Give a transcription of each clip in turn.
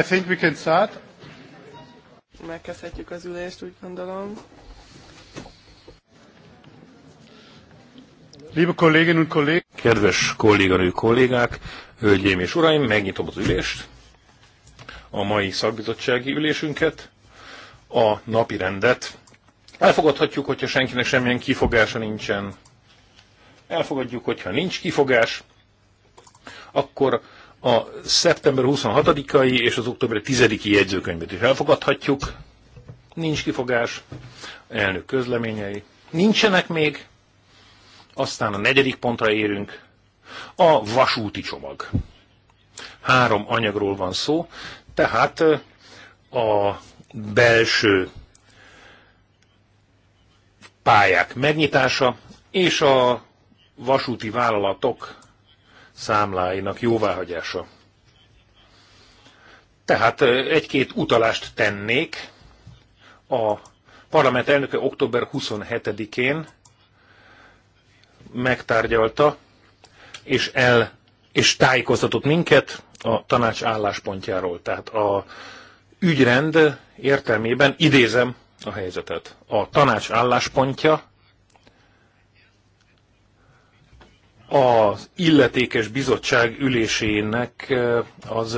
I think we can start. Megkezdhetjük az ülést, úgy gondolom. Liebe Kolleginnen und Kollegen. Kedves kolléganő kollégák, hölgyeim és uraim, megnyitom az ülést, a mai szakbizottsági ülésünket, a napi rendet. Elfogadhatjuk, hogyha senkinek semmilyen kifogása nincsen. Elfogadjuk, hogyha nincs kifogás, akkor a szeptember 26-ai és az október 10-i jegyzőkönyvet is elfogadhatjuk. Nincs kifogás, elnök közleményei. Nincsenek még, aztán a negyedik pontra érünk, a vasúti csomag. Három anyagról van szó, tehát a belső pályák megnyitása és a vasúti vállalatok számláinak jóváhagyása. Tehát egy-két utalást tennék a parlament elnöke október 27-én megtárgyalta, és el és tájékoztatott minket a tanács álláspontjáról. Tehát a ügyrend értelmében idézem a helyzetet. A tanács álláspontja az illetékes bizottság ülésének az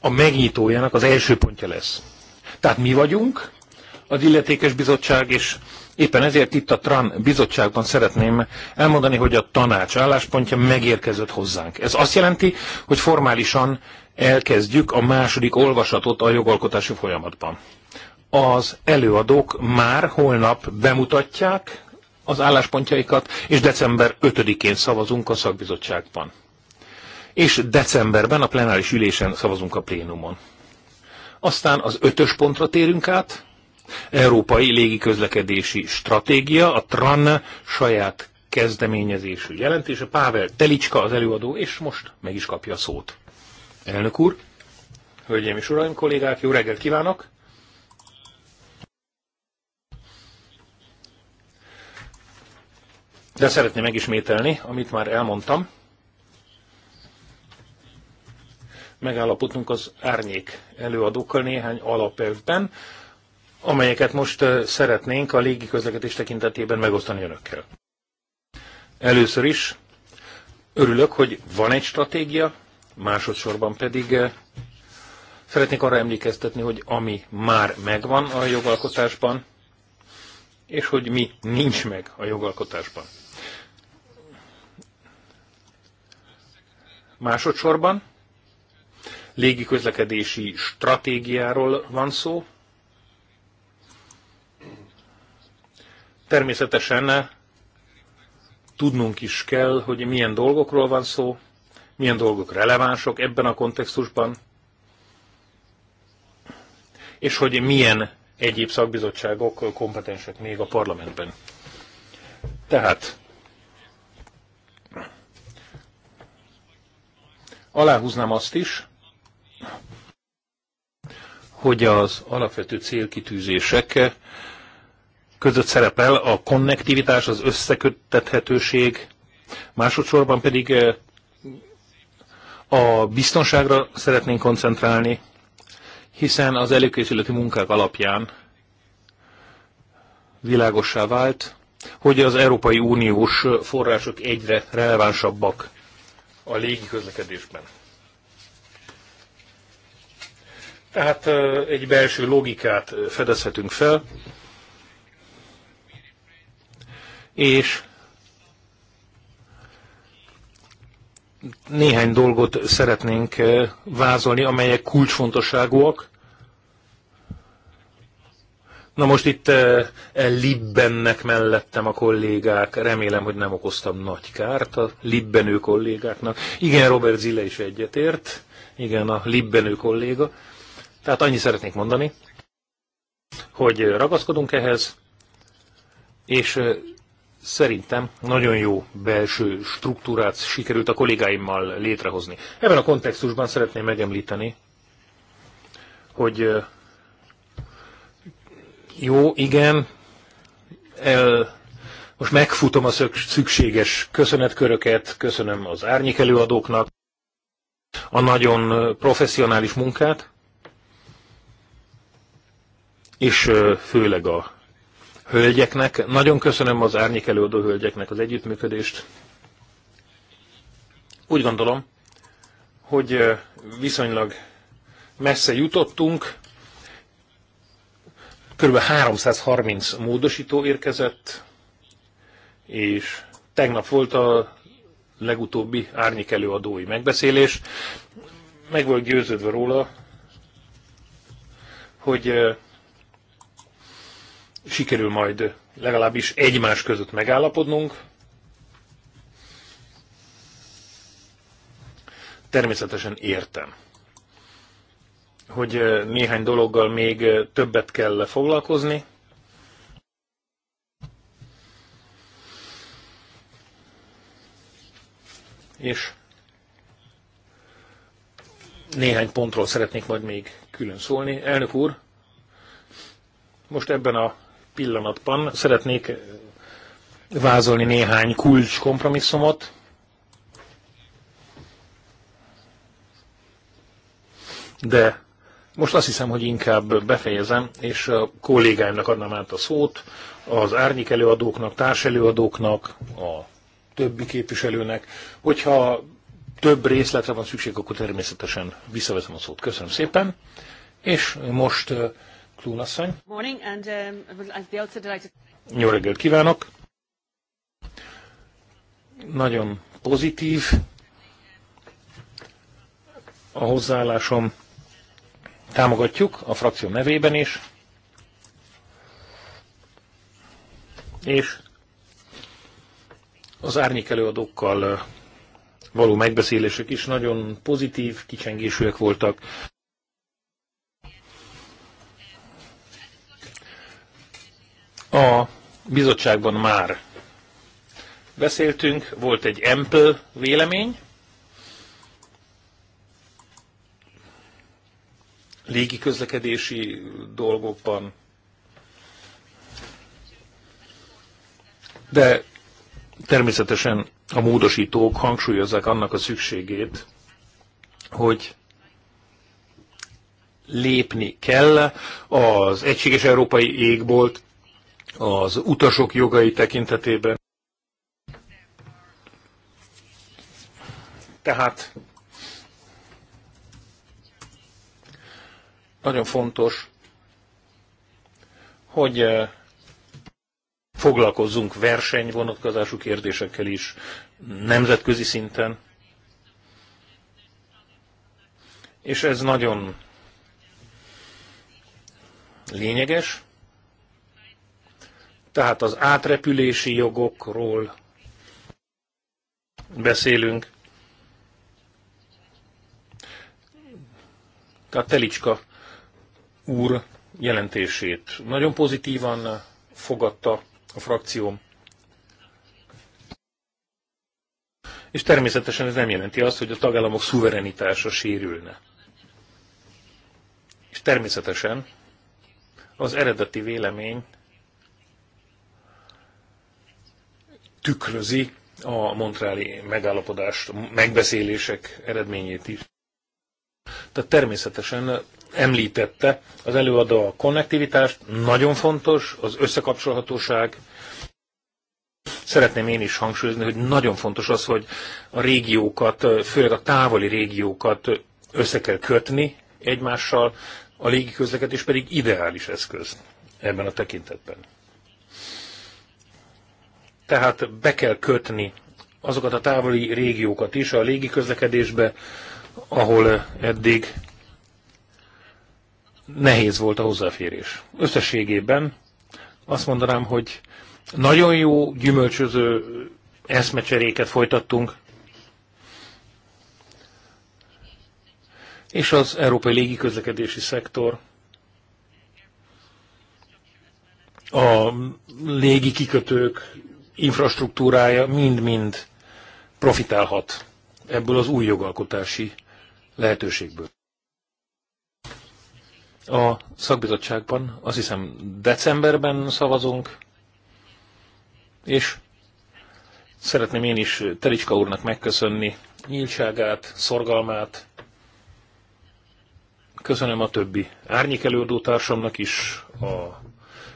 a megnyitójának az első pontja lesz. Tehát mi vagyunk az illetékes bizottság, és éppen ezért itt a TRAN bizottságban szeretném elmondani, hogy a tanács álláspontja megérkezett hozzánk. Ez azt jelenti, hogy formálisan elkezdjük a második olvasatot a jogalkotási folyamatban. Az előadók már holnap bemutatják az álláspontjaikat, és december 5-én szavazunk a szakbizottságban. És decemberben a plenáris ülésen szavazunk a plénumon. Aztán az ötös pontra térünk át, Európai Légiközlekedési Stratégia, a TRAN saját kezdeményezésű jelentése. Pável Telicska az előadó, és most meg is kapja a szót. Elnök úr, hölgyeim és uraim, kollégák, jó reggelt kívánok! De szeretném megismételni, amit már elmondtam. Megállapodtunk az árnyék előadókkal néhány alapelvben, amelyeket most szeretnénk a légi közlekedés tekintetében megosztani önökkel. Először is örülök, hogy van egy stratégia, másodszorban pedig szeretnék arra emlékeztetni, hogy ami már megvan a jogalkotásban, és hogy mi nincs meg a jogalkotásban. Másodszorban légiközlekedési stratégiáról van szó. Természetesen tudnunk is kell, hogy milyen dolgokról van szó, milyen dolgok relevánsok ebben a kontextusban, és hogy milyen egyéb szakbizottságok kompetensek még a parlamentben. Tehát Aláhúznám azt is, hogy az alapvető célkitűzések között szerepel a konnektivitás, az összeköttethetőség, másodszorban pedig eh, a biztonságra szeretnénk koncentrálni, hiszen az előkészületi munkák alapján világossá vált, hogy az Európai Uniós források egyre relevánsabbak a légi közlekedésben. Tehát egy belső logikát fedezhetünk fel, és néhány dolgot szeretnénk vázolni, amelyek kulcsfontosságúak, Na most itt eh, libbennek mellettem a kollégák, remélem, hogy nem okoztam nagy kárt a libbenő kollégáknak. Igen, Robert Zille is egyetért, igen, a libbenő kolléga. Tehát annyi szeretnék mondani, hogy eh, ragaszkodunk ehhez, és eh, szerintem nagyon jó belső struktúrát sikerült a kollégáimmal létrehozni. Ebben a kontextusban szeretném megemlíteni, hogy jó, igen. El, most megfutom a szükséges köszönetköröket, köszönöm az árnyék előadóknak a nagyon professzionális munkát, és főleg a hölgyeknek. Nagyon köszönöm az árnyék előadó hölgyeknek az együttműködést. Úgy gondolom, hogy viszonylag messze jutottunk, Kb. 330 módosító érkezett, és tegnap volt a legutóbbi árnyék előadói megbeszélés. Meg volt győződve róla, hogy sikerül majd legalábbis egymás között megállapodnunk. Természetesen értem, hogy néhány dologgal még többet kell foglalkozni. És néhány pontról szeretnék majd még külön szólni. Elnök úr, most ebben a pillanatban szeretnék vázolni néhány kulcs kompromisszumot. De most azt hiszem, hogy inkább befejezem, és a kollégáimnak adnám át a szót, az árnyék előadóknak, társelőadóknak, a többi képviselőnek. Hogyha több részletre van szükség, akkor természetesen visszaveszem a szót. Köszönöm szépen. És most uh, Klún asszony. Um, Jó reggelt kívánok! Nagyon pozitív a hozzáállásom Támogatjuk a frakció nevében is, és az árnyék előadókkal való megbeszélések is nagyon pozitív, kicsengésűek voltak. A bizottságban már beszéltünk, volt egy Ample vélemény, légi közlekedési dolgokban. De természetesen a módosítók hangsúlyozzák annak a szükségét, hogy lépni kell az egységes európai égbolt, az utasok jogai tekintetében. Tehát Nagyon fontos, hogy eh, foglalkozzunk vonatkozású kérdésekkel is nemzetközi szinten. És ez nagyon lényeges. Tehát az átrepülési jogokról beszélünk. Tehát Telicska úr jelentését nagyon pozitívan fogadta a frakcióm. És természetesen ez nem jelenti azt, hogy a tagállamok szuverenitása sérülne. És természetesen az eredeti vélemény tükrözi a montráli megállapodást, megbeszélések eredményét is. Tehát természetesen említette az előadó a konnektivitást, nagyon fontos, az összekapcsolhatóság. Szeretném én is hangsúlyozni, hogy nagyon fontos az, hogy a régiókat, főleg a távoli régiókat össze kell kötni egymással, a légi közlekedés pedig ideális eszköz ebben a tekintetben. Tehát be kell kötni azokat a távoli régiókat is a légi közlekedésbe, ahol eh, eddig nehéz volt a hozzáférés. Összességében azt mondanám, hogy nagyon jó, gyümölcsöző eszmecseréket folytattunk, és az európai légiközlekedési szektor a légi kikötők infrastruktúrája mind-mind profitálhat ebből az új jogalkotási lehetőségből. A szakbizottságban azt hiszem decemberben szavazunk, és szeretném én is Telicska úrnak megköszönni nyíltságát, szorgalmát. Köszönöm a többi árnyékelődő társamnak is a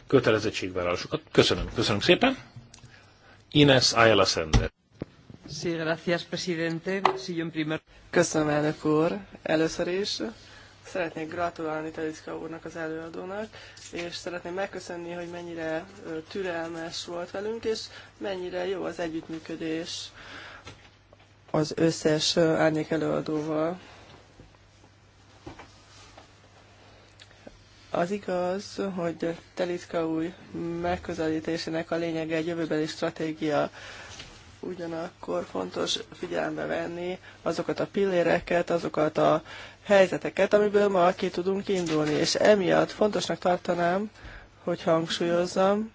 kötelezettségvállalásokat. Köszönöm, köszönöm szépen. Ines Ayala Sender. Köszönöm, elnök úr. Először is szeretnék gratulálni Telicka úrnak, az előadónak, és szeretném megköszönni, hogy mennyire türelmes volt velünk, és mennyire jó az együttműködés az összes árnyék előadóval. Az igaz, hogy Telicka új megközelítésének a lényege egy jövőbeli stratégia ugyanakkor fontos figyelembe venni azokat a pilléreket, azokat a helyzeteket, amiből ma ki tudunk indulni. És emiatt fontosnak tartanám, hogy hangsúlyozzam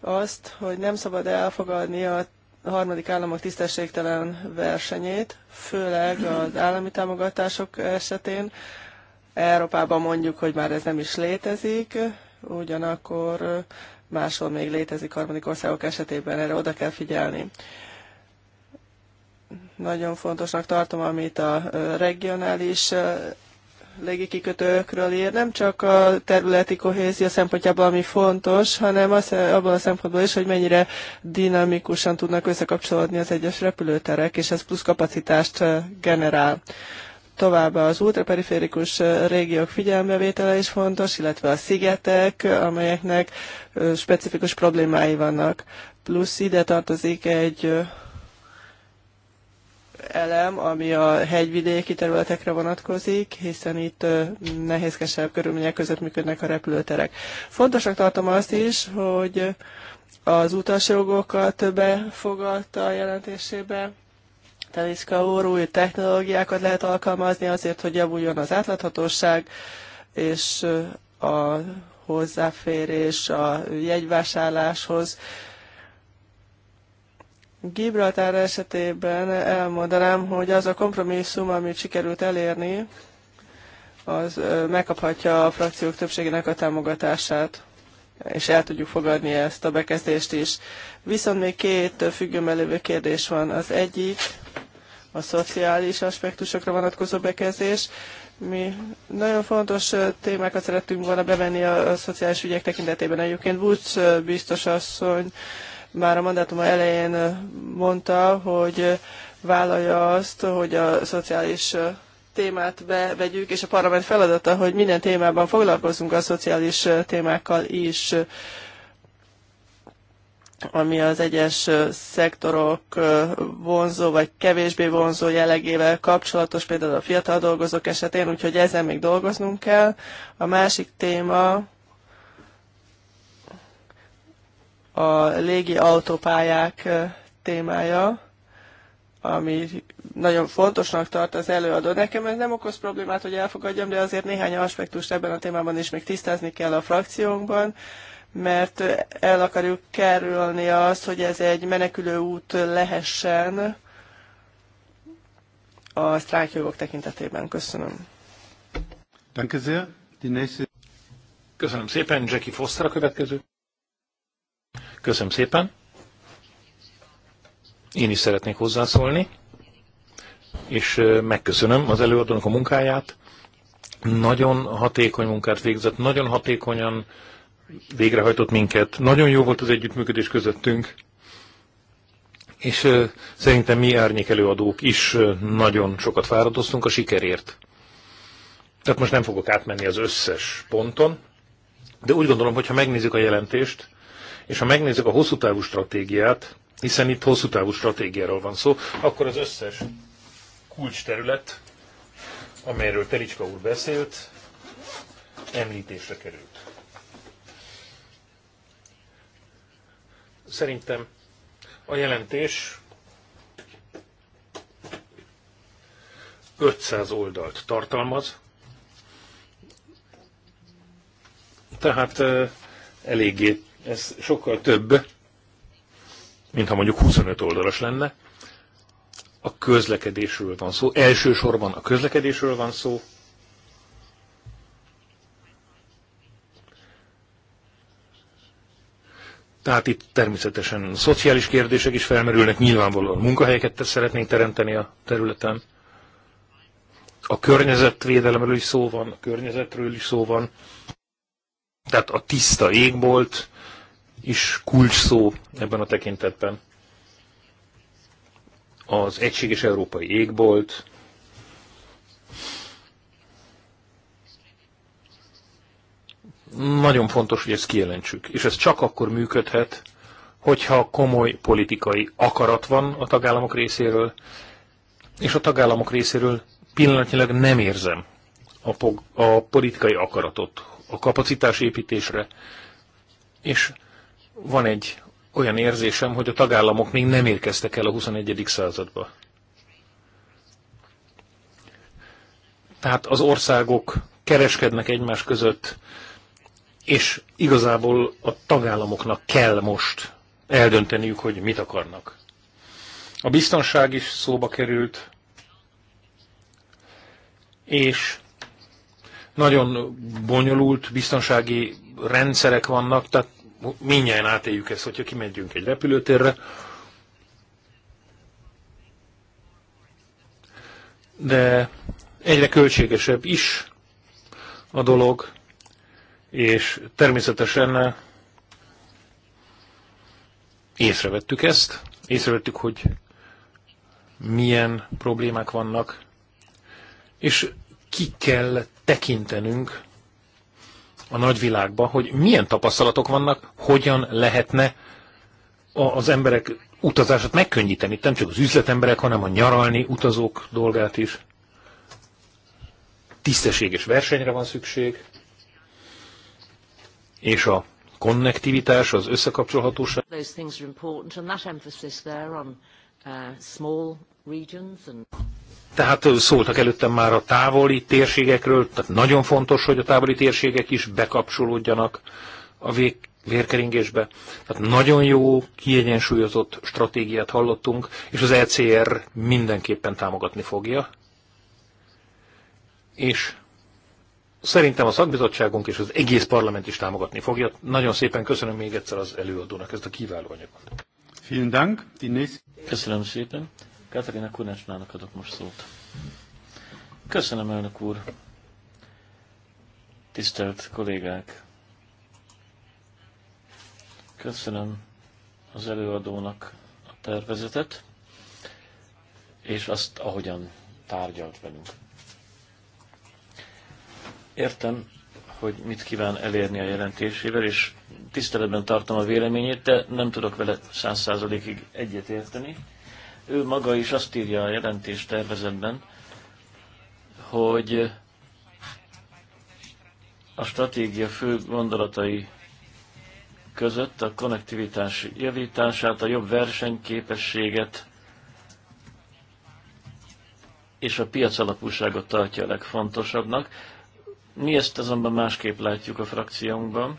azt, hogy nem szabad elfogadni a harmadik államok tisztességtelen versenyét, főleg az állami támogatások esetén. Európában mondjuk, hogy már ez nem is létezik, ugyanakkor máshol még létezik harmadik országok esetében, erre oda kell figyelni. Nagyon fontosnak tartom, amit a regionális légikikötőkről ír, nem csak a területi kohézió szempontjából, ami fontos, hanem az, abban a szempontból is, hogy mennyire dinamikusan tudnak összekapcsolódni az egyes repülőterek, és ez plusz kapacitást generál. Továbbá az ultraperiférikus régiók figyelmevétele is fontos, illetve a szigetek, amelyeknek specifikus problémái vannak. Plusz ide tartozik egy elem, ami a hegyvidéki területekre vonatkozik, hiszen itt nehézkesebb körülmények között működnek a repülőterek. Fontosnak tartom azt is, hogy az utasjogokat befogadta a jelentésébe, Teliszka új technológiákat lehet alkalmazni azért, hogy javuljon az átláthatóság, és a hozzáférés a jegyvásárláshoz. Gibraltár esetében elmondanám, hogy az a kompromisszum, amit sikerült elérni, az megkaphatja a frakciók többségének a támogatását és el tudjuk fogadni ezt a bekezdést is. Viszont még két függőben kérdés van. Az egyik a szociális aspektusokra vonatkozó bekezdés. Mi nagyon fontos témákat szerettünk volna bevenni a, a szociális ügyek tekintetében. Egyébként Woods biztos asszony már a mandátum elején mondta, hogy vállalja azt, hogy a szociális témát bevegyük, és a parlament feladata, hogy minden témában foglalkozunk a szociális témákkal is, ami az egyes szektorok vonzó vagy kevésbé vonzó jellegével kapcsolatos, például a fiatal dolgozók esetén, úgyhogy ezen még dolgoznunk kell. A másik téma a légi autópályák témája ami nagyon fontosnak tart az előadó. Nekem ez nem okoz problémát, hogy elfogadjam, de azért néhány aspektust ebben a témában is még tisztázni kell a frakciónkban, mert el akarjuk kerülni azt, hogy ez egy menekülő út lehessen a sztrájkjogok tekintetében. Köszönöm. Köszönöm szépen, Jackie Foster a következő. Köszönöm szépen. Én is szeretnék hozzászólni, és megköszönöm az előadónak a munkáját. Nagyon hatékony munkát végzett, nagyon hatékonyan végrehajtott minket. Nagyon jó volt az együttműködés közöttünk, és szerintem mi árnyék előadók is nagyon sokat fáradoztunk a sikerért. Tehát most nem fogok átmenni az összes ponton, de úgy gondolom, hogy ha megnézzük a jelentést, és ha megnézzük a hosszú távú stratégiát, hiszen itt hosszú távú stratégiáról van szó, akkor az összes kulcsterület, amelyről Telicska úr beszélt, említésre került. Szerintem a jelentés 500 oldalt tartalmaz, tehát eh, eléggé, ez sokkal több, mintha mondjuk 25 oldalas lenne. A közlekedésről van szó, elsősorban a közlekedésről van szó. Tehát itt természetesen szociális kérdések is felmerülnek, nyilvánvalóan munkahelyeket szeretnénk teremteni a területen. A környezetvédelemről is szó van, a környezetről is szó van. Tehát a tiszta égbolt, is kulcs szó ebben a tekintetben. Az egységes európai égbolt, nagyon fontos, hogy ezt kijelentsük. És ez csak akkor működhet, hogyha komoly politikai akarat van a tagállamok részéről, és a tagállamok részéről pillanatnyilag nem érzem a, a politikai akaratot a kapacitásépítésre, és van egy olyan érzésem, hogy a tagállamok még nem érkeztek el a 21. századba. Tehát az országok kereskednek egymás között, és igazából a tagállamoknak kell most eldönteniük, hogy mit akarnak. A biztonság is szóba került, és nagyon bonyolult biztonsági rendszerek vannak, tehát minnyáján átéljük ezt, hogyha kimegyünk egy repülőtérre. De egyre költségesebb is a dolog, és természetesen észrevettük ezt, észrevettük, hogy milyen problémák vannak, és ki kell tekintenünk a nagyvilágba, hogy milyen tapasztalatok vannak, hogyan lehetne az emberek utazását megkönnyíteni, nem csak az üzletemberek, hanem a nyaralni utazók dolgát is. Tisztességes versenyre van szükség, és a konnektivitás, az összekapcsolhatóság. Tehát szóltak előttem már a távoli térségekről, tehát nagyon fontos, hogy a távoli térségek is bekapcsolódjanak a vég, vérkeringésbe. Tehát nagyon jó, kiegyensúlyozott stratégiát hallottunk, és az ECR mindenképpen támogatni fogja. És szerintem a szakbizottságunk és az egész parlament is támogatni fogja. Nagyon szépen köszönöm még egyszer az előadónak ezt a kiváló anyagot. Köszönöm szépen. Katarina Kunecsnának adok most szót. Köszönöm, elnök úr. Tisztelt kollégák. Köszönöm az előadónak a tervezetet, és azt, ahogyan tárgyalt velünk. Értem, hogy mit kíván elérni a jelentésével, és tiszteletben tartom a véleményét, de nem tudok vele száz százalékig egyetérteni ő maga is azt írja a jelentés tervezetben, hogy a stratégia fő gondolatai között a konnektivitás javítását, a jobb versenyképességet és a piacalapúságot tartja a legfontosabbnak. Mi ezt azonban másképp látjuk a frakciónkban.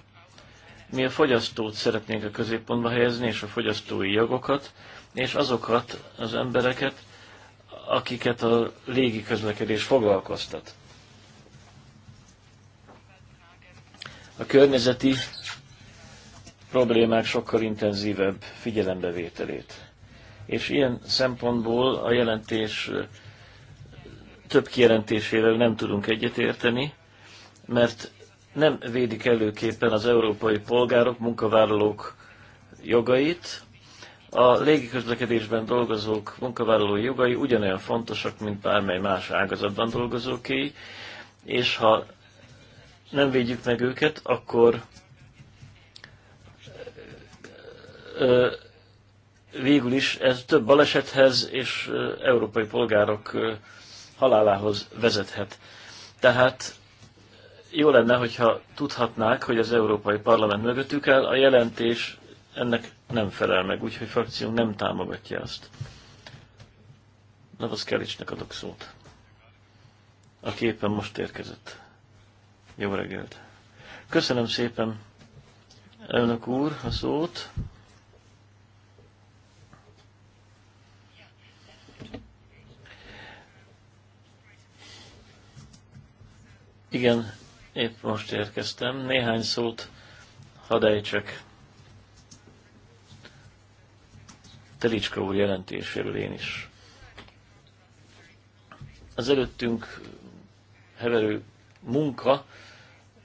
Mi a fogyasztót szeretnénk a középpontba helyezni, és a fogyasztói jogokat, és azokat az embereket, akiket a légi közlekedés foglalkoztat. A környezeti problémák sokkal intenzívebb figyelembevételét. És ilyen szempontból a jelentés több kijelentésével nem tudunk egyetérteni, mert nem védik előképpen az európai polgárok, munkavállalók jogait, a légiközlekedésben dolgozók munkavállalói jogai ugyanolyan fontosak, mint bármely más ágazatban dolgozóké, és ha nem védjük meg őket, akkor végül is ez több balesethez és európai polgárok halálához vezethet. Tehát jó lenne, hogyha tudhatnák, hogy az Európai Parlament mögöttük áll, a jelentés ennek nem felel meg, úgyhogy frakciónk nem támogatja ezt. is neked adok szót. A képen most érkezett. Jó reggelt! Köszönöm szépen, elnök úr, a szót. Igen, épp most érkeztem. Néhány szót hadd ejtsek Telicska úr jelentéséről én is. Az előttünk heverő munka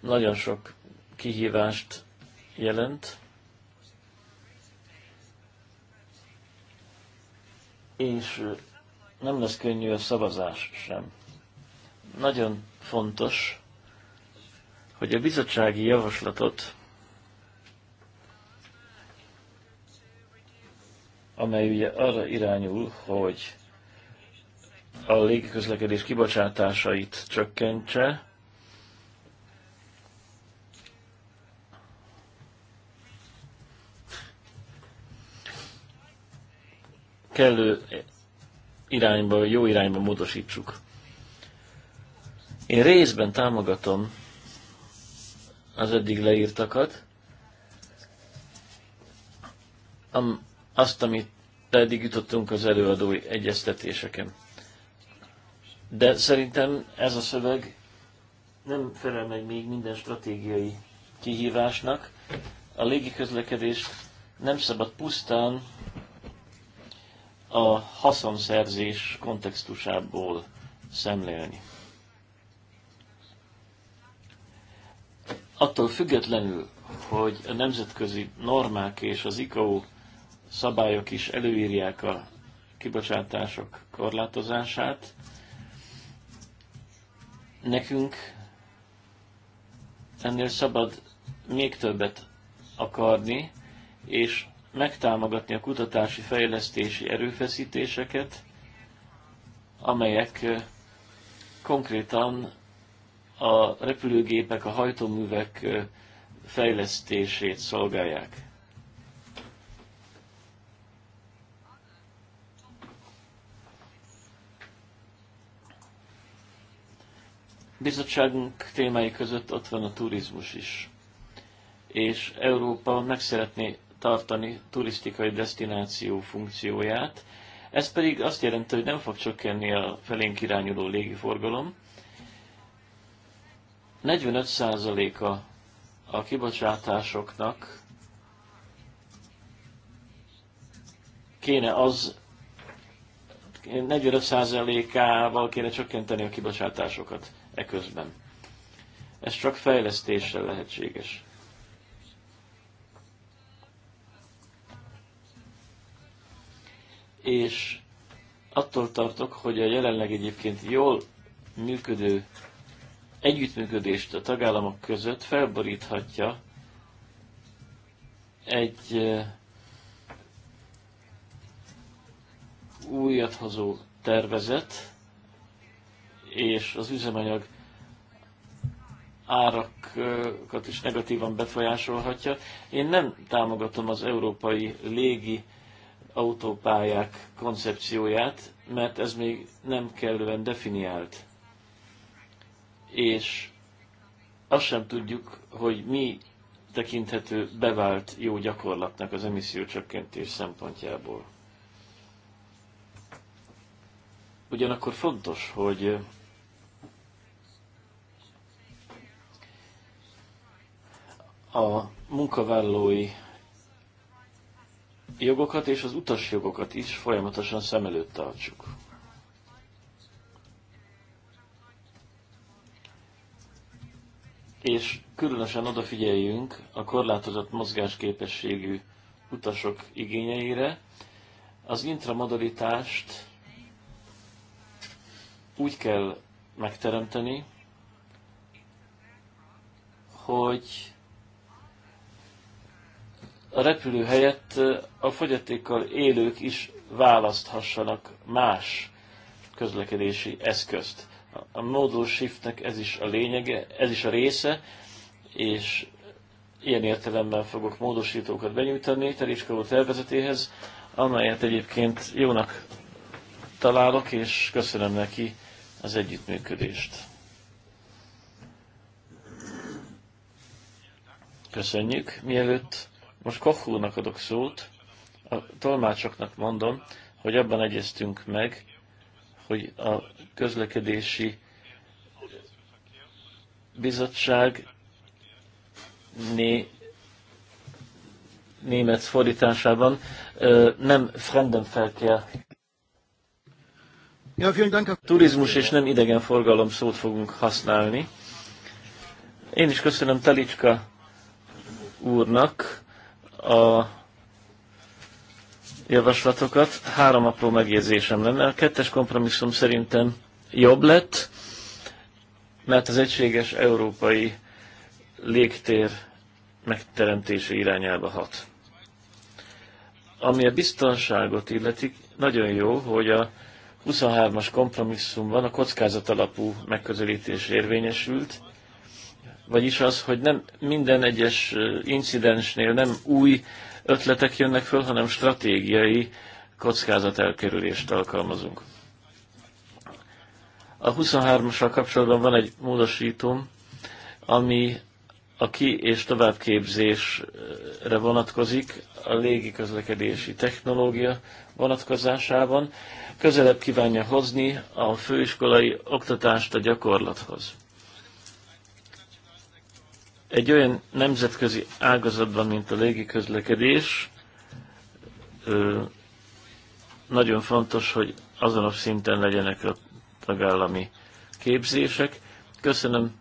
nagyon sok kihívást jelent, és nem lesz könnyű a szavazás sem. Nagyon fontos, hogy a bizottsági javaslatot amely ugye arra irányul, hogy a légiközlekedés kibocsátásait csökkentse, kellő irányba, jó irányba módosítsuk. Én részben támogatom az eddig leírtakat, am azt, amit eddig jutottunk az előadói egyeztetéseken. De szerintem ez a szöveg nem felel meg még minden stratégiai kihívásnak. A légiközlekedést nem szabad pusztán a haszonszerzés kontextusából szemlélni. Attól függetlenül, hogy a nemzetközi normák és az ICAO szabályok is előírják a kibocsátások korlátozását. Nekünk ennél szabad még többet akarni, és megtámogatni a kutatási fejlesztési erőfeszítéseket, amelyek konkrétan a repülőgépek, a hajtóművek fejlesztését szolgálják. Bizottságunk témái között ott van a turizmus is. És Európa meg szeretné tartani turisztikai destináció funkcióját, ez pedig azt jelenti, hogy nem fog csökkenni a felénk irányuló légiforgalom. 45%-a a kibocsátásoknak kéne az 45%-ával kéne csökkenteni a kibocsátásokat eközben. Ez csak fejlesztéssel lehetséges. És attól tartok, hogy a jelenleg egyébként jól működő együttműködést a tagállamok között felboríthatja egy újat hozó tervezet, és az üzemanyag árakat is negatívan befolyásolhatja. Én nem támogatom az európai légi autópályák koncepcióját, mert ez még nem kellően definiált. És azt sem tudjuk, hogy mi tekinthető bevált jó gyakorlatnak az emissziócsökkentés szempontjából. Ugyanakkor fontos, hogy a munkavállalói jogokat és az utasjogokat is folyamatosan szem előtt tartsuk. És különösen odafigyeljünk a korlátozott mozgásképességű utasok igényeire. Az intramodalitást úgy kell megteremteni, hogy a repülő helyett a fogyatékkal élők is választhassanak más közlekedési eszközt. A modal shiftnek ez is a lényege, ez is a része, és ilyen értelemben fogok módosítókat benyújtani Terécska úr tervezetéhez, amelyet egyébként jónak találok, és köszönöm neki az együttműködést. Köszönjük. Mielőtt most Koch adok szót, a tolmácsoknak mondom, hogy abban egyeztünk meg, hogy a közlekedési bizottság né, német fordításában nem fel kell. Turizmus és nem idegenforgalom szót fogunk használni. Én is köszönöm Talicska úrnak a javaslatokat. Három apró megjegyzésem lenne. A kettes kompromisszum szerintem jobb lett, mert az egységes európai légtér megteremtése irányába hat. Ami a biztonságot illeti, nagyon jó, hogy a 23-as kompromisszumban a kockázat alapú megközelítés érvényesült, vagyis az, hogy nem minden egyes incidensnél nem új ötletek jönnek föl, hanem stratégiai kockázatelkerülést alkalmazunk. A 23-asra kapcsolatban van egy módosítom, ami a ki- és továbbképzésre vonatkozik a légiközlekedési technológia vonatkozásában. Közelebb kívánja hozni a főiskolai oktatást a gyakorlathoz. Egy olyan nemzetközi ágazatban, mint a légiközlekedés, nagyon fontos, hogy azonos szinten legyenek a tagállami képzések. Köszönöm,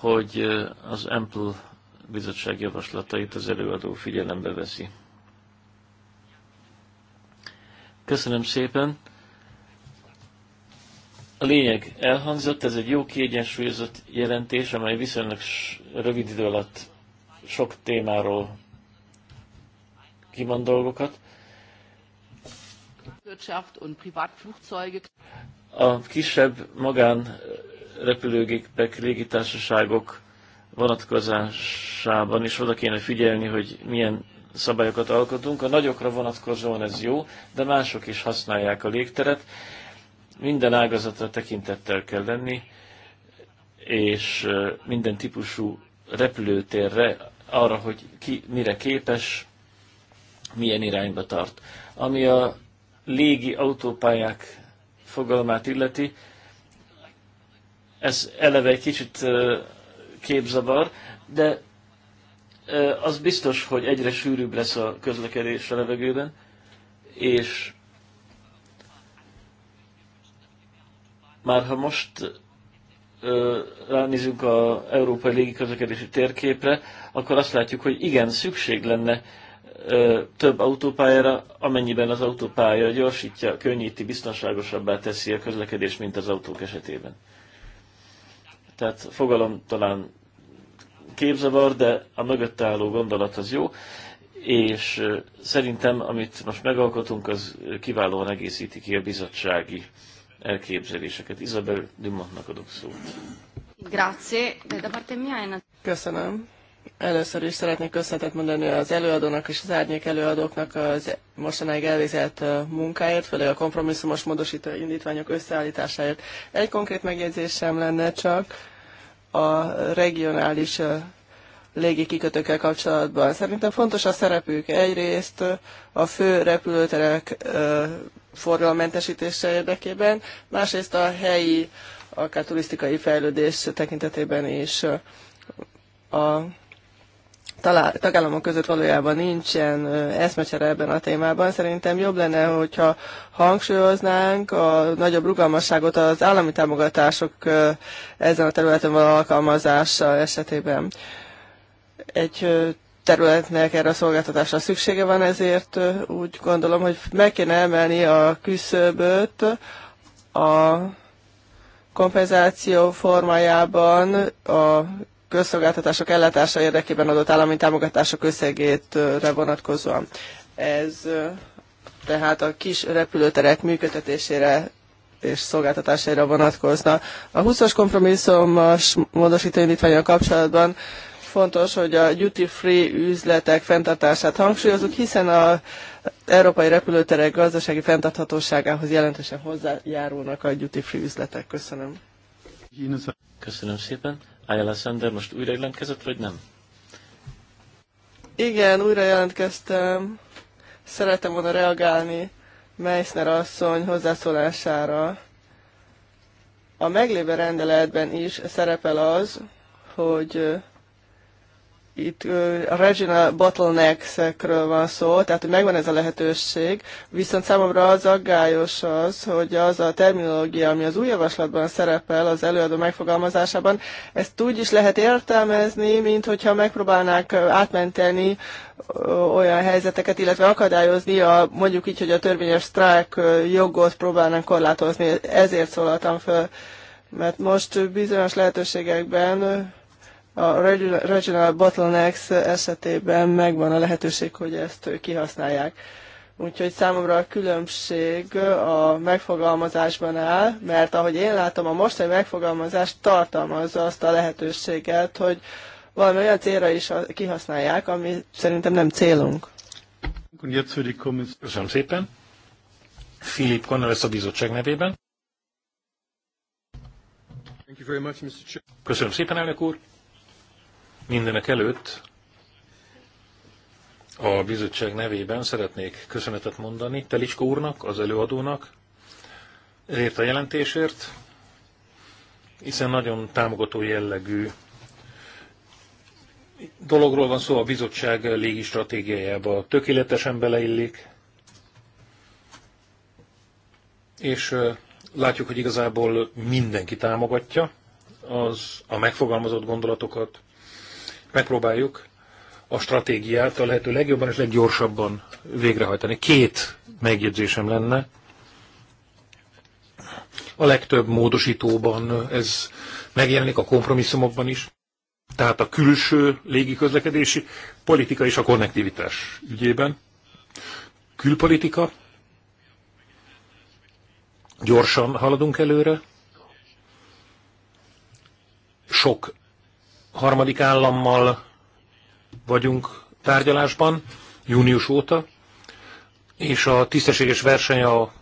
hogy az Ample bizottság javaslatait az előadó figyelembe veszi. Köszönöm szépen! A lényeg elhangzott, ez egy jó kiegyensúlyozott jelentés, amely viszonylag rövid idő alatt sok témáról kimond dolgokat. A kisebb magán eh, repülőgépek, légitársaságok vonatkozásában is oda kéne figyelni, hogy milyen szabályokat alkotunk. A nagyokra vonatkozóan ez jó, de mások is használják a légteret, minden ágazatra tekintettel kell lenni, és minden típusú repülőtérre, arra, hogy ki mire képes, milyen irányba tart. Ami a légi autópályák fogalmát illeti, ez eleve egy kicsit képzavar, de az biztos, hogy egyre sűrűbb lesz a közlekedés a levegőben, és Már ha most ö, ránézünk az európai légiközlekedési térképre, akkor azt látjuk, hogy igen, szükség lenne ö, több autópályára, amennyiben az autópálya gyorsítja, könnyíti, biztonságosabbá teszi a közlekedést, mint az autók esetében. Tehát fogalom talán képzavar, de a mögött álló gondolat az jó, és szerintem, amit most megalkotunk, az kiválóan egészíti ki a bizottsági elképzeléseket. Isabel Dumontnak adok szót. Grazie, da parte mia Köszönöm. Először is szeretnék köszönetet mondani az előadónak és az árnyék előadóknak az mostanáig elvégzett munkáért, főleg a kompromisszumos módosító indítványok összeállításáért. Egy konkrét megjegyzésem lenne csak a regionális légi kikötőkkel kapcsolatban. Szerintem fontos a szerepük. Egyrészt a fő repülőterek forgalommentesítése érdekében, másrészt a helyi, akár turisztikai fejlődés tekintetében is a tagállamok között valójában nincsen eszmecsere ebben a témában. Szerintem jobb lenne, hogyha hangsúlyoznánk a nagyobb rugalmasságot az állami támogatások ezen a területen való alkalmazása esetében. Egy területnek erre a szolgáltatásra szüksége van, ezért úgy gondolom, hogy meg kéne emelni a küszöböt a kompenzáció formájában a közszolgáltatások ellátása érdekében adott állami támogatások összegét vonatkozóan. Ez tehát a kis repülőterek működtetésére és szolgáltatásaira vonatkozna. A 20-as kompromisszumos módosító indítványra kapcsolatban fontos, hogy a duty free üzletek fenntartását hangsúlyozunk, hiszen a európai repülőterek gazdasági fenntarthatóságához jelentősen hozzájárulnak a duty free üzletek. Köszönöm. Köszönöm szépen. Ayala Sander most újra jelentkezett, vagy nem? Igen, újra jelentkeztem. Szeretem volna reagálni Meissner asszony hozzászólására. A meglévő rendeletben is szerepel az, hogy itt a regional bottlenecks-ekről van szó, tehát hogy megvan ez a lehetőség, viszont számomra az aggályos az, hogy az a terminológia, ami az új javaslatban szerepel az előadó megfogalmazásában, ezt úgy is lehet értelmezni, mint hogyha megpróbálnák átmenteni olyan helyzeteket, illetve akadályozni a, mondjuk így, hogy a törvényes sztrájk jogot próbálnak korlátozni. Ezért szólaltam föl, mert most bizonyos lehetőségekben a Regional Bottlenecks esetében megvan a lehetőség, hogy ezt kihasználják. Úgyhogy számomra a különbség a megfogalmazásban áll, mert ahogy én látom, a mostani megfogalmazás tartalmazza azt a lehetőséget, hogy valami olyan célra is kihasználják, ami szerintem nem célunk. Köszönöm szépen. Filip Cornelis a bizottság nevében. Köszönöm szépen, elnök úr. Mindenek előtt a bizottság nevében szeretnék köszönetet mondani Telicska úrnak, az előadónak, ezért a jelentésért, hiszen nagyon támogató jellegű dologról van szó, a bizottság légi stratégiájába tökéletesen beleillik, és látjuk, hogy igazából mindenki támogatja az, a megfogalmazott gondolatokat, megpróbáljuk a stratégiát a lehető legjobban és leggyorsabban végrehajtani. Két megjegyzésem lenne. A legtöbb módosítóban ez megjelenik, a kompromisszumokban is. Tehát a külső légiközlekedési politika és a konnektivitás ügyében. Külpolitika. Gyorsan haladunk előre. Sok harmadik állammal vagyunk tárgyalásban június óta, és a tisztességes verseny a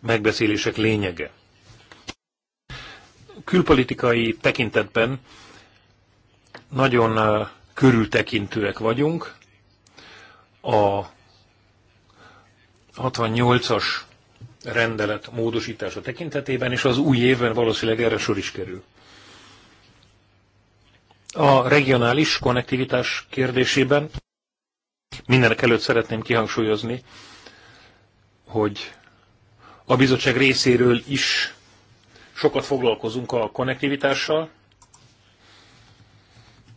megbeszélések lényege. Külpolitikai tekintetben nagyon eh, körültekintőek vagyunk. A 68-as rendelet módosítása tekintetében, és az új évben valószínűleg erre sor is kerül. A regionális konnektivitás kérdésében mindenek előtt szeretném kihangsúlyozni, hogy a bizottság részéről is sokat foglalkozunk a konnektivitással,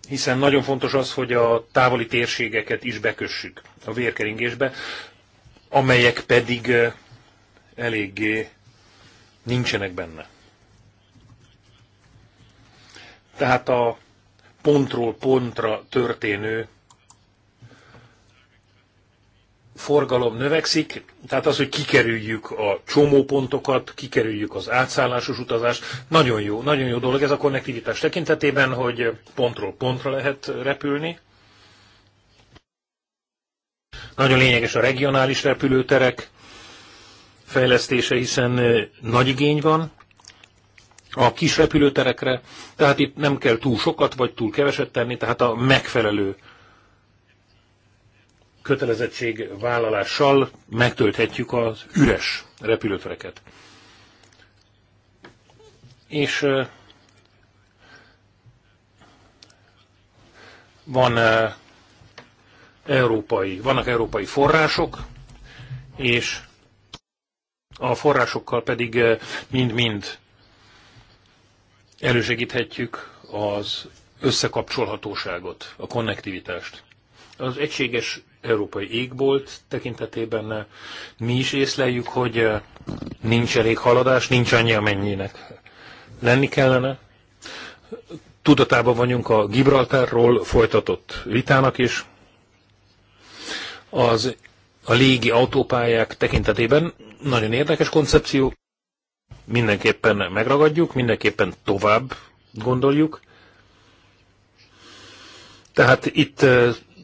hiszen nagyon fontos az, hogy a távoli térségeket is bekössük a vérkeringésbe, amelyek pedig eléggé nincsenek benne. Tehát a pontról pontra történő forgalom növekszik, tehát az, hogy kikerüljük a csomópontokat, kikerüljük az átszállásos utazást, nagyon jó, nagyon jó dolog ez a konnektivitás tekintetében, hogy pontról pontra lehet repülni. Nagyon lényeges a regionális repülőterek fejlesztése, hiszen nagy igény van a kis repülőterekre, tehát itt nem kell túl sokat vagy túl keveset tenni, tehát a megfelelő kötelezettség vállalással megtölthetjük az üres repülőtereket. És van európai, vannak európai források, és a forrásokkal pedig mind-mind Elősegíthetjük az összekapcsolhatóságot, a konnektivitást. Az egységes európai égbolt tekintetében mi is észleljük, hogy eh, nincs elég haladás, nincs annyi, amennyinek lenni kellene. Tudatában vagyunk a Gibraltárról folytatott vitának is. Az a légi autópályák tekintetében nagyon érdekes koncepció mindenképpen megragadjuk, mindenképpen tovább gondoljuk. Tehát itt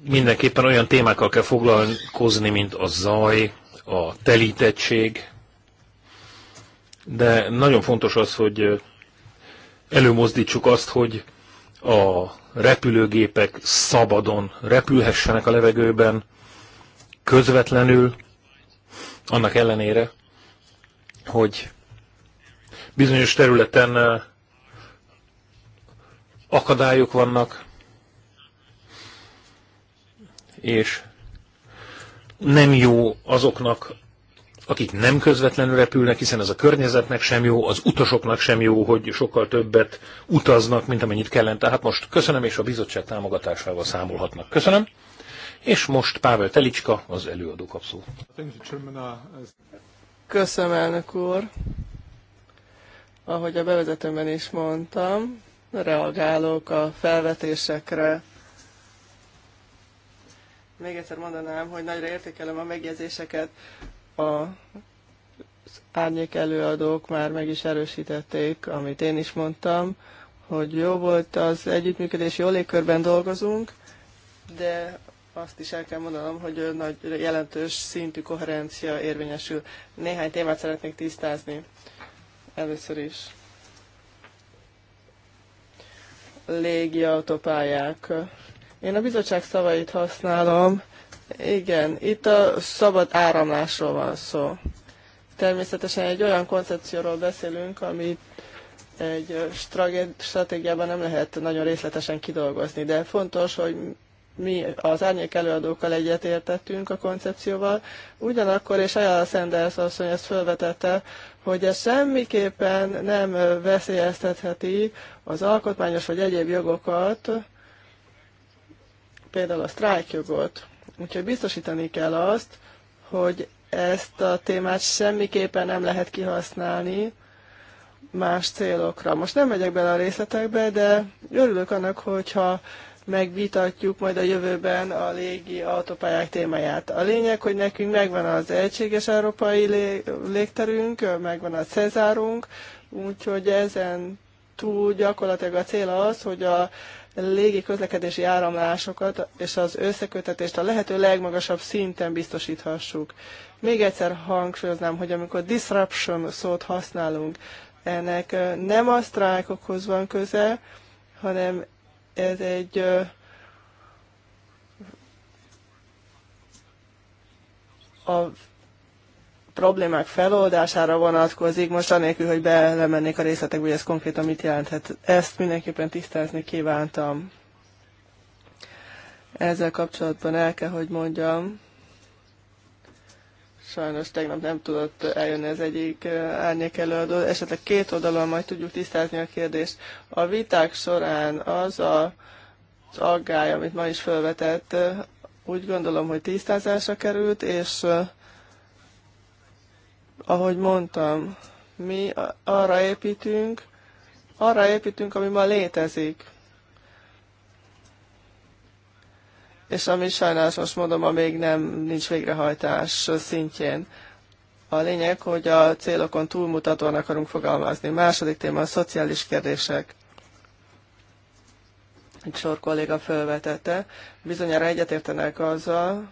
mindenképpen olyan témákkal kell foglalkozni, mint a zaj, a telítettség, de nagyon fontos az, hogy előmozdítsuk azt, hogy a repülőgépek szabadon repülhessenek a levegőben, közvetlenül, annak ellenére, hogy bizonyos területen akadályok vannak, és nem jó azoknak, akik nem közvetlenül repülnek, hiszen ez a környezetnek sem jó, az utasoknak sem jó, hogy sokkal többet utaznak, mint amennyit kellene. Tehát most köszönöm, és a bizottság támogatásával számolhatnak. Köszönöm. És most Pável Telicska, az előadó kapszó. Uh, köszönöm, elnök úr. Ahogy a bevezetőben is mondtam, reagálok a felvetésekre. Még egyszer mondanám, hogy nagyra értékelem a megjegyzéseket. A árnyék előadók már meg is erősítették, amit én is mondtam, hogy jó volt az együttműködés, jó légkörben dolgozunk, de azt is el kell mondanom, hogy nagy jelentős szintű koherencia érvényesül. Néhány témát szeretnék tisztázni. Először is légi autópályák. Én a bizottság szavait használom. Igen, itt a szabad áramlásról van szó. Természetesen egy olyan koncepcióról beszélünk, amit egy stratégiában nem lehet nagyon részletesen kidolgozni, de fontos, hogy mi az árnyék előadókkal egyetértettünk a koncepcióval. Ugyanakkor, és Ayala Sanders asszony ezt felvetette, hogy ez semmiképpen nem veszélyeztetheti az alkotmányos vagy egyéb jogokat, például a sztrájkjogot. Úgyhogy biztosítani kell azt, hogy ezt a témát semmiképpen nem lehet kihasználni más célokra. Most nem megyek bele a részletekbe, de örülök annak, hogyha megvitatjuk majd a jövőben a légi autópályák témáját. A lényeg, hogy nekünk megvan az egységes európai légterünk, megvan a Cezárunk, úgyhogy ezen túl gyakorlatilag a cél az, hogy a légi közlekedési áramlásokat és az összekötetést a lehető legmagasabb szinten biztosíthassuk. Még egyszer hangsúlyoznám, hogy amikor disruption szót használunk, ennek nem a sztrájkokhoz van köze, hanem ez egy a problémák feloldására vonatkozik, most anélkül, hogy belemennék a részletekbe, hogy ez konkrétan mit jelenthet. Ezt mindenképpen tisztázni kívántam. Ezzel kapcsolatban el kell, hogy mondjam, Sajnos tegnap nem tudott eljönni az egyik eh, árnyék előadó. Esetleg két oldalon majd tudjuk tisztázni a kérdést. A viták során az a, az aggály, amit ma is felvetett, eh, úgy gondolom, hogy tisztázásra került, és eh, ahogy mondtam, mi arra építünk, arra építünk, ami ma létezik. és ami sajnálatos mondom, a még nem nincs végrehajtás szintjén. A lényeg, hogy a célokon túlmutatóan akarunk fogalmazni. Második téma a szociális kérdések. Egy sor kolléga felvetette. Bizonyára egyetértenek azzal,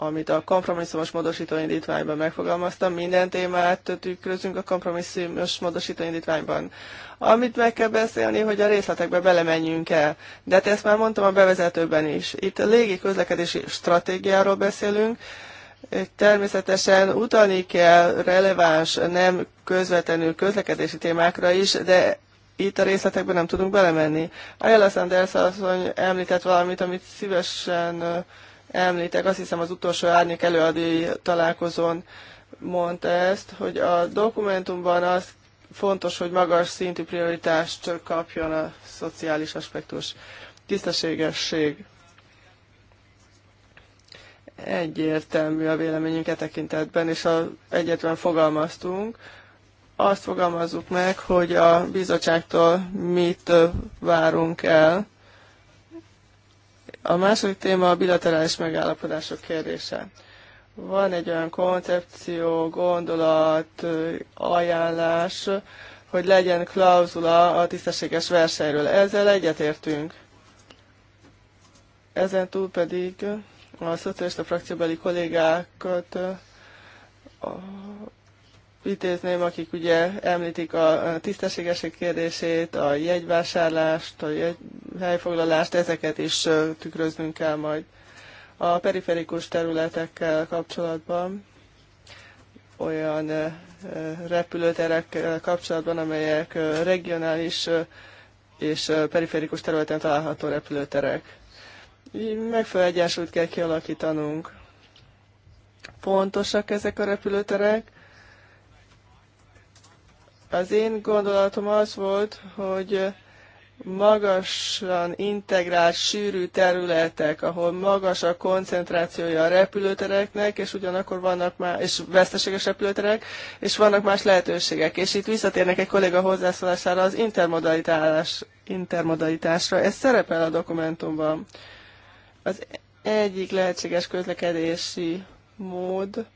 amit a kompromisszumos módosító indítványban megfogalmaztam, minden témát tükrözünk a kompromisszumos módosító indítványban. Amit meg kell beszélni, hogy a részletekbe belemenjünk el. De hát ezt már mondtam a bevezetőben is. Itt a légi közlekedési stratégiáról beszélünk, Természetesen utalni kell releváns, nem közvetlenül közlekedési témákra is, de itt a részletekben nem tudunk belemenni. Ayala Sanders asszony említett valamit, amit szívesen uh, említek, azt hiszem az utolsó árnyék előadói találkozón mondta ezt, hogy a dokumentumban az fontos, hogy magas szintű prioritást kapjon a szociális aspektus. Tisztességesség. Egyértelmű a véleményünk e tekintetben, és a, egyetlen fogalmaztunk. Azt fogalmazzuk meg, hogy a bizottságtól mit várunk el, a második téma a bilaterális megállapodások kérdése. Van egy olyan koncepció, gondolat, ajánlás, hogy legyen klauzula a tisztességes versenyről. Ezzel egyetértünk. Ezen túl pedig a szocialista frakcióbeli kollégákat intézném, akik ugye említik a tisztességesség kérdését, a jegyvásárlást, a jegy, helyfoglalást, ezeket is tükröznünk kell majd a periferikus területekkel kapcsolatban, olyan repülőterekkel kapcsolatban, amelyek regionális és periférikus területen található repülőterek. Megfelelő egyensúlyt kell kialakítanunk. Pontosak ezek a repülőterek, az én gondolatom az volt, hogy magasan integrált, sűrű területek, ahol magas a koncentrációja a repülőtereknek, és ugyanakkor vannak már, és veszteséges repülőterek, és vannak más lehetőségek. És itt visszatérnek egy kolléga hozzászólására az intermodalitás, intermodalitásra. Ez szerepel a dokumentumban. Az egyik lehetséges közlekedési mód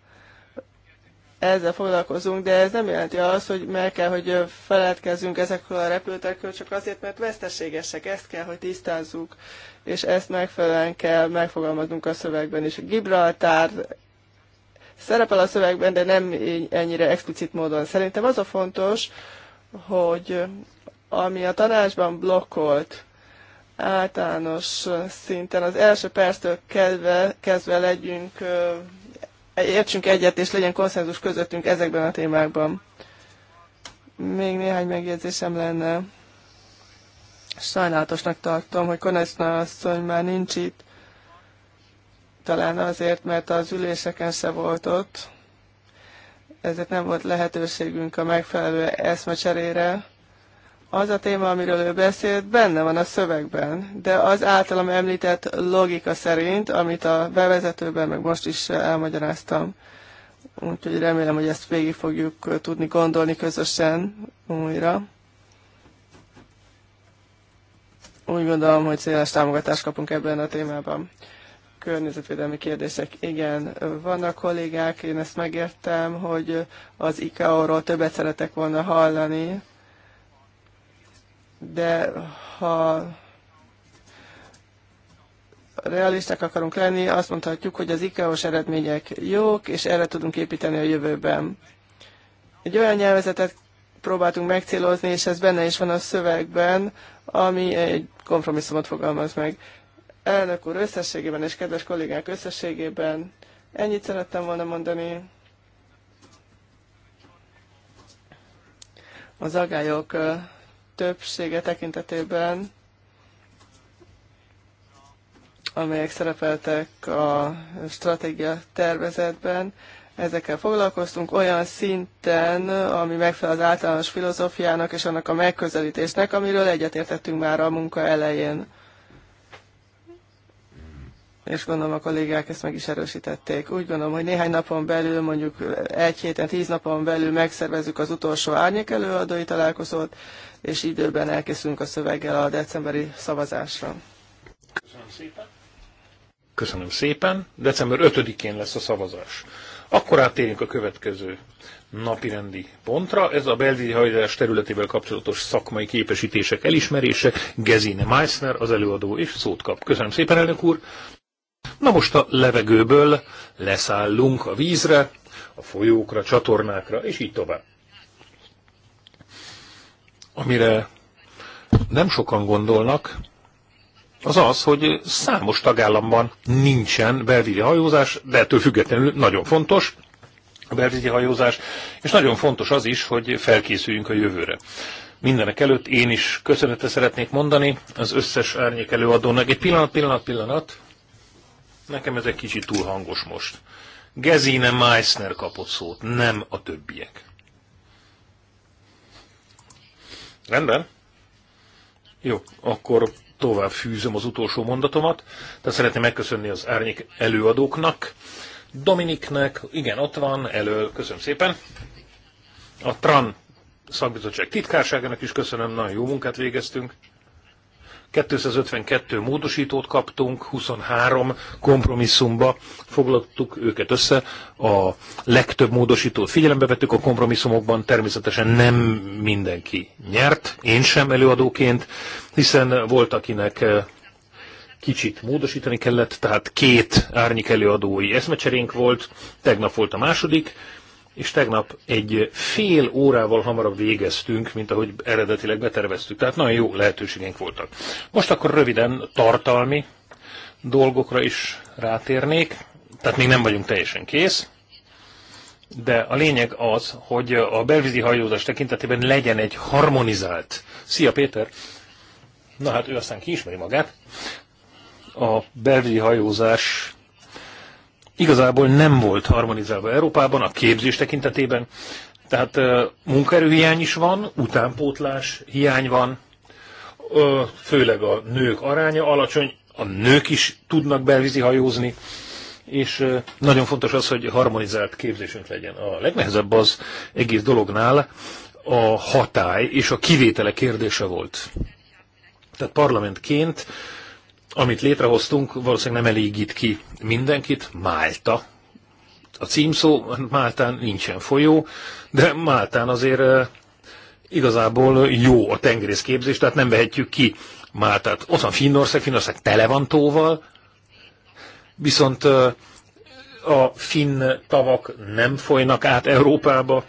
ezzel foglalkozunk, de ez nem jelenti azt, hogy meg kell, hogy feledkezzünk ezekről a repülőtekről, csak azért, mert veszteségesek, ezt kell, hogy tisztázzuk, és ezt megfelelően kell megfogalmaznunk a szövegben is. Gibraltár szerepel a szövegben, de nem ennyire explicit módon. Szerintem az a fontos, hogy ami a tanácsban blokkolt általános szinten az első perctől kezdve, kezdve legyünk értsünk egyet, és legyen konszenzus közöttünk ezekben a témákban. Még néhány megjegyzésem lenne. Sajnálatosnak tartom, hogy Konecna asszony már nincs itt. Talán azért, mert az üléseken se volt ott. Ezért nem volt lehetőségünk a megfelelő eszmecserére az a téma, amiről ő beszélt, benne van a szövegben, de az általam említett logika szerint, amit a bevezetőben, meg most is elmagyaráztam, úgyhogy remélem, hogy ezt végig fogjuk tudni gondolni közösen újra. Úgy gondolom, hogy széles támogatást kapunk ebben a témában. Környezetvédelmi kérdések. Igen, vannak kollégák, én ezt megértem, hogy az ICAO-ról többet szeretek volna hallani, de ha realisták akarunk lenni, azt mondhatjuk, hogy az ICAO-s eredmények jók, és erre tudunk építeni a jövőben. Egy olyan nyelvezetet próbáltunk megcélozni, és ez benne is van a szövegben, ami egy kompromisszumot fogalmaz meg. Elnök úr összességében és kedves kollégák összességében ennyit szerettem volna mondani. Az agályok többsége tekintetében, amelyek szerepeltek a stratégia tervezetben, ezekkel foglalkoztunk olyan szinten, ami megfelel az általános filozófiának és annak a megközelítésnek, amiről egyetértettünk már a munka elején és gondolom a kollégák ezt meg is erősítették. Úgy gondolom, hogy néhány napon belül, mondjuk egy héten, tíz napon belül megszervezzük az utolsó árnyék előadói találkozót, és időben elkészülünk a szöveggel a decemberi szavazásra. Köszönöm szépen. Köszönöm szépen. December 5-én lesz a szavazás. Akkor áttérjünk a következő napirendi pontra. Ez a belvédi hajlás területével kapcsolatos szakmai képesítések elismerése. Gezine Meissner az előadó és szót kap. Köszönöm szépen, elnök úr! Na most a levegőből leszállunk a vízre, a folyókra, csatornákra, és így tovább. Amire nem sokan gondolnak, az az, hogy számos tagállamban nincsen belvízi hajózás, de ettől függetlenül nagyon fontos a belvízi hajózás, és nagyon fontos az is, hogy felkészüljünk a jövőre. Mindenek előtt én is köszönetet szeretnék mondani az összes árnyék előadónak. Egy pillanat, pillanat, pillanat. Nekem ez egy kicsit túl hangos most. Gezine Meissner kapott szót, nem a többiek. Rendben? Jó, akkor tovább fűzöm az utolsó mondatomat. De szeretném megköszönni az árnyék előadóknak. Dominiknek, igen, ott van, elől, köszönöm szépen. A TRAN szakbizottság titkárságának is köszönöm, nagyon jó munkát végeztünk. 252 módosítót kaptunk, 23 kompromisszumba foglaltuk őket össze. A legtöbb módosítót figyelembe vettük a kompromisszumokban, természetesen nem mindenki nyert, én sem előadóként, hiszen volt akinek eh, kicsit módosítani kellett, tehát két árnyik előadói eszmecserénk volt, tegnap volt a második, és tegnap egy fél órával hamarabb végeztünk, mint ahogy eredetileg beterveztük. Tehát nagyon jó lehetőségünk voltak. Most akkor röviden tartalmi dolgokra is rátérnék. Tehát még nem vagyunk teljesen kész, de a lényeg az, hogy a belvízi hajózás tekintetében legyen egy harmonizált. Szia Péter! Na hát ő aztán kiismeri magát. A belvízi hajózás igazából nem volt harmonizálva Európában a képzés tekintetében, tehát munkaerőhiány is van, utánpótlás hiány van, főleg a nők aránya alacsony, a nők is tudnak belvízi hajózni, és nagyon fontos az, hogy harmonizált képzésünk legyen. A legnehezebb az egész dolognál a hatály és a kivétele kérdése volt. Tehát parlamentként amit létrehoztunk, valószínűleg nem elégít ki mindenkit, Málta. A címszó, Máltán nincsen folyó, de Máltán azért igazából jó a tengerészképzés, tehát nem vehetjük ki Máltát. Ott van Finnország, Finnország tele van tóval, viszont a finn tavak nem folynak át Európába,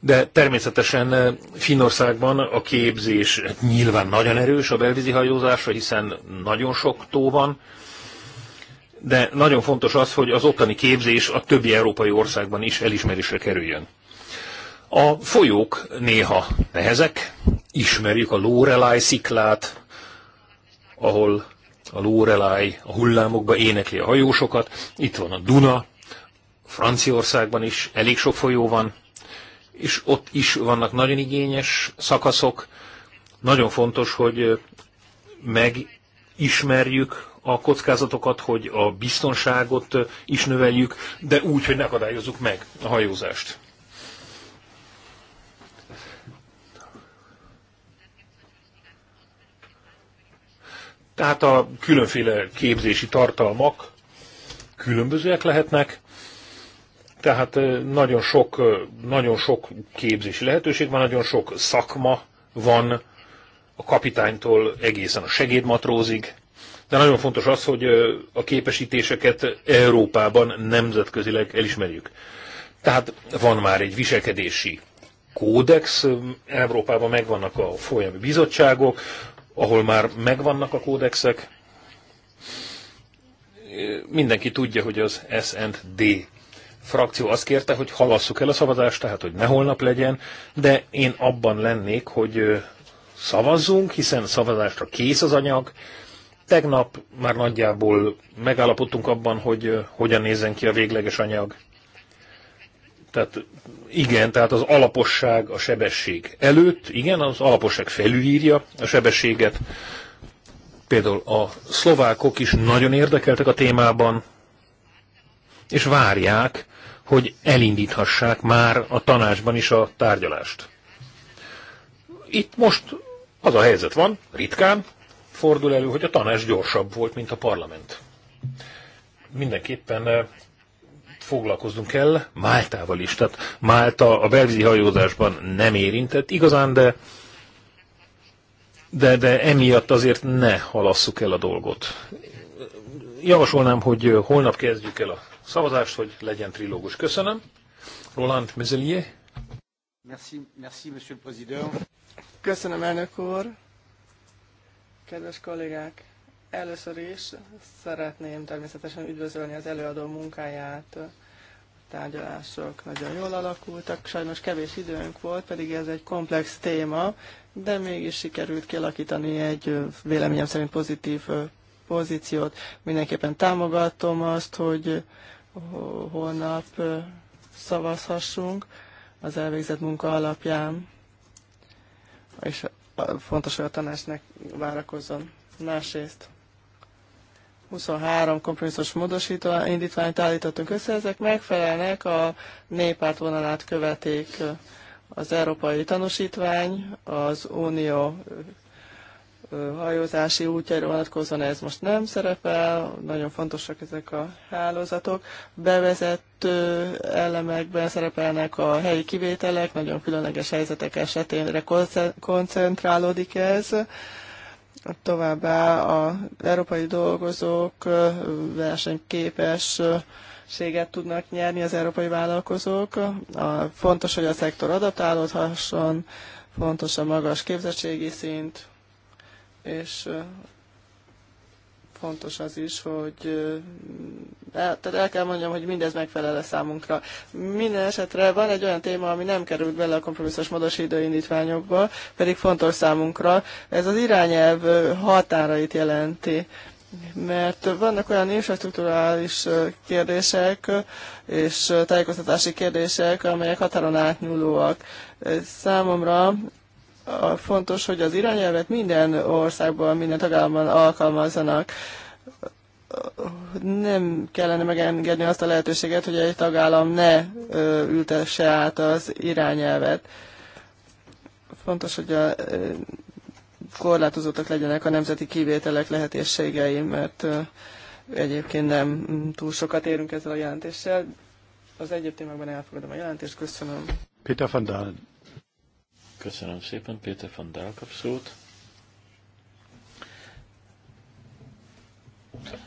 de természetesen eh, Finnországban a képzés nyilván nagyon erős a belvízi hajózásra, hiszen nagyon sok tó van, de nagyon fontos az, hogy az ottani képzés a többi európai országban is elismerésre kerüljön. A folyók néha nehezek, ismerjük a Lorelai sziklát, ahol a Lorelai a hullámokba énekli a hajósokat, itt van a Duna, Franciaországban is elég sok folyó van, és ott is vannak nagyon igényes szakaszok. Nagyon fontos, hogy megismerjük a kockázatokat, hogy a biztonságot is növeljük, de úgy, hogy ne akadályozzuk meg a hajózást. Tehát a különféle képzési tartalmak különbözőek lehetnek, tehát nagyon sok, nagyon sok képzési lehetőség van, nagyon sok szakma van, a kapitánytól egészen a segédmatrózig. De nagyon fontos az, hogy a képesítéseket Európában nemzetközileg elismerjük. Tehát van már egy viselkedési kódex, Európában megvannak a folyami bizottságok, ahol már megvannak a kódexek. Mindenki tudja, hogy az S&D frakció azt kérte, hogy halasszuk el a szavazást, tehát hogy ne holnap legyen, de én abban lennék, hogy szavazzunk, hiszen szavazásra kész az anyag. Tegnap már nagyjából megállapodtunk abban, hogy hogyan nézzen ki a végleges anyag. Tehát igen, tehát az alaposság a sebesség előtt, igen, az alaposság felülírja a sebességet. Például a szlovákok is nagyon érdekeltek a témában, és várják, hogy elindíthassák már a tanácsban is a tárgyalást. Itt most az a helyzet van, ritkán fordul elő, hogy a tanács gyorsabb volt, mint a parlament. Mindenképpen eh, foglalkoznunk kell Máltával is. Tehát Málta a belvízi hajózásban nem érintett igazán, de, de, de emiatt azért ne halasszuk el a dolgot. Javasolnám, hogy eh, holnap kezdjük el a szavazást, hogy legyen trilógus. Köszönöm. Roland Mezelier. Merci, merci, monsieur le président. Köszönöm, elnök úr. Kedves kollégák, először is szeretném természetesen üdvözölni az előadó munkáját. A tárgyalások nagyon jól alakultak, sajnos kevés időnk volt, pedig ez egy komplex téma, de mégis sikerült kialakítani egy véleményem szerint pozitív pozíciót. Mindenképpen támogatom azt, hogy holnap szavazhassunk az elvégzett munka alapján, és fontos, hogy a tanácsnak várakozzon. Másrészt 23 kompromisszus módosító indítványt állítottunk össze, ezek megfelelnek, a népárt vonalát követik az európai tanúsítvány, az unió hajózási útjára vonatkozóan ez most nem szerepel, nagyon fontosak ezek a hálózatok. Bevezető elemekben szerepelnek a helyi kivételek, nagyon különleges helyzetek esetén koncentrálódik ez. Továbbá az európai dolgozók versenyképes séget tudnak nyerni az európai vállalkozók. A, fontos, hogy a szektor adaptálódhasson, fontos a magas képzettségi szint, és fontos az is, hogy el, tehát el kell mondjam, hogy mindez megfelel a számunkra. Minden esetre van egy olyan téma, ami nem került bele a kompromisszos módosító indítványokba, pedig fontos számunkra. Ez az irányelv határait jelenti mert vannak olyan infrastruktúrális kérdések és tájékoztatási kérdések, amelyek határon átnyúlóak. Számomra fontos, hogy az irányelvet minden országban, minden tagállamban alkalmazzanak. Nem kellene megengedni azt a lehetőséget, hogy egy tagállam ne ültesse át az irányelvet. Fontos, hogy a korlátozottak legyenek a nemzeti kivételek lehetőségei, mert egyébként nem túl sokat érünk ezzel a jelentéssel. Az egyéb témákban elfogadom a jelentést. Köszönöm. Peter van Dalen. Köszönöm szépen, Péter van Dál szót.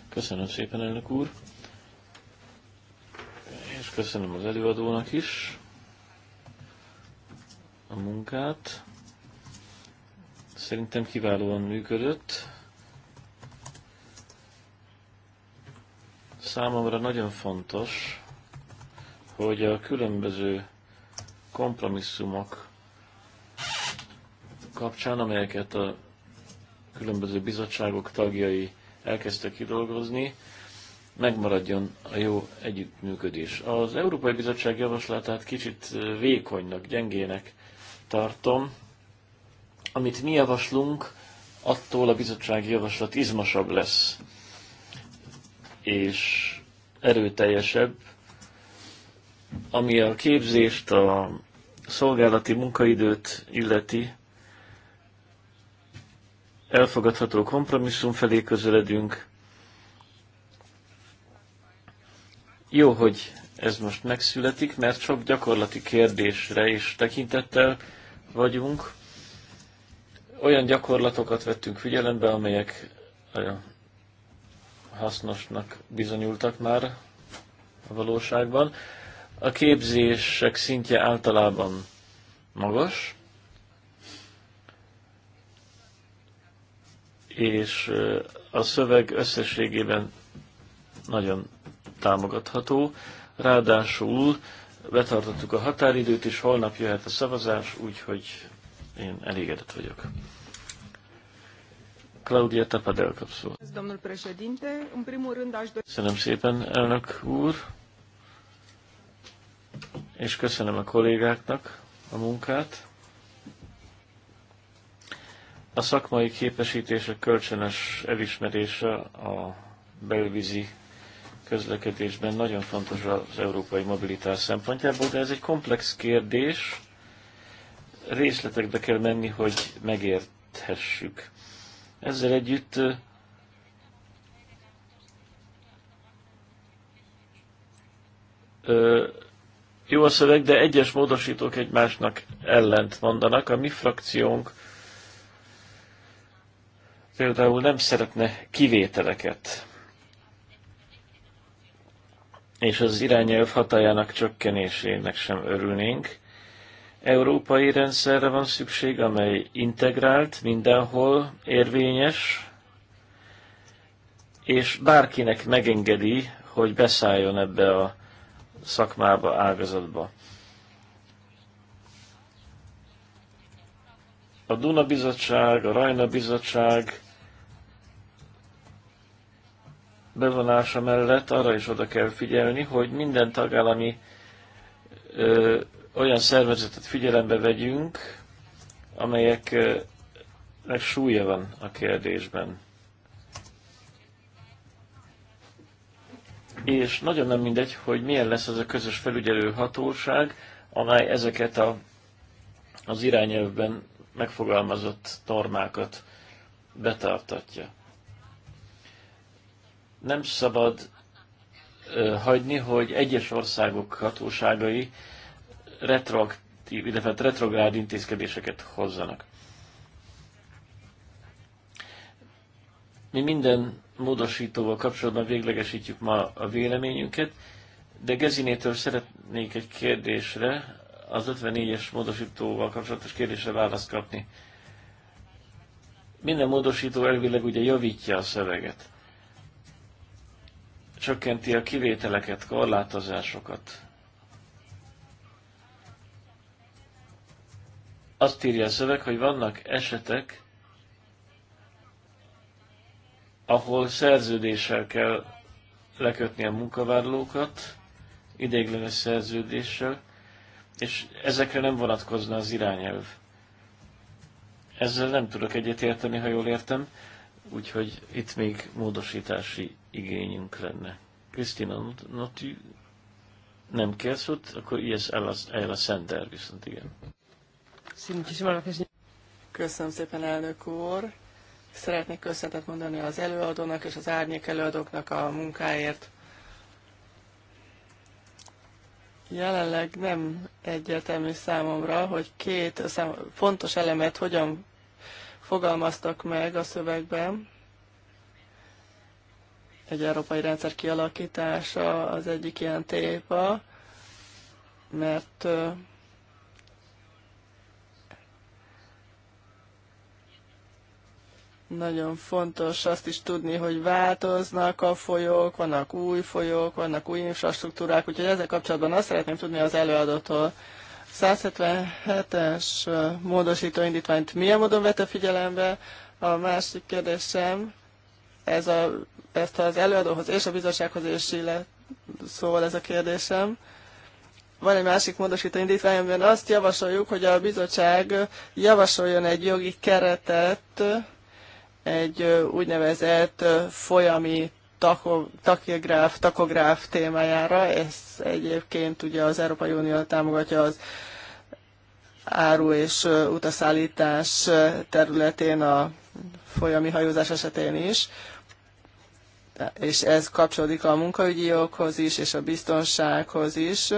Köszönöm szépen, elnök úr. És köszönöm az előadónak is a munkát. Szerintem kiválóan működött. Számomra nagyon fontos, hogy a különböző kompromisszumok kapcsán, amelyeket a különböző bizottságok tagjai elkezdtek kidolgozni, megmaradjon a jó együttműködés. Az Európai Bizottság javaslatát kicsit vékonynak, gyengének tartom. Amit mi javaslunk, attól a bizottsági javaslat izmosabb lesz, és erőteljesebb, ami a képzést, a szolgálati munkaidőt illeti, elfogadható kompromisszum felé közeledünk. Jó, hogy ez most megszületik, mert sok gyakorlati kérdésre is tekintettel vagyunk. Olyan gyakorlatokat vettünk figyelembe, amelyek hasznosnak bizonyultak már a valóságban. A képzések szintje általában magas, és a szöveg összességében nagyon támogatható. Ráadásul betartottuk a határidőt, és holnap jöhet a szavazás, úgyhogy én elégedett vagyok. Claudia Tapadel kap szót. Köszönöm szépen, elnök úr, és köszönöm a kollégáknak a munkát. A szakmai képesítések kölcsönös elismerése a belvízi közlekedésben nagyon fontos az európai mobilitás szempontjából, de ez egy komplex kérdés, részletekbe kell menni, hogy megérthessük. Ezzel együtt ö, jó a szöveg, de egyes módosítók egymásnak ellent mondanak. A mi frakciónk például nem szeretne kivételeket, és az irányelv hatájának csökkenésének sem örülnénk. Európai rendszerre van szükség, amely integrált, mindenhol érvényes, és bárkinek megengedi, hogy beszálljon ebbe a szakmába, ágazatba. A Duna Bizottság, a Rajna Bizottság bevonása mellett arra is oda kell figyelni, hogy minden tagállami ö, olyan szervezetet figyelembe vegyünk, amelyeknek súlya van a kérdésben. És nagyon nem mindegy, hogy milyen lesz az a közös felügyelő hatóság, amely ezeket a, az irányelvben megfogalmazott normákat betartatja nem szabad hagyni, hogy egyes országok hatóságai retroaktív, illetve retrográd intézkedéseket hozzanak. Mi minden módosítóval kapcsolatban véglegesítjük ma a véleményünket, de Gezinétől szeretnék egy kérdésre, az 54-es módosítóval kapcsolatos kérdésre választ kapni. Minden módosító elvileg ugye javítja a szöveget csökkenti a kivételeket, korlátozásokat. Azt írja a szöveg, hogy vannak esetek, ahol szerződéssel kell lekötni a munkavállalókat, ideiglenes szerződéssel, és ezekre nem vonatkozna az irányelv. Ezzel nem tudok egyetérteni, ha jól értem, úgyhogy itt még módosítási igényünk lenne. Krisztina Noti nem kérsz ott, akkor ilyes el a Szender viszont igen. Köszönöm szépen, elnök úr! Szeretnék köszönetet mondani az előadónak és az árnyék előadóknak a munkáért. Jelenleg nem egyértelmű számomra, hogy két szám, fontos elemet hogyan fogalmaztak meg a szövegben egy európai rendszer kialakítása az egyik ilyen téva, mert nagyon fontos azt is tudni, hogy változnak a folyók, vannak új folyók, vannak új infrastruktúrák, úgyhogy ezzel kapcsolatban azt szeretném tudni az előadótól. 177-es módosító indítványt milyen módon vette figyelembe? A másik kérdésem, ez a, ezt az előadóhoz és a bizottsághoz is illet, szóval ez a kérdésem. Van egy másik módosító indítvány, amiben azt javasoljuk, hogy a bizottság javasoljon egy jogi keretet egy úgynevezett folyami tako, takigráf, takográf témájára. Ez egyébként ugye az Európai Unió támogatja az áru és utaszállítás területén a folyami hajózás esetén is, és ez kapcsolódik a munkaügyi joghoz is, és a biztonsághoz is.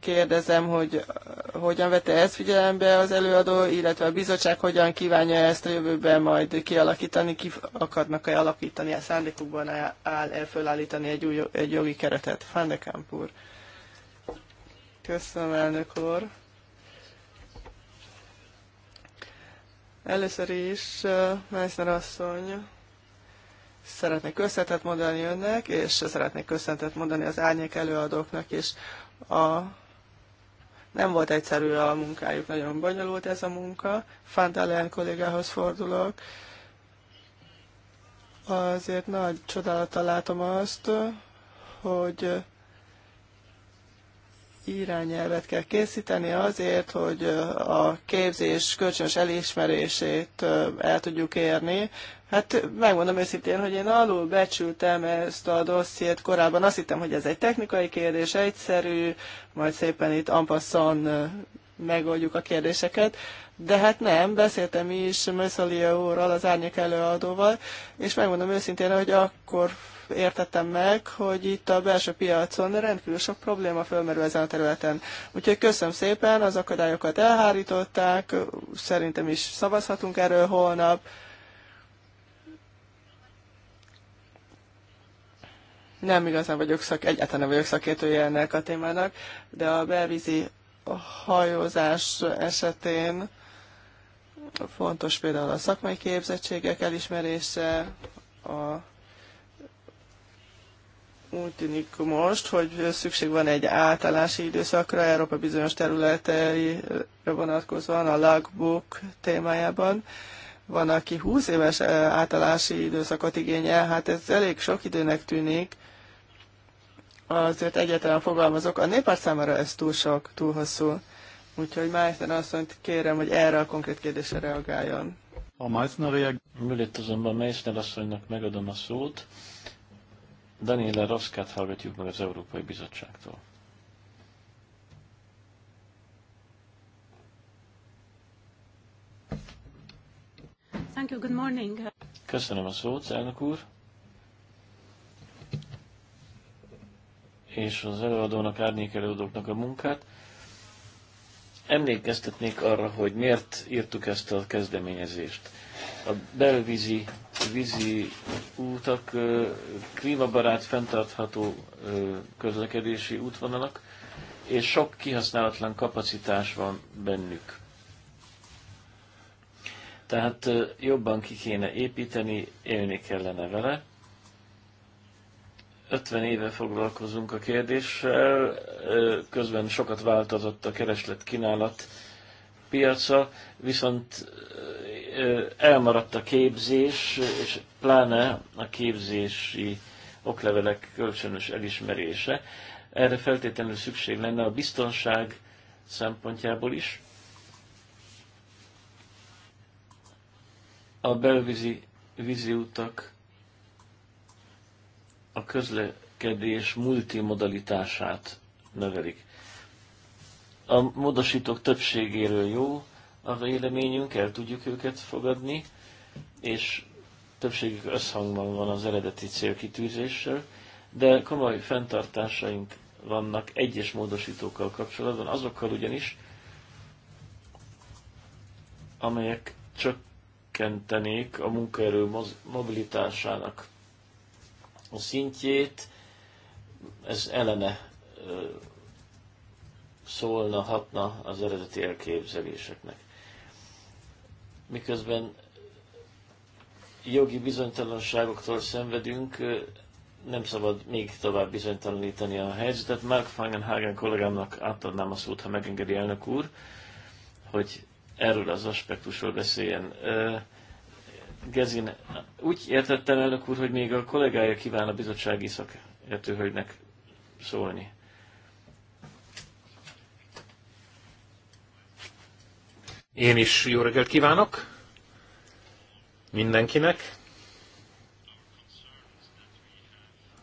Kérdezem, hogy hogyan vette ezt figyelembe az előadó, illetve a bizottság hogyan kívánja ezt a jövőben majd kialakítani, ki akarnak-e alakítani, a szándékukban áll el fölállítani egy, új, egy jogi keretet. Van Köszönöm, elnök úr. Először is uh, Meissner asszony szeretnék köszönetet mondani önnek, és szeretnék köszönetet mondani az árnyék előadóknak is. A, nem volt egyszerű a munkájuk, nagyon bonyolult ez a munka. Fantalen kollégához fordulok. Azért nagy csodálata látom azt, hogy irányelvet kell készíteni azért, hogy a képzés kölcsönös elismerését el tudjuk érni. Hát megmondom őszintén, hogy én alul becsültem ezt a dossziét korábban. Azt hittem, hogy ez egy technikai kérdés, egyszerű, majd szépen itt ampasszon megoldjuk a kérdéseket. De hát nem, beszéltem is Mössalia úrral, az árnyék előadóval, és megmondom őszintén, hogy akkor értettem meg, hogy itt a belső piacon rendkívül sok probléma fölmerül ezen a területen. Úgyhogy köszönöm szépen, az akadályokat elhárították, szerintem is szavazhatunk erről holnap. Nem igazán vagyok szak, egyáltalán nem vagyok szakértője ennek a témának, de a belvízi hajózás esetén fontos például a szakmai képzettségek elismerése, a úgy tűnik most, hogy szükség van egy átállási időszakra Európa bizonyos területeire vonatkozóan a logbook témájában. Van, aki 20 éves eh, átállási időszakot igényel, hát ez elég sok időnek tűnik, azért egyetlen fogalmazok. A néppárt számára ez túl sok, túl hosszú. Úgyhogy Meissner asszonyt kérem, hogy erre a konkrét kérdésre reagáljon. A Meissner reagál. Műlét azonban Meissner asszonynak megadom a szót. Daniela Roszkát hallgatjuk meg az Európai Bizottságtól. Thank you, good morning. Köszönöm a szót, elnök úr. És az előadónak, árnyék előadóknak a munkát. Emlékeztetnék arra, hogy miért írtuk ezt a kezdeményezést. A belvízi vízi útak klímabarát, fenntartható közlekedési útvonalak, és sok kihasználatlan kapacitás van bennük. Tehát jobban ki kéne építeni, élni kellene vele. 50 éve foglalkozunk a kérdéssel, közben sokat változott a kereslet-kínálat piaca, viszont elmaradt a képzés, és pláne a képzési oklevelek kölcsönös elismerése. Erre feltétlenül szükség lenne a biztonság szempontjából is. A belvízi vízi utak a közlekedés multimodalitását növelik. A módosítók többségéről jó a véleményünk, el tudjuk őket fogadni, és többségük összhangban van az eredeti célkitűzéssel, de komoly fenntartásaink vannak egyes módosítókkal kapcsolatban, azokkal ugyanis, amelyek csökkentenék a munkaerő mobilitásának a szintjét, ez ellene szólna, hatna az eredeti elképzeléseknek miközben jogi bizonytalanságoktól szenvedünk, nem szabad még tovább bizonytalanítani a helyzetet. Mark Fangenhagen kollégámnak átadnám a szót, ha megengedi elnök úr, hogy erről az aspektusról beszéljen. Gezin, úgy értettem elnök úr, hogy még a kollégája kíván a bizottsági szakértőhölgynek szólni. Én is jó reggelt kívánok mindenkinek.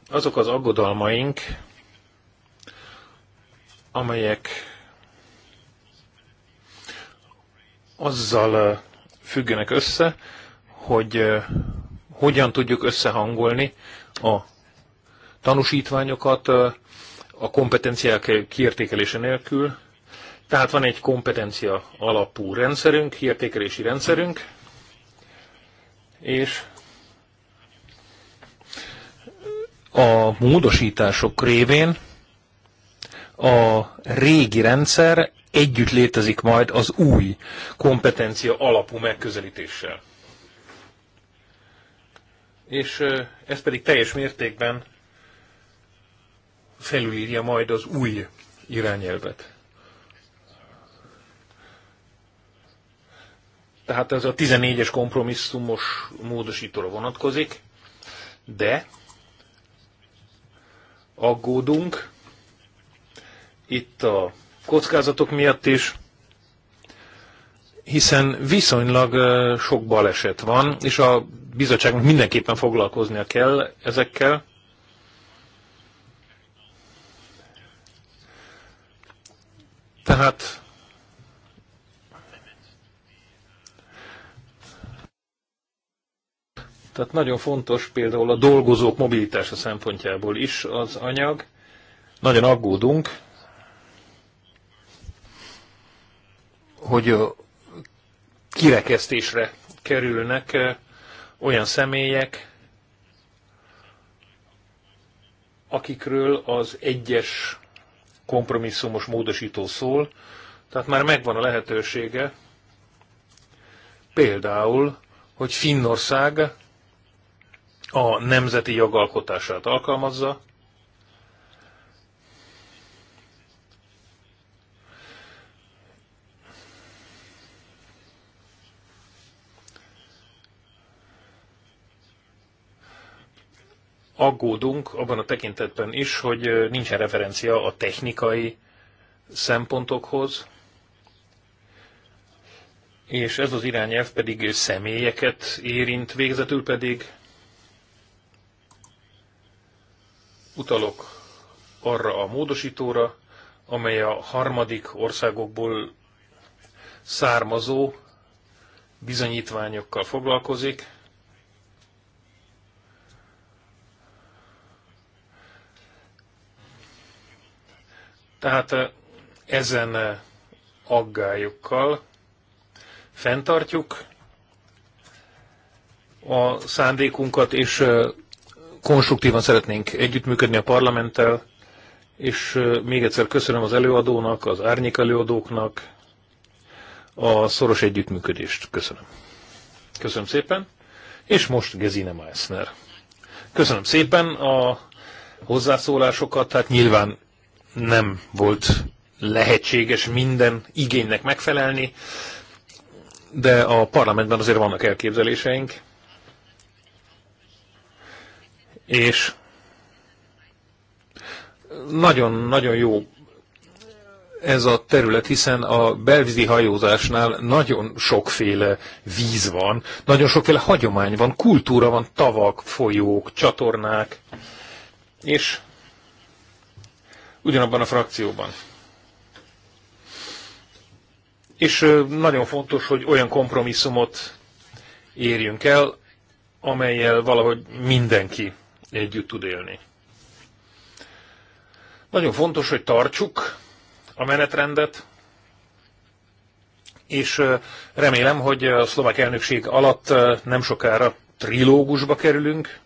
Azok az aggodalmaink, amelyek azzal uh, függenek össze, hogy uh, hogyan tudjuk összehangolni a tanúsítványokat uh, a kompetenciák kiértékelése nélkül, tehát van egy kompetencia alapú rendszerünk, értékelési rendszerünk, és a módosítások révén a régi rendszer együtt létezik majd az új kompetencia alapú megközelítéssel. És ez pedig teljes mértékben felülírja majd az új irányelvet. tehát ez a 14-es kompromisszumos módosítóra vonatkozik, de aggódunk itt a kockázatok miatt is, hiszen viszonylag sok baleset van, és a bizottságnak mindenképpen foglalkoznia kell ezekkel. Tehát Tehát nagyon fontos például a dolgozók mobilitása szempontjából is az anyag. Nagyon aggódunk, hogy a kirekesztésre kerülnek olyan személyek, akikről az egyes kompromisszumos módosító szól, tehát már megvan a lehetősége, például, hogy Finnország a nemzeti jogalkotását alkalmazza, aggódunk abban a tekintetben is, hogy nincsen referencia a technikai szempontokhoz, és ez az irányelv pedig személyeket érint, végzetül pedig utalok arra a módosítóra, amely a harmadik országokból származó bizonyítványokkal foglalkozik. Tehát eh, ezen eh, aggályokkal fenntartjuk a szándékunkat, és eh, konstruktívan szeretnénk együttműködni a parlamenttel, és még egyszer köszönöm az előadónak, az árnyék előadóknak a szoros együttműködést. Köszönöm. Köszönöm szépen. És most Gezine Meissner. Köszönöm szépen a hozzászólásokat, tehát nyilván nem volt lehetséges minden igénynek megfelelni, de a parlamentben azért vannak elképzeléseink, és nagyon-nagyon jó ez a terület, hiszen a belvízi hajózásnál nagyon sokféle víz van, nagyon sokféle hagyomány van, kultúra van, tavak, folyók, csatornák, és ugyanabban a frakcióban. És nagyon fontos, hogy olyan kompromisszumot érjünk el, amelyel valahogy mindenki együtt tud élni. Nagyon fontos, hogy tartsuk a menetrendet, és remélem, hogy a szlovák elnökség alatt nem sokára trilógusba kerülünk.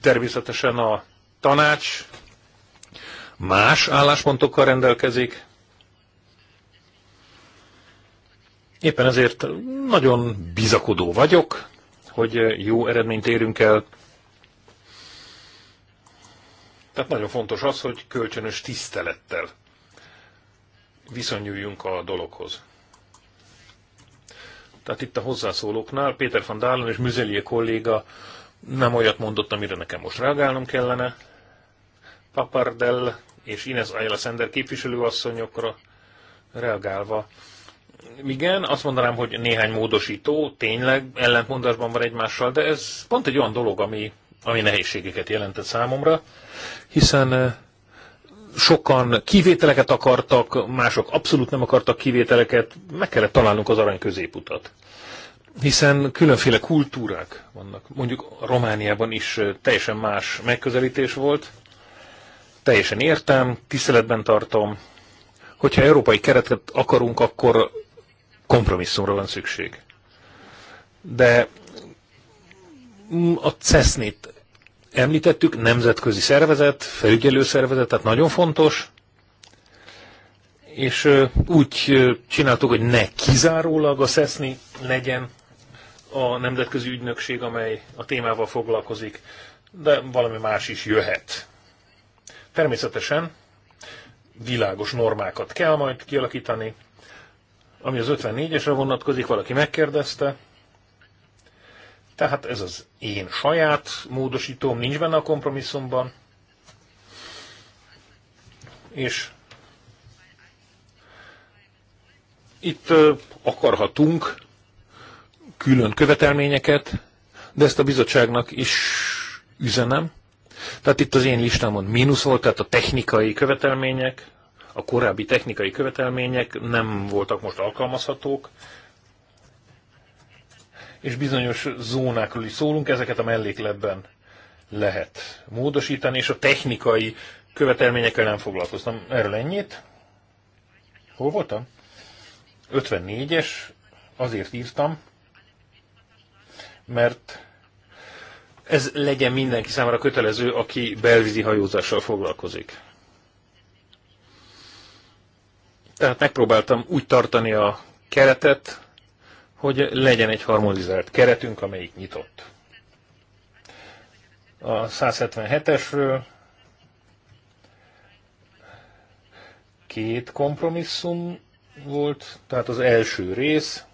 Természetesen a tanács más álláspontokkal rendelkezik. Éppen ezért nagyon bizakodó vagyok, hogy eh, jó eredményt érünk el. Tehát nagyon fontos az, hogy kölcsönös tisztelettel viszonyuljunk a dologhoz. Tehát itt a hozzászólóknál Péter van Dálon és Müzelié kolléga nem olyat mondott, amire nekem most reagálnom kellene. Papardell és Ines Ayala Sender képviselőasszonyokra reagálva igen, azt mondanám, hogy néhány módosító tényleg ellentmondásban van egymással, de ez pont egy olyan dolog, ami, ami nehézségeket jelentett számomra, hiszen eh, sokan kivételeket akartak, mások abszolút nem akartak kivételeket, meg kellett találnunk az arany középutat. Hiszen különféle kultúrák vannak. Mondjuk Romániában is eh, teljesen más megközelítés volt. Teljesen értem, tiszteletben tartom. Hogyha európai keretet akarunk, akkor kompromisszumra van szükség. De a CESZNIT említettük, nemzetközi szervezet, felügyelő szervezet, tehát nagyon fontos, és úgy csináltuk, hogy ne kizárólag a SESZNI legyen a nemzetközi ügynökség, amely a témával foglalkozik, de valami más is jöhet. Természetesen világos normákat kell majd kialakítani, ami az 54-esre vonatkozik, valaki megkérdezte. Tehát ez az én saját módosítóm, nincs benne a kompromisszumban. És itt akarhatunk külön követelményeket, de ezt a bizottságnak is üzenem. Tehát itt az én listámon mínusz volt, tehát a technikai követelmények, a korábbi technikai követelmények nem voltak most alkalmazhatók, és bizonyos zónákról is szólunk, ezeket a mellékletben lehet módosítani, és a technikai követelményekkel nem foglalkoztam. Erről ennyit. Hol voltam? 54-es, azért írtam, mert ez legyen mindenki számára kötelező, aki belvízi hajózással foglalkozik. Tehát megpróbáltam úgy tartani a keretet, hogy legyen egy harmonizált keretünk, amelyik nyitott. A 177-esről két kompromisszum volt, tehát az első rész,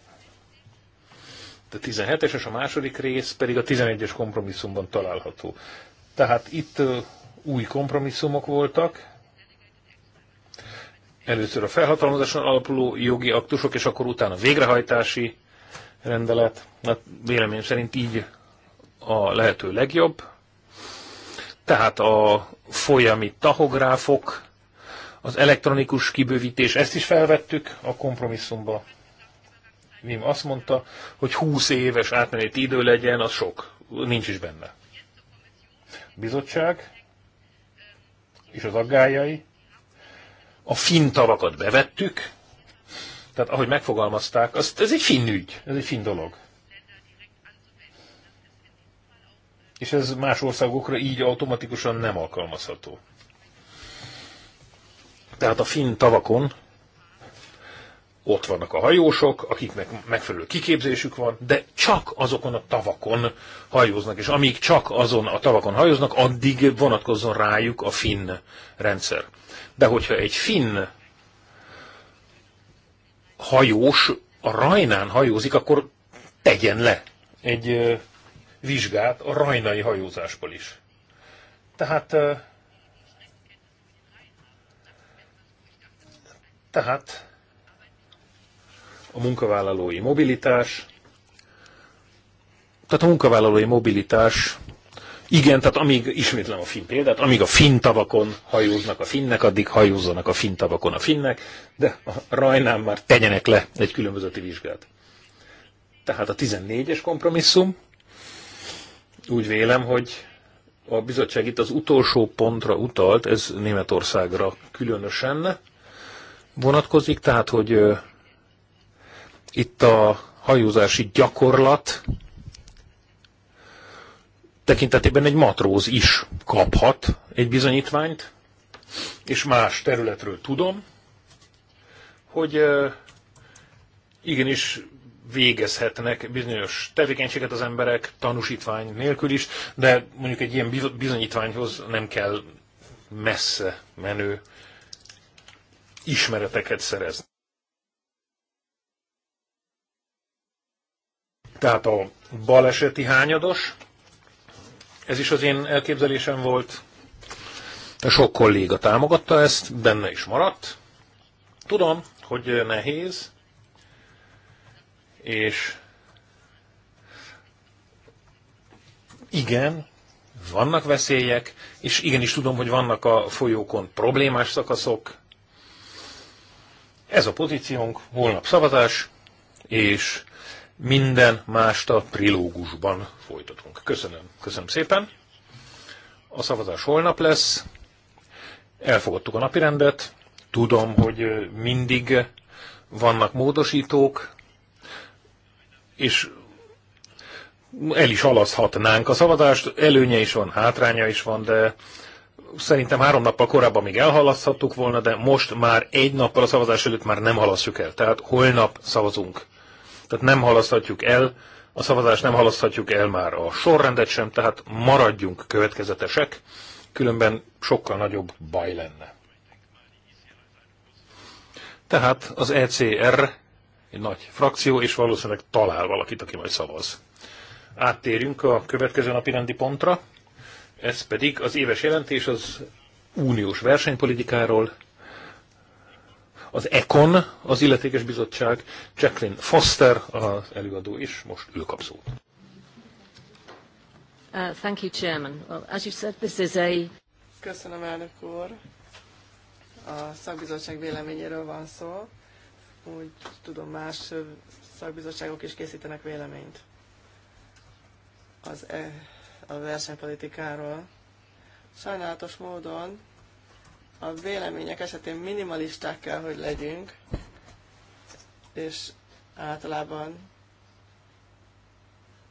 a 17-es és a második rész pedig a 11-es kompromisszumban található. Tehát itt új kompromisszumok voltak, Először a felhatalmazáson alapuló jogi aktusok, és akkor utána a végrehajtási rendelet. Na véleményem szerint így a lehető legjobb. Tehát a folyami tahográfok, az elektronikus kibővítés, ezt is felvettük a kompromisszumba. Vim azt mondta, hogy 20 éves átmeneti idő legyen, az sok, nincs is benne. Bizottság és az aggájai a finn tavakat bevettük, tehát ahogy megfogalmazták, az ez egy finn ügy, ez egy finn dolog. És ez más országokra így automatikusan nem alkalmazható. Tehát a finn tavakon ott vannak a hajósok, akiknek megfelelő kiképzésük van, de csak azokon a tavakon hajóznak, és amíg csak azon a tavakon hajóznak, addig vonatkozzon rájuk a finn rendszer. De hogyha egy finn hajós a Rajnán hajózik, akkor tegyen le egy vizsgát a rajnai hajózásból is. Tehát, tehát a munkavállalói mobilitás, tehát a munkavállalói mobilitás igen, tehát amíg, ismétlem a finn példát, amíg a finn tavakon hajóznak a finnek, addig hajózzanak a finn tavakon a finnek, de a rajnán már tegyenek le egy különbözeti vizsgát. Tehát a 14-es kompromisszum, úgy vélem, hogy a bizottság itt az utolsó pontra utalt, ez Németországra különösen vonatkozik, tehát hogy itt a hajózási gyakorlat tekintetében egy matróz is kaphat egy bizonyítványt, és más területről tudom, hogy igenis végezhetnek bizonyos tevékenységet az emberek tanúsítvány nélkül is, de mondjuk egy ilyen bizonyítványhoz nem kell messze menő ismereteket szerezni. Tehát a baleseti hányados ez is az én elképzelésem volt. De sok kolléga támogatta ezt, benne is maradt. Tudom, hogy nehéz, és igen, vannak veszélyek, és igenis tudom, hogy vannak a folyókon problémás szakaszok. Ez a pozíciónk, holnap szavazás, és minden mást a trilógusban folytatunk. Köszönöm. Köszönöm szépen. A szavazás holnap lesz. Elfogadtuk a napirendet. Tudom, hogy mindig vannak módosítók, és el is alaszhatnánk a szavazást, előnye is van, hátránya is van, de szerintem három nappal korábban még elhalaszthattuk volna, de most már egy nappal a szavazás előtt már nem halasszuk el. Tehát holnap szavazunk. Tehát nem halaszthatjuk el, a szavazást nem halaszthatjuk el már a sorrendet sem, tehát maradjunk következetesek, különben sokkal nagyobb baj lenne. Tehát az ECR egy nagy frakció, és valószínűleg talál valakit, aki majd szavaz. Áttérjünk a következő napi rendi pontra, ez pedig az éves jelentés az uniós versenypolitikáról, az ECON, az illetékes bizottság, Jacqueline Foster, az előadó is, most ő kap szót. Uh, thank you, Chairman. Well, as you said, this is a... Köszönöm, elnök úr. A szakbizottság véleményéről van szó. Úgy tudom, más szakbizottságok is készítenek véleményt az e, a versenypolitikáról. Sajnálatos módon a vélemények esetén minimalisták kell, hogy legyünk, és általában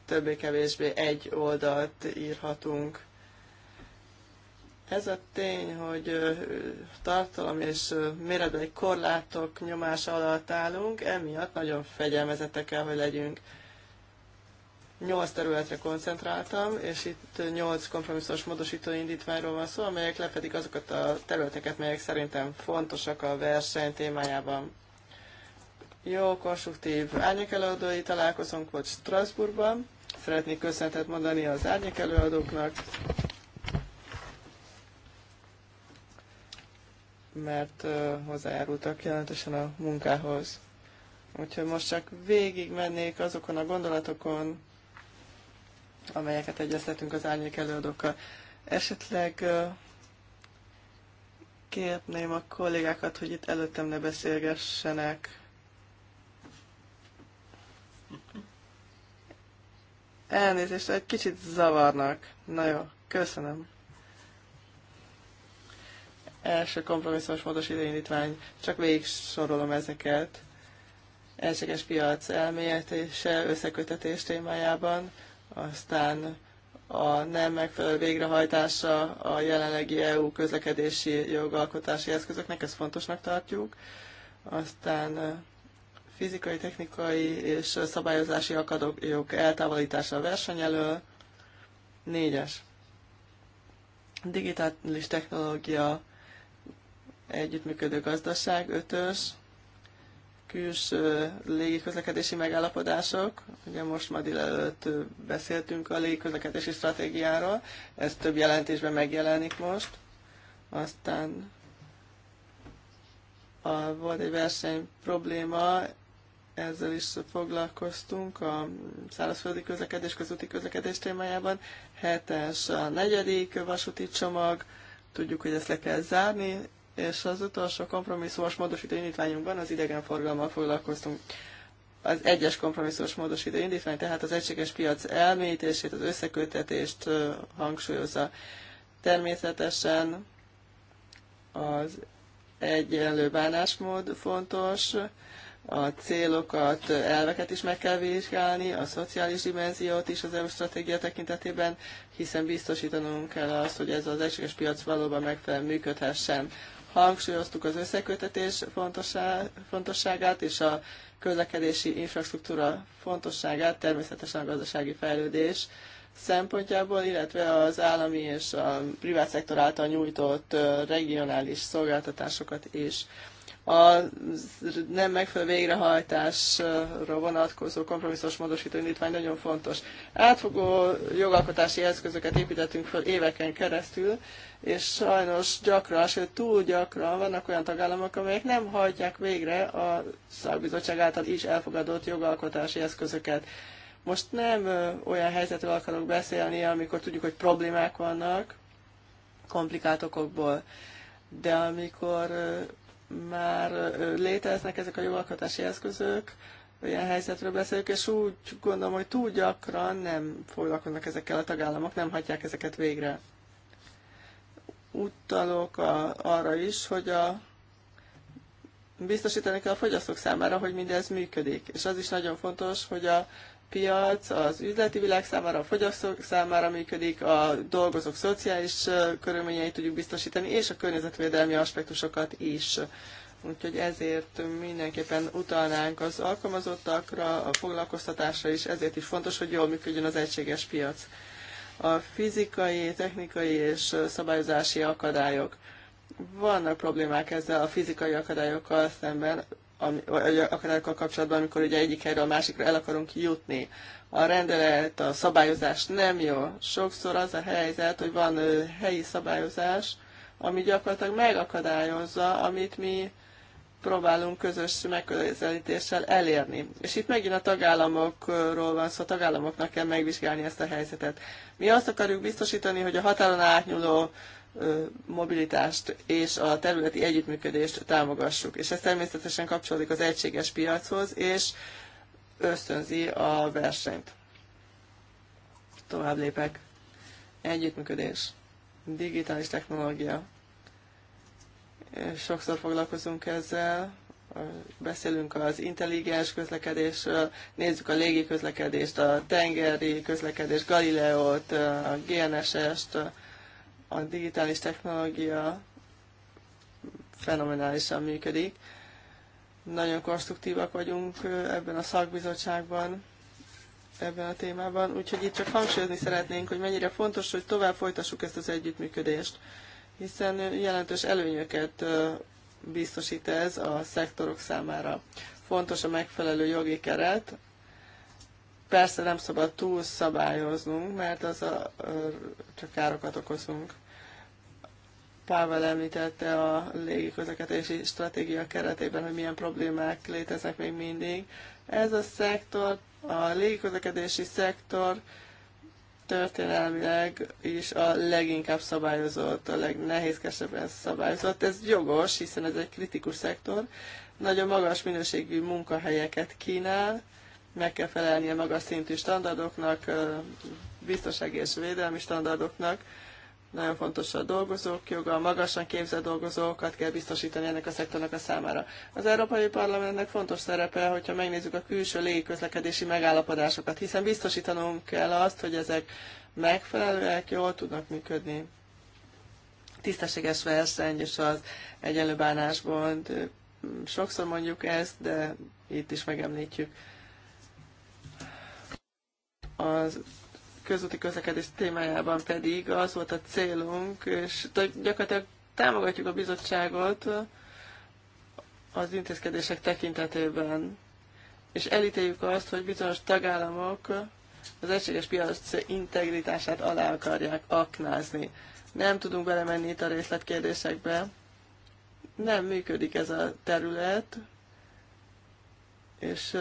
többé-kevésbé egy oldalt írhatunk. Ez a tény, hogy tartalom és méretbeli korlátok nyomása alatt állunk, emiatt nagyon fegyelmezettek kell, hogy legyünk. Nyolc területre koncentráltam, és itt nyolc kompromisszós módosító indítványról van szó, amelyek lefedik azokat a területeket, melyek szerintem fontosak a verseny témájában. Jó, konstruktív árnyékelőadói találkozunk, volt Strasbourgban. Szeretnék köszönetet mondani az árnyékelőadóknak, mert hozzájárultak jelentősen a munkához. Úgyhogy most csak végig mennék azokon a gondolatokon, amelyeket egyeztetünk az árnyék előadókkal. Esetleg kérném a kollégákat, hogy itt előttem ne beszélgessenek. Elnézést, egy kicsit zavarnak. Na jó, köszönöm. Első kompromisszumos módos indítvány, csak végig sorolom ezeket. Elséges piac elméletése összekötetés témájában aztán a nem megfelelő végrehajtása a jelenlegi EU közlekedési jogalkotási eszközöknek, ezt fontosnak tartjuk. Aztán fizikai, technikai és szabályozási akadályok eltávolítása a verseny elől. Négyes. Digitális technológia, együttműködő gazdaság. Ötös külső légiközlekedési megállapodások. Ugye most ma délelőtt beszéltünk a légiközlekedési stratégiáról, ez több jelentésben megjelenik most. Aztán a, volt egy verseny probléma, ezzel is foglalkoztunk a szárazföldi közlekedés, közúti közlekedés témájában. Hetes a negyedik vasúti csomag, tudjuk, hogy ezt le kell zárni, és az utolsó kompromisszumos módosító indítványunkban az idegenforgalommal foglalkoztunk. Az egyes kompromisszumos módosító indítvány tehát az egységes piac elmélyítését, az összekötetést hangsúlyozza. Természetesen az egyenlő bánásmód fontos, a célokat, elveket is meg kell vizsgálni, a szociális dimenziót is az EU stratégia tekintetében, hiszen biztosítanunk kell azt, hogy ez az egységes piac valóban megfelelően működhessen hangsúlyoztuk az összekötetés fontosságát és a közlekedési infrastruktúra fontosságát, természetesen a gazdasági fejlődés szempontjából, illetve az állami és a privát szektor által nyújtott regionális szolgáltatásokat is a nem megfelelő végrehajtásra vonatkozó kompromisszos módosító indítvány nagyon fontos. Átfogó jogalkotási eszközöket építettünk föl éveken keresztül, és sajnos gyakran, sőt túl gyakran vannak olyan tagállamok, amelyek nem hajtják végre a szakbizottság által is elfogadott jogalkotási eszközöket. Most nem olyan helyzetről akarok beszélni, amikor tudjuk, hogy problémák vannak, komplikált okokból, de amikor már léteznek ezek a jogalkotási eszközök, ilyen helyzetről beszélünk, és úgy gondolom, hogy túl gyakran nem foglalkoznak ezekkel a tagállamok, nem hagyják ezeket végre. Utalok a, arra is, hogy a biztosítani kell a fogyasztók számára, hogy mindez működik. És az is nagyon fontos, hogy a piac az üzleti világ számára, a fogyasztók számára működik, a dolgozók szociális körülményeit tudjuk biztosítani, és a környezetvédelmi aspektusokat is. Úgyhogy ezért mindenképpen utalnánk az alkalmazottakra, a foglalkoztatásra is, ezért is fontos, hogy jól működjön az egységes piac. A fizikai, technikai és szabályozási akadályok. Vannak problémák ezzel a fizikai akadályokkal szemben, vagy akadályokkal kapcsolatban, amikor ugye egyik helyről a másikra el akarunk jutni. A rendelet, a szabályozás nem jó. Sokszor az a helyzet, hogy van helyi szabályozás, ami gyakorlatilag megakadályozza, amit mi próbálunk közös megközelítéssel elérni. És itt megint a tagállamokról van szó, szóval a tagállamoknak kell megvizsgálni ezt a helyzetet. Mi azt akarjuk biztosítani, hogy a határon átnyúló mobilitást és a területi együttműködést támogassuk. És ez természetesen kapcsolódik az egységes piachoz, és ösztönzi a versenyt. Tovább lépek. Együttműködés. Digitális technológia. Sokszor foglalkozunk ezzel, beszélünk az intelligens közlekedésről, nézzük a légi közlekedést, a tengeri közlekedést, Galileót, a GNSS-t, a digitális technológia fenomenálisan működik. Nagyon konstruktívak vagyunk ebben a szakbizottságban, ebben a témában, úgyhogy itt csak hangsúlyozni szeretnénk, hogy mennyire fontos, hogy tovább folytassuk ezt az együttműködést, hiszen jelentős előnyöket biztosít ez a szektorok számára. Fontos a megfelelő jogi keret, persze nem szabad túl szabályoznunk, mert az a, csak károkat okozunk. Pável említette a közlekedési stratégia keretében, hogy milyen problémák léteznek még mindig. Ez a szektor, a légi közlekedési szektor történelmileg is a leginkább szabályozott, a legnehézkesebben szabályozott. Ez jogos, hiszen ez egy kritikus szektor. Nagyon magas minőségű munkahelyeket kínál, meg kell felelnie magas szintű standardoknak, biztonsági és védelmi standardoknak nagyon fontos a dolgozók joga, a magasan képzett dolgozókat kell biztosítani ennek a szektornak a számára. Az Európai Parlamentnek fontos szerepe, hogyha megnézzük a külső légiközlekedési megállapodásokat, hiszen biztosítanunk kell azt, hogy ezek megfelelőek, jól tudnak működni. Tisztességes verseny és az egyenlő bánásban. Mm, sokszor mondjuk ezt, de itt is megemlítjük. Az közúti közlekedés témájában pedig az volt a célunk, és gyakorlatilag támogatjuk a bizottságot az intézkedések tekintetében, és elítéljük azt, hogy bizonyos tagállamok az egységes piac integritását alá akarják aknázni. Nem tudunk belemenni itt a részletkérdésekbe. Nem működik ez a terület, és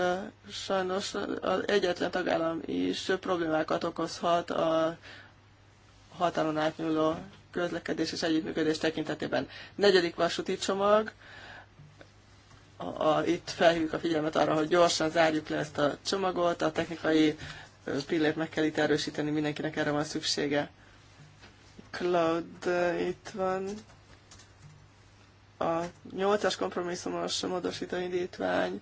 sajnos az egyetlen tagállam is problémákat okozhat a határon átnyúló közlekedés és együttműködés tekintetében. Negyedik vasúti csomag, a, a, itt felhívjuk a figyelmet arra, hogy gyorsan zárjuk le ezt a csomagot, a technikai pillért meg kell itt erősíteni, mindenkinek erre van szüksége. Cloud itt van. A nyolcas kompromisszumos módosítóindítvány indítvány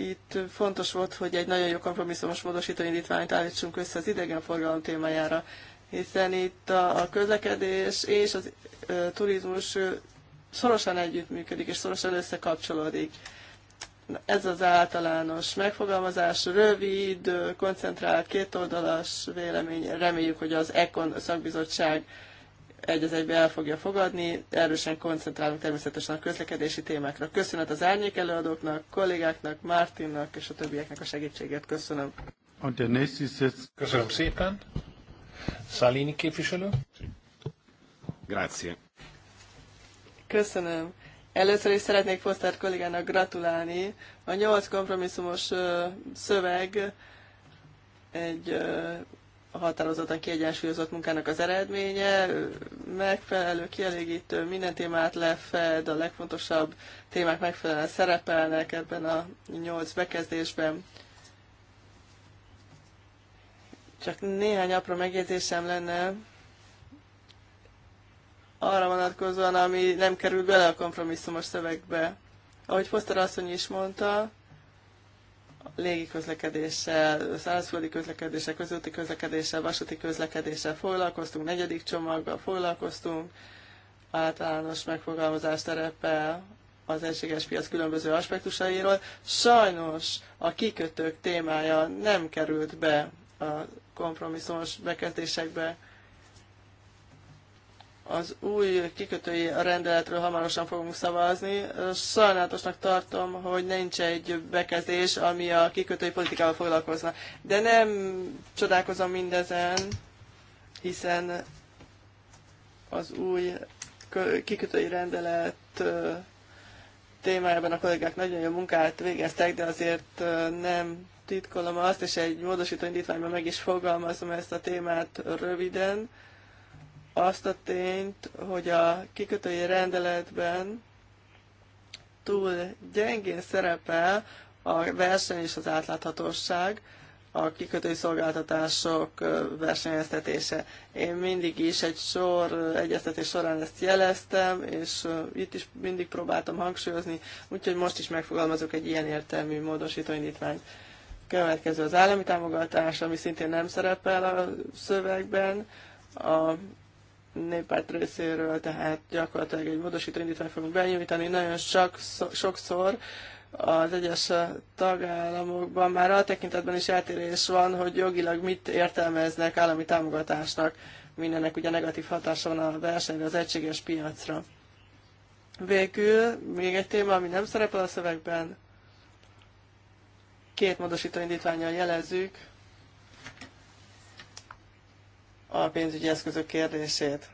itt fontos volt, hogy egy nagyon jó kompromisszumos módosító indítványt állítsunk össze az idegenforgalom témájára, hiszen itt a, a közlekedés és az e, turizmus szorosan együttműködik és szorosan összekapcsolódik. Ez az általános megfogalmazás, rövid, koncentrált, kétoldalas vélemény. Reméljük, hogy az ECON szakbizottság egy az egybe el fogja fogadni. Erősen koncentrálunk természetesen a közlekedési témákra. Köszönet az árnyék előadóknak, kollégáknak, Mártinnak és a többieknek a segítséget. Köszönöm. Köszönöm szépen. Szalini képviselő. Grazie. Köszönöm. Először is szeretnék Fosztárt kollégának gratulálni. A nyolc kompromisszumos szöveg egy határozottan kiegyensúlyozott munkának az eredménye, megfelelő, kielégítő, minden témát lefed, a legfontosabb témák megfelelően szerepelnek ebben a nyolc bekezdésben. Csak néhány apró megjegyzésem lenne arra vonatkozóan, ami nem kerül bele a kompromisszumos szövegbe. Ahogy Foster asszony is mondta, légi közlekedéssel, szárazföldi közlekedéssel, közúti közlekedéssel, vasúti közlekedéssel foglalkoztunk, negyedik csomaggal foglalkoztunk, általános megfogalmazás szerepel az egységes piac különböző aspektusairól. Sajnos a kikötők témája nem került be a kompromisszumos bekezdésekbe, az új kikötői rendeletről hamarosan fogunk szavazni. Sajnálatosnak tartom, hogy nincs egy bekezdés, ami a kikötői politikával foglalkozna. De nem csodálkozom mindezen, hiszen az új kikötői rendelet témájában a kollégák nagyon jó munkát végeztek, de azért nem titkolom azt, és egy módosító indítványban meg is fogalmazom ezt a témát röviden azt a tényt, hogy a kikötői rendeletben túl gyengén szerepel a verseny és az átláthatóság, a kikötői szolgáltatások versenyeztetése. Én mindig is egy sor egyeztetés során ezt jeleztem, és itt is mindig próbáltam hangsúlyozni, úgyhogy most is megfogalmazok egy ilyen értelmű módosítóindítványt. Következő az állami támogatás, ami szintén nem szerepel a szövegben. A néppárt részéről, tehát gyakorlatilag egy módosító indítványt fogunk benyújtani. Nagyon sok, sokszor az egyes tagállamokban már a tekintetben is eltérés van, hogy jogilag mit értelmeznek állami támogatásnak. Mindennek ugye negatív hatása van a versenyre, az egységes piacra. Végül még egy téma, ami nem szerepel a szövegben, két módosító indítványjal jelezzük, a pénzügyi eszközök kérdését.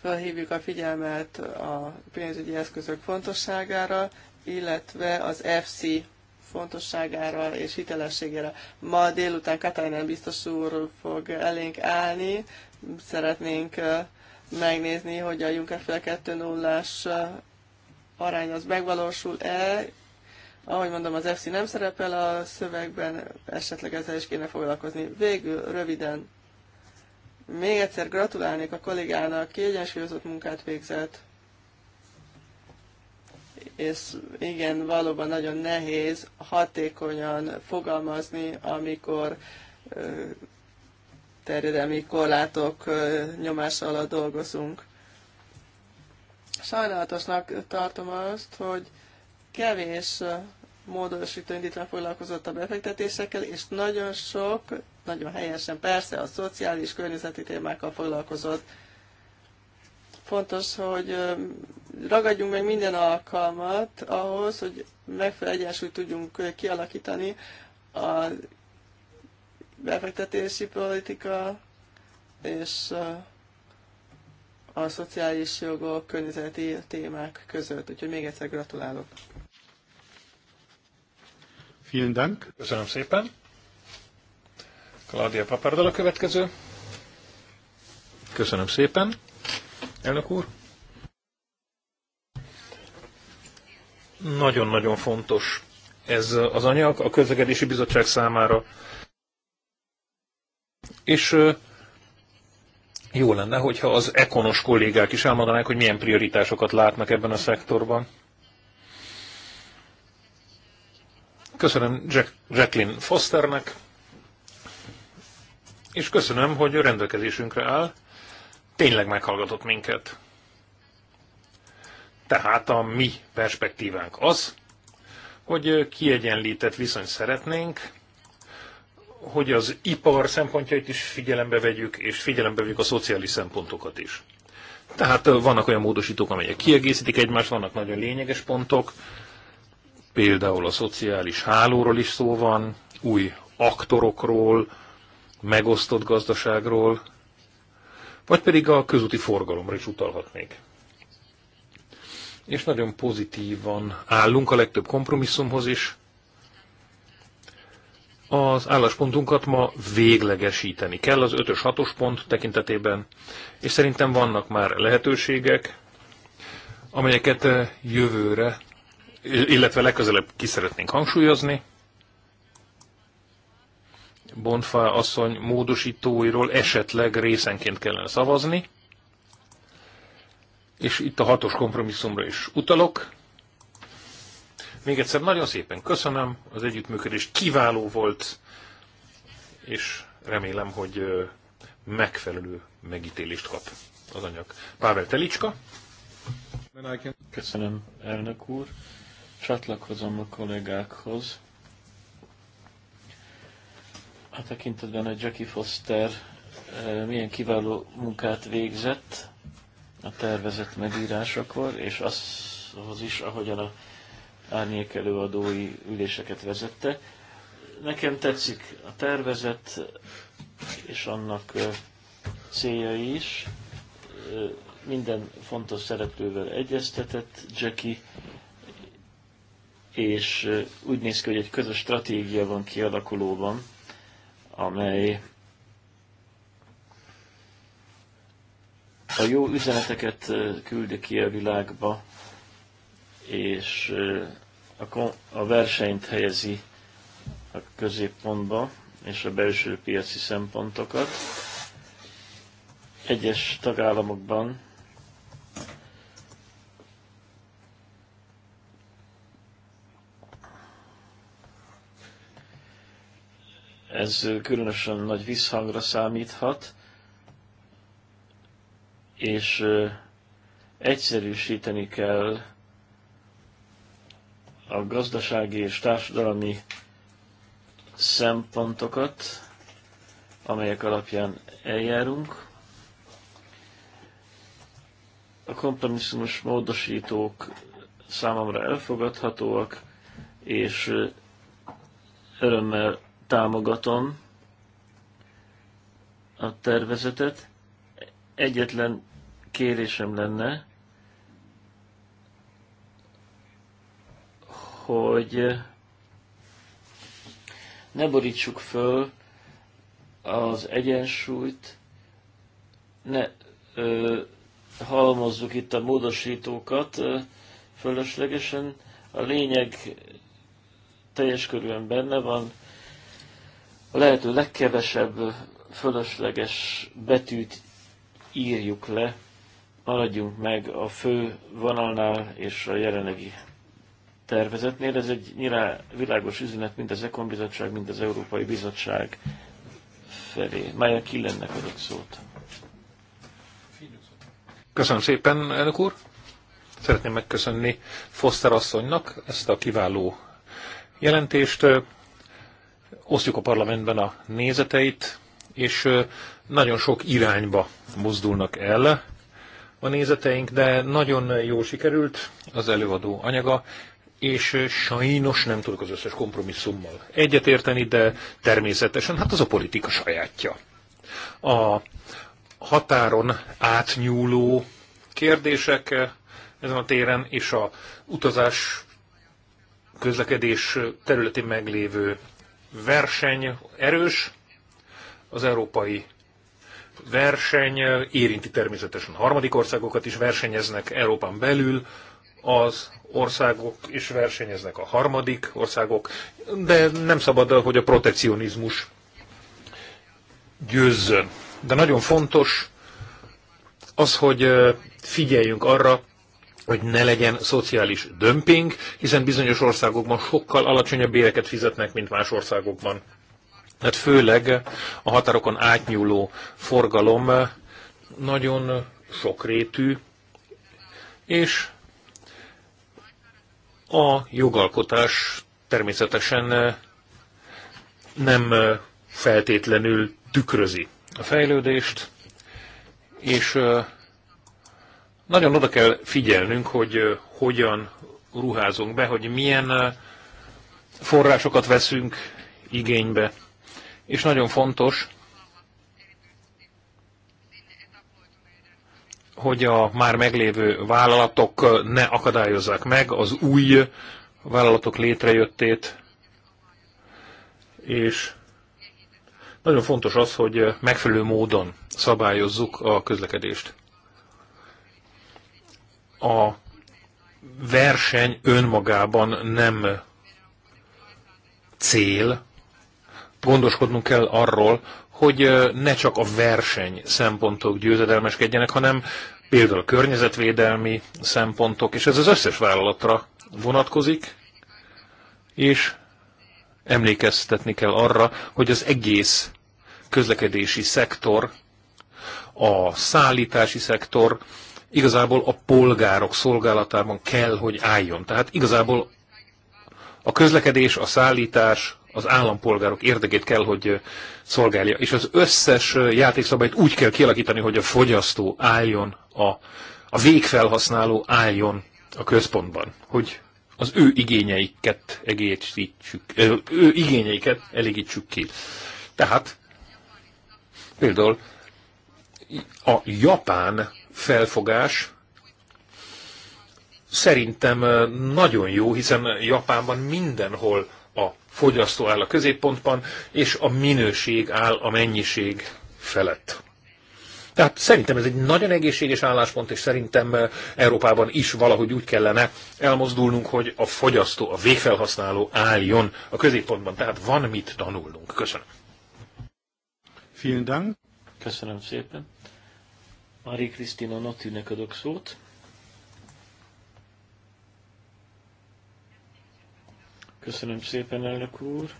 Felhívjuk a figyelmet a pénzügyi eszközök fontosságára, illetve az FC fontosságára és hitelességére. Ma délután Katalinán biztos úr fog elénk állni. Szeretnénk megnézni, hogy a Juncker 2.0-as 0 arány az megvalósul-e, ahogy mondom, az FC nem szerepel a szövegben, esetleg ezzel is kéne foglalkozni. Végül, röviden, még egyszer gratulálnék a kollégának, kiegyensúlyozott munkát végzett, és igen, valóban nagyon nehéz hatékonyan fogalmazni, amikor terjedelmi korlátok nyomása alatt dolgozunk. Sajnálatosnak tartom azt, hogy kevés módosító indítvány foglalkozott a befektetésekkel, és nagyon sok, nagyon helyesen persze a szociális, környezeti témákkal foglalkozott. Fontos, hogy ragadjunk meg minden alkalmat ahhoz, hogy megfelelő egyensúlyt tudjunk kialakítani a befektetési politika és a szociális jogok, környezeti témák között. Úgyhogy még egyszer gratulálok! Vielen Dank. Köszönöm szépen. Claudia Papardal a következő. Köszönöm szépen. Elnök úr. Nagyon-nagyon fontos ez az anyag a közlekedési bizottság számára. És jó lenne, hogyha az ekonos kollégák is elmondanák, hogy milyen prioritásokat látnak ebben a szektorban. Köszönöm Jack, Jacqueline Fosternek, és köszönöm, hogy rendelkezésünkre áll. Tényleg meghallgatott minket. Tehát a mi perspektívánk az, hogy kiegyenlített viszony szeretnénk, hogy az ipar szempontjait is figyelembe vegyük, és figyelembe vegyük a szociális szempontokat is. Tehát vannak olyan módosítók, amelyek kiegészítik egymást, vannak nagyon lényeges pontok, Például a szociális hálóról is szó van, új aktorokról, megosztott gazdaságról, vagy pedig a közúti forgalomra is utalhatnék. És nagyon pozitívan állunk a legtöbb kompromisszumhoz is. Az álláspontunkat ma véglegesíteni kell az 5-ös 6-os pont tekintetében, és szerintem vannak már lehetőségek, amelyeket jövőre illetve legközelebb ki szeretnénk hangsúlyozni. Bonfa asszony módosítóiról esetleg részenként kellene szavazni, és itt a hatos kompromisszumra is utalok. Még egyszer nagyon szépen köszönöm, az együttműködés kiváló volt, és remélem, hogy megfelelő megítélést kap az anyag. Pável Telicska. Köszönöm, elnök úr csatlakozom a kollégákhoz. A tekintetben, hogy Jackie Foster eh, milyen kiváló munkát végzett a tervezett megírásakor, és azhoz is, ahogyan a árnyék előadói üléseket vezette. Nekem tetszik a tervezet és annak eh, céljai is. Eh, minden fontos szereplővel egyeztetett Jackie, és úgy néz ki, hogy egy közös stratégia van kialakulóban, amely a jó üzeneteket küldi ki a világba, és a, a versenyt helyezi a középpontba, és a belső piaci szempontokat. Egyes tagállamokban ez különösen nagy visszhangra számíthat, és egyszerűsíteni kell a gazdasági és társadalmi szempontokat, amelyek alapján eljárunk. A kompromisszumos módosítók számomra elfogadhatóak, és örömmel támogatom a tervezetet. Egyetlen kérésem lenne, hogy ne borítsuk föl az egyensúlyt, ne ö, halmozzuk itt a módosítókat ö, fölöslegesen. A lényeg teljes körülön benne van, a lehető legkevesebb fölösleges betűt írjuk le, maradjunk meg a fő vonalnál és a jelenlegi tervezetnél. Ez egy nyilván világos üzenet mind az Ekon Bizottság, mind az Európai Bizottság felé. Mája Killennek adott szót. Köszönöm szépen, elnök úr! Szeretném megköszönni Foster asszonynak ezt a kiváló jelentést osztjuk a parlamentben a nézeteit, és nagyon sok irányba mozdulnak el a nézeteink, de nagyon jó sikerült az előadó anyaga, és sajnos nem tudok az összes kompromisszummal egyetérteni, de természetesen hát az a politika sajátja. A határon átnyúló kérdések ezen a téren, és a utazás közlekedés területén meglévő verseny erős, az európai verseny érinti természetesen harmadik országokat is, versenyeznek Európán belül az országok, és versenyeznek a harmadik országok, de nem szabad, hogy a protekcionizmus győzzön. De nagyon fontos az, hogy figyeljünk arra, hogy ne legyen szociális dömping, hiszen bizonyos országokban sokkal alacsonyabb béreket fizetnek, mint más országokban. Hát főleg a határokon átnyúló forgalom nagyon sokrétű, és a jogalkotás természetesen nem feltétlenül tükrözi a fejlődést, és nagyon oda kell figyelnünk, hogy hogyan ruházunk be, hogy milyen forrásokat veszünk igénybe. És nagyon fontos, hogy a már meglévő vállalatok ne akadályozzák meg az új vállalatok létrejöttét, és nagyon fontos az, hogy megfelelő módon szabályozzuk a közlekedést a verseny önmagában nem cél. Gondoskodnunk kell arról, hogy ne csak a verseny szempontok győzedelmeskedjenek, hanem például a környezetvédelmi szempontok, és ez az összes vállalatra vonatkozik, és emlékeztetni kell arra, hogy az egész közlekedési szektor, a szállítási szektor igazából a polgárok szolgálatában kell, hogy álljon. Tehát igazából a közlekedés, a szállítás, az állampolgárok érdekét kell, hogy szolgálja. És az összes játékszabályt úgy kell kialakítani, hogy a fogyasztó álljon, a, a végfelhasználó álljon a központban, hogy az ő igényeiket, egészítsük, ő igényeiket elégítsük ki. Tehát például a japán felfogás szerintem nagyon jó, hiszen Japánban mindenhol a fogyasztó áll a középpontban, és a minőség áll a mennyiség felett. Tehát szerintem ez egy nagyon egészséges álláspont, és szerintem Európában is valahogy úgy kellene elmozdulnunk, hogy a fogyasztó, a végfelhasználó álljon a középpontban. Tehát van mit tanulnunk. Köszönöm. Vielen Dank. Köszönöm szépen. Mari Krisztina Natűnek adok szót. Köszönöm szépen, elnök úr,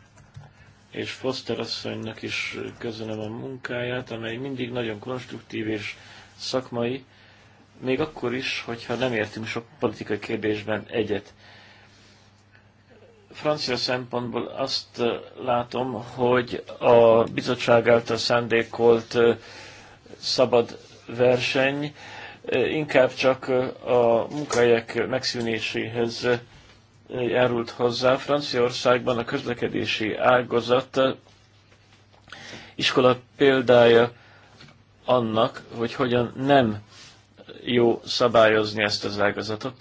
és Foster asszonynak is köszönöm a munkáját, amely mindig nagyon konstruktív és szakmai, még akkor is, hogyha nem értünk sok politikai kérdésben egyet. Francia szempontból azt látom, hogy a bizottság által szándékolt szabad verseny inkább csak a munkahelyek megszűnéséhez járult hozzá. Franciaországban a közlekedési ágazat iskola példája annak, hogy hogyan nem jó szabályozni ezt az ágazatot.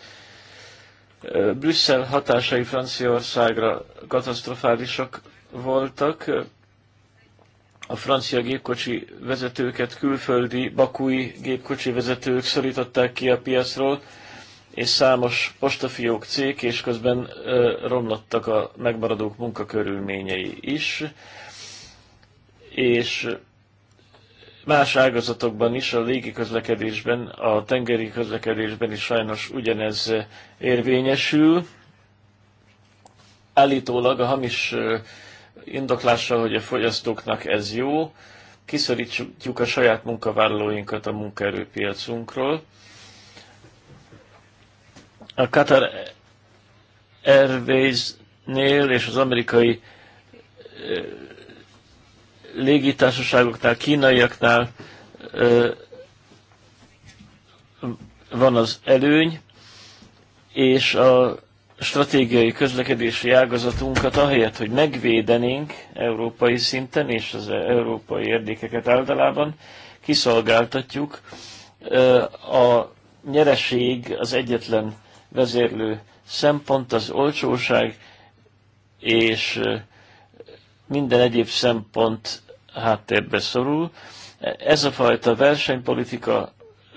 Brüsszel hatásai Franciaországra katasztrofálisak voltak, a francia gépkocsi vezetőket külföldi bakúi gépkocsi vezetők szorították ki a piacról, és számos postafiók cég, és közben ö, romlottak a megmaradók munkakörülményei is, és más ágazatokban is, a légi közlekedésben, a tengeri közlekedésben is sajnos ugyanez érvényesül. Állítólag a hamis indoklással, hogy a fogyasztóknak ez jó, kiszorítjuk a saját munkavállalóinkat a munkaerőpiacunkról. A Qatar Airways-nél és az amerikai légitársaságoknál, kínaiaknál van az előny, és a stratégiai közlekedési ágazatunkat, ahelyett, hogy megvédenénk európai szinten és az európai érdekeket általában, kiszolgáltatjuk. A nyereség az egyetlen vezérlő szempont, az olcsóság, és minden egyéb szempont háttérbe szorul. Ez a fajta versenypolitika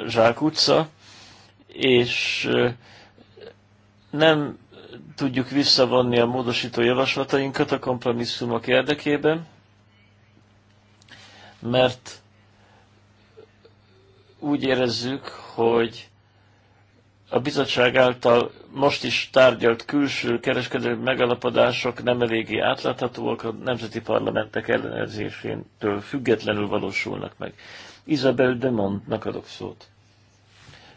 zsákutca, és nem tudjuk visszavonni a módosító javaslatainkat a kompromisszumok érdekében, mert úgy érezzük, hogy a bizottság által most is tárgyalt külső kereskedelmi megalapodások nem eléggé átláthatóak, a nemzeti parlamentek ellenőrzésétől függetlenül valósulnak meg. Isabel de Montnak adok szót.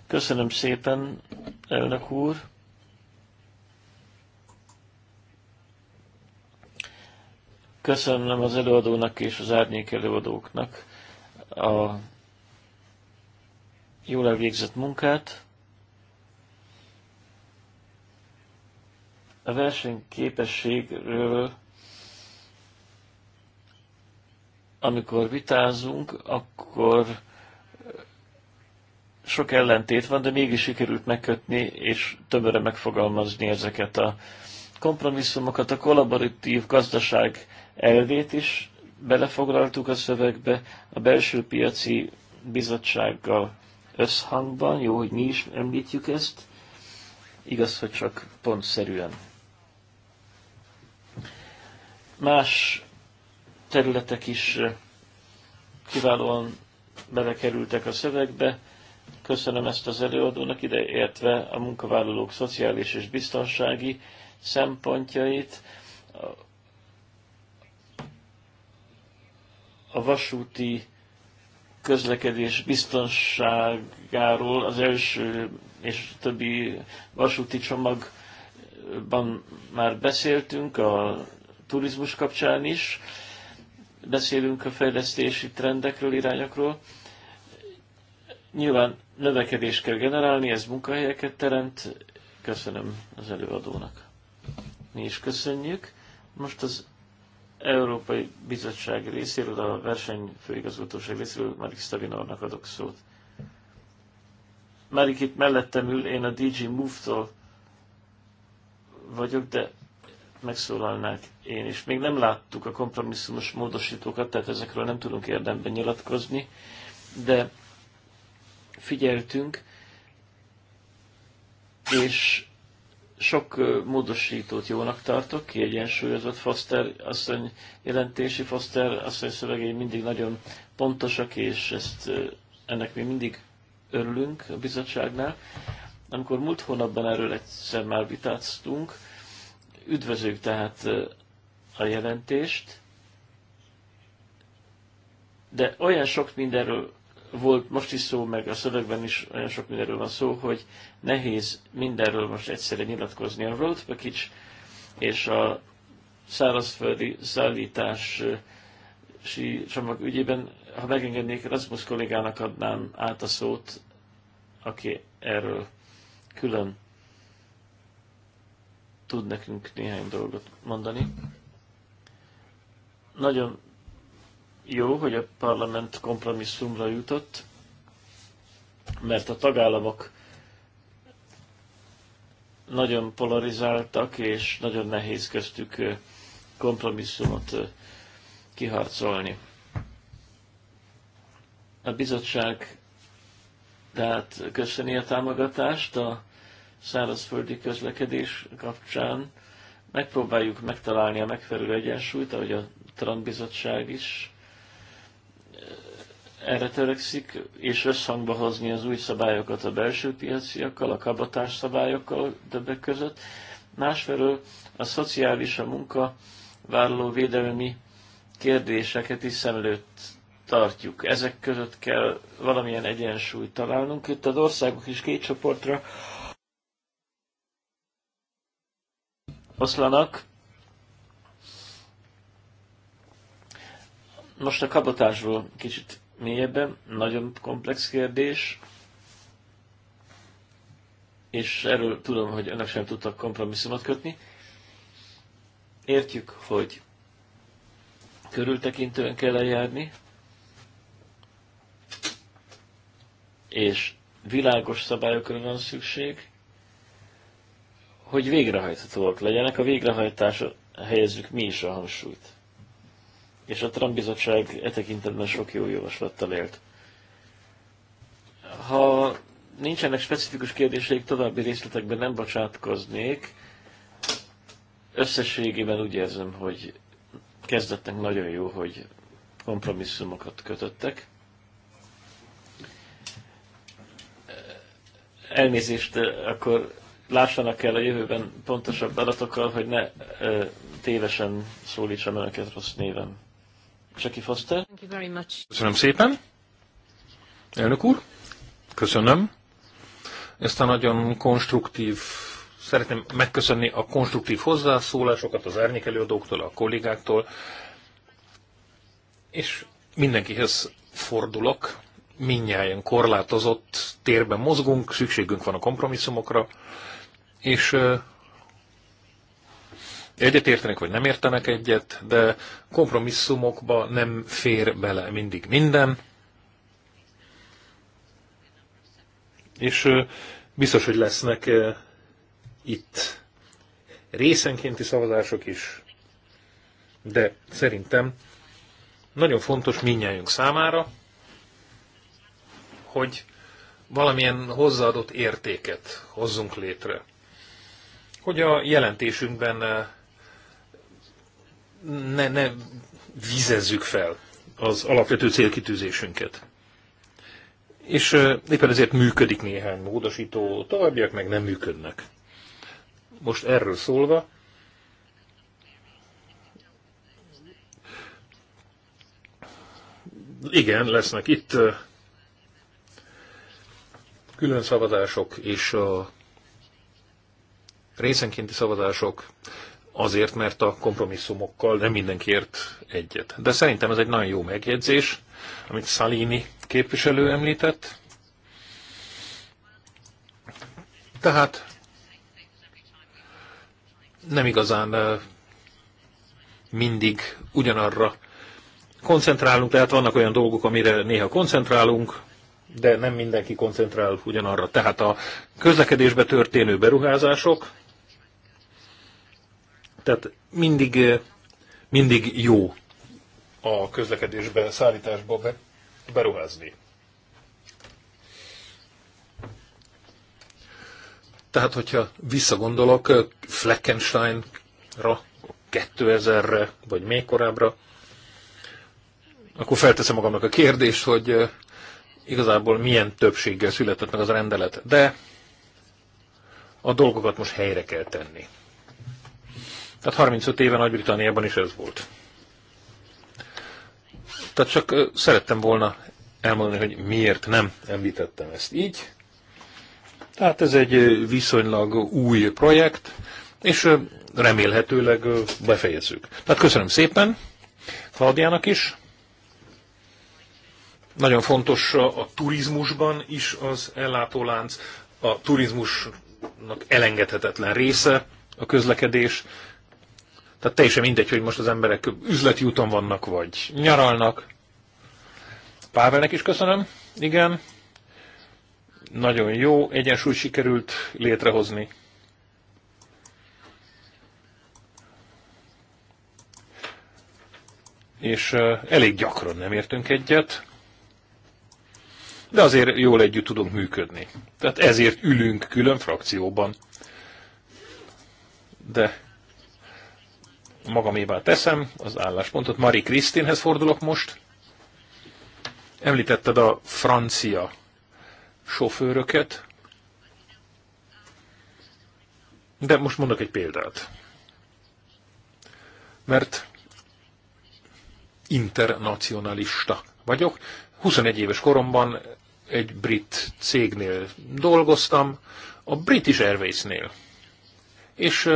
Köszönöm szépen, elnök úr! Köszönöm az előadónak és az árnyék előadóknak a jól elvégzett munkát. A versenyképességről, amikor vitázunk, akkor sok ellentét van, de mégis sikerült megkötni és tömöre megfogalmazni ezeket a kompromisszumokat. A kollaboratív gazdaság elvét is belefoglaltuk a szövegbe, a belső piaci bizottsággal összhangban, jó, hogy mi is említjük ezt, igaz, hogy csak pontszerűen. Más területek is kiválóan belekerültek a szövegbe. Köszönöm ezt az előadónak, ide értve a munkavállalók szociális és biztonsági szempontjait, a vasúti közlekedés biztonságáról az első és többi vasúti csomagban már beszéltünk, a turizmus kapcsán is, beszélünk a fejlesztési trendekről, irányokról. Nyilván növekedést kell generálni, ez munkahelyeket teremt. Köszönöm az előadónak. Mi is köszönjük. Most az Európai Bizottság részéről, a főigazgatóság részéről Marik Stavinornak adok szót. Marik itt mellettem ül, én a DG Move-tól vagyok, de megszólalnák én is. Még nem láttuk a kompromisszumos módosítókat, tehát ezekről nem tudunk érdemben nyilatkozni, de figyeltünk, és sok módosítót jónak tartok, kiegyensúlyozott Foster asszony jelentési Foster asszony szövegei mindig nagyon pontosak, és ezt, ennek mi mindig örülünk a bizottságnál. Amikor múlt hónapban erről egyszer már vitáztunk, üdvözlők tehát a jelentést, de olyan sok mindenről volt most is szó, meg a szövegben is olyan sok mindenről van szó, hogy nehéz mindenről most egyszerre nyilatkozni. A road package és a szárazföldi szállítási csomag ügyében, ha megengednék, Rasmus kollégának adnám át a szót, aki erről külön tud nekünk néhány dolgot mondani. Nagyon jó, hogy a parlament kompromisszumra jutott, mert a tagállamok nagyon polarizáltak, és nagyon nehéz köztük kompromisszumot kiharcolni. A bizottság tehát köszöni a támogatást a szárazföldi közlekedés kapcsán. Megpróbáljuk megtalálni a megfelelő egyensúlyt, ahogy a Trump bizottság is erre törekszik, és összhangba hozni az új szabályokat a belső piaciakkal, a kabatás szabályokkal többek között. Másfelől a szociális, a vállaló védelmi kérdéseket is szem előtt tartjuk. Ezek között kell valamilyen egyensúlyt találnunk. Itt az országok is két csoportra oszlanak. Most a kabotásról kicsit mélyebben, nagyon komplex kérdés, és erről tudom, hogy önök sem tudtak kompromisszumot kötni. Értjük, hogy körültekintően kell eljárni, és világos szabályokra van szükség, hogy végrehajthatóak legyenek. A végrehajtásra helyezzük mi is a hangsúlyt és a Trump bizottság e tekintetben sok jó javaslattal élt. Ha nincsenek specifikus kérdéseik, további részletekben nem bocsátkoznék. Összességében úgy érzem, hogy kezdetnek nagyon jó, hogy kompromisszumokat kötöttek. Elnézést, akkor lássanak el a jövőben pontosabb adatokkal, hogy ne ö, tévesen szólítsam önöket rossz néven. Jackie Foster. Thank you very much. Köszönöm szépen. Elnök úr, köszönöm. Ezt a nagyon konstruktív, szeretném megköszönni a konstruktív hozzászólásokat az árnyékelőadóktól, a kollégáktól, és mindenkihez fordulok, minnyáján korlátozott térben mozgunk, szükségünk van a kompromisszumokra, és egyet értenek, vagy nem értenek egyet, de kompromisszumokba nem fér bele mindig minden. És biztos, hogy lesznek itt részenkénti szavazások is, de szerintem nagyon fontos minnyájunk számára, hogy valamilyen hozzáadott értéket hozzunk létre. Hogy a jelentésünkben ne, ne vizezzük fel az alapvető célkitűzésünket. És éppen ezért működik néhány módosító, továbbiak meg nem működnek. Most erről szólva, igen, lesznek itt külön szavazások és a részenkénti szavazások azért, mert a kompromisszumokkal nem mindenki ért egyet. De szerintem ez egy nagyon jó megjegyzés, amit Salini képviselő említett. Tehát nem igazán eh, mindig ugyanarra koncentrálunk, tehát vannak olyan dolgok, amire néha koncentrálunk, de nem mindenki koncentrál ugyanarra. Tehát a közlekedésbe történő beruházások, tehát mindig, mindig jó a közlekedésbe, szállításba be, beruházni. Tehát, hogyha visszagondolok ra 2000-re, vagy még korábbra, akkor felteszem magamnak a kérdést, hogy igazából milyen többséggel született meg az rendelet. De a dolgokat most helyre kell tenni. Tehát 35 éve Nagy-Britanniában is ez volt. Tehát csak szerettem volna elmondani, hogy miért nem említettem ezt így. Tehát ez egy viszonylag új projekt, és remélhetőleg befejezzük. Tehát köszönöm szépen Klaudiának is. Nagyon fontos a turizmusban is az ellátólánc, a turizmusnak elengedhetetlen része a közlekedés, tehát teljesen mindegy, hogy most az emberek üzleti úton vannak, vagy nyaralnak. Pávelnek is köszönöm. Igen. Nagyon jó egyensúly sikerült létrehozni. És elég gyakran nem értünk egyet, de azért jól együtt tudunk működni. Tehát ezért ülünk külön frakcióban. De magamévá teszem az álláspontot. Mari Krisztinhez fordulok most. Említetted a francia sofőröket, de most mondok egy példát. Mert internacionalista vagyok. 21 éves koromban egy brit cégnél dolgoztam, a British Airways-nél. És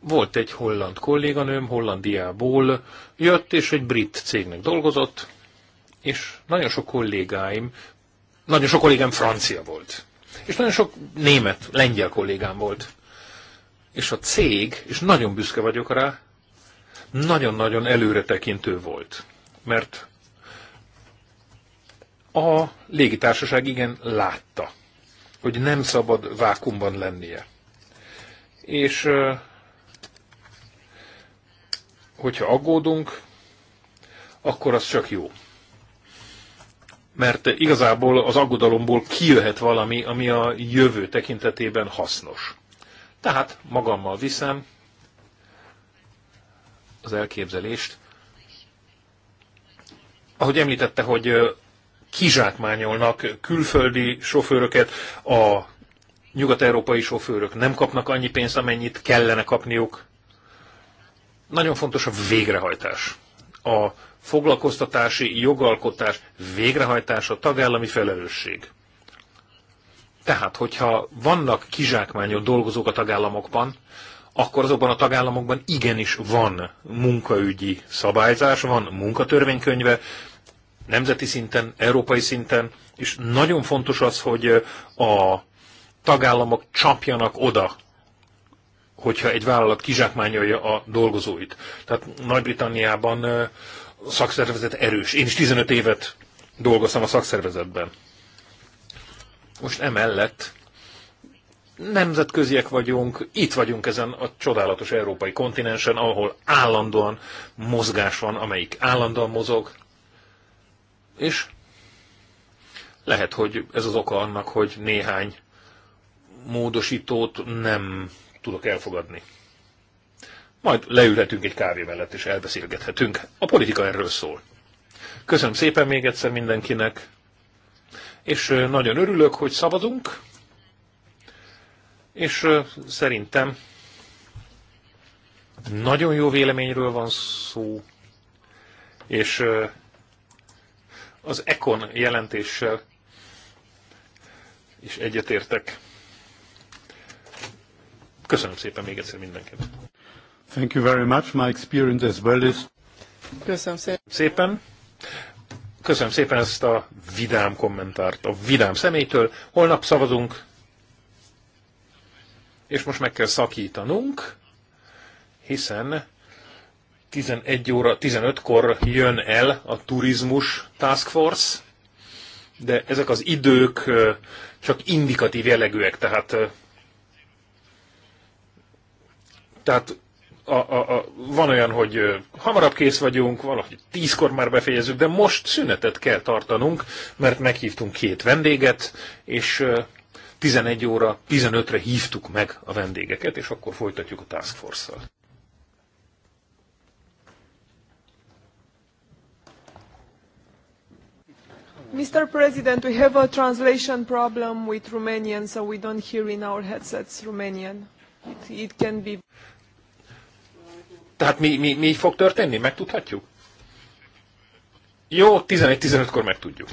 volt egy holland kolléganőm, Hollandiából jött, és egy brit cégnek dolgozott, és nagyon sok kollégáim, nagyon sok kollégám francia volt. És nagyon sok német, lengyel kollégám volt. És a cég, és nagyon büszke vagyok rá, nagyon-nagyon előretekintő volt. Mert a légitársaság igen látta, hogy nem szabad vákumban lennie. És hogyha aggódunk, akkor az csak jó. Mert igazából az aggodalomból kijöhet valami, ami a jövő tekintetében hasznos. Tehát magammal viszem az elképzelést. Ahogy említette, hogy kizsákmányolnak külföldi sofőröket, a nyugat-európai sofőrök nem kapnak annyi pénzt, amennyit kellene kapniuk, nagyon fontos a végrehajtás. A foglalkoztatási jogalkotás végrehajtása tagállami felelősség. Tehát, hogyha vannak kizsákmányolt dolgozók a tagállamokban, akkor azokban a tagállamokban igenis van munkaügyi szabályzás, van munkatörvénykönyve, nemzeti szinten, európai szinten, és nagyon fontos az, hogy a tagállamok csapjanak oda hogyha egy vállalat kizsákmányolja a dolgozóit. Tehát Nagy-Britanniában a szakszervezet erős. Én is 15 évet dolgoztam a szakszervezetben. Most emellett nemzetköziek vagyunk, itt vagyunk ezen a csodálatos európai kontinensen, ahol állandóan mozgás van, amelyik állandóan mozog, és lehet, hogy ez az oka annak, hogy néhány módosítót nem tudok elfogadni. Majd leülhetünk egy kávé mellett, és elbeszélgethetünk. A politika erről szól. Köszönöm szépen még egyszer mindenkinek, és nagyon örülök, hogy szabadunk, és szerintem nagyon jó véleményről van szó, és az Econ jelentéssel is egyetértek. Köszönöm szépen még egyszer mindenkit. Thank you very much. My experience as well is... Köszönöm szépen. Köszönöm szépen ezt a vidám kommentárt a vidám személytől. Holnap szavazunk, és most meg kell szakítanunk, hiszen 11 óra 15-kor jön el a turizmus task force, de ezek az idők csak indikatív jellegűek, tehát tehát a, a, a, van olyan, hogy hamarabb kész vagyunk, valahogy tízkor már befejezzük, de most szünetet kell tartanunk, mert meghívtunk két vendéget, és 11 óra 15-re hívtuk meg a vendégeket, és akkor folytatjuk a Task Force-szal. Mr. President, we have a translation problem with Romanian, so we don't hear in our headsets Romanian. It, it can be... Tehát mi, mi, mi fog történni? Megtudhatjuk? Jó, 11-15-kor megtudjuk.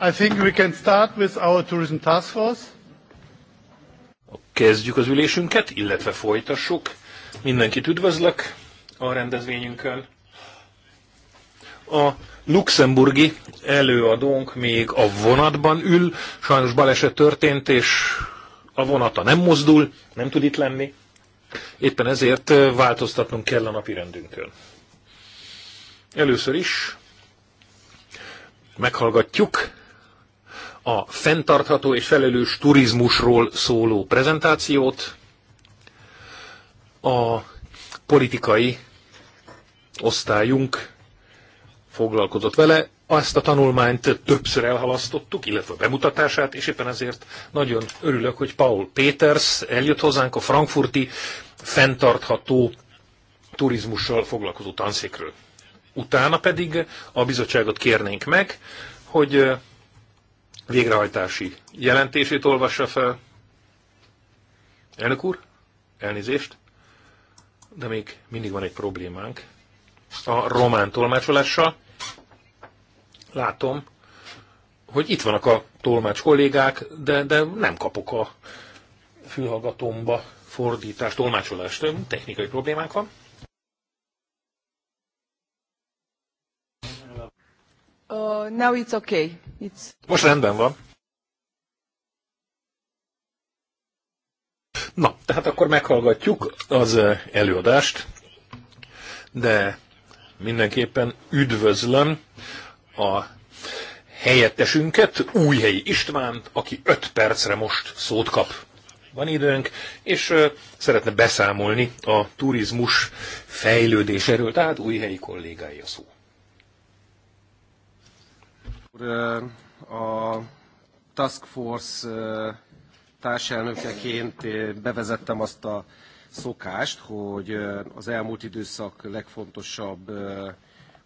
I think we can start with our tourism task force. Kezdjük az ülésünket, illetve folytassuk. Mindenkit üdvözlök a rendezvényünkön. A luxemburgi előadónk még a vonatban ül, sajnos baleset történt, és a vonata nem mozdul, nem tud itt lenni. Éppen ezért változtatnunk kell a napi rendünkön. Először is meghallgatjuk a fenntartható és felelős turizmusról szóló prezentációt, a politikai osztályunk foglalkozott vele. Azt a tanulmányt többször elhalasztottuk, illetve a bemutatását, és éppen ezért nagyon örülök, hogy Paul Peters eljött hozzánk a frankfurti fenntartható turizmussal foglalkozó tanszékről. Utána pedig a bizottságot kérnénk meg, hogy végrehajtási jelentését olvassa fel. Elnök úr, elnézést, de még mindig van egy problémánk. A román tolmácsolással látom, hogy itt vannak a tolmács kollégák, de, de nem kapok a fülhallgatomba fordítást, tolmácsolást. Technikai problémák van. Uh, now it's okay. It's... Most rendben van. Na, tehát akkor meghallgatjuk az uh, előadást, de mindenképpen üdvözlöm a helyettesünket, Újhelyi Istvánt, aki 5 percre most szót kap. Van időnk, és uh, szeretne beszámolni a turizmus fejlődéséről, tehát Újhelyi kollégái a szó. A Task Force társelnökeként bevezettem azt a szokást, hogy az elmúlt időszak legfontosabb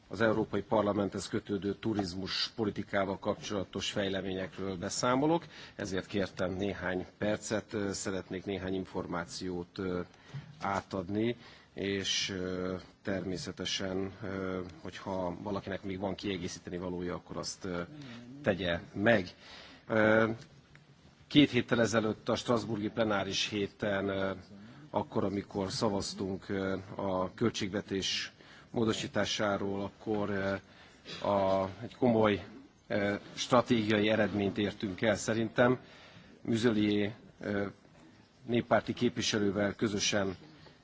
az Európai Parlamenthez kötődő turizmus politikával kapcsolatos fejleményekről beszámolok, ezért kértem néhány percet, szeretnék néhány információt átadni és természetesen, hogyha valakinek még van kiegészíteni valója, akkor azt tegye meg. Két héttel ezelőtt a Strasburgi plenáris héten, akkor, amikor szavaztunk a költségvetés módosításáról, akkor a, egy komoly stratégiai eredményt értünk el szerintem. Műzölié néppárti képviselővel közösen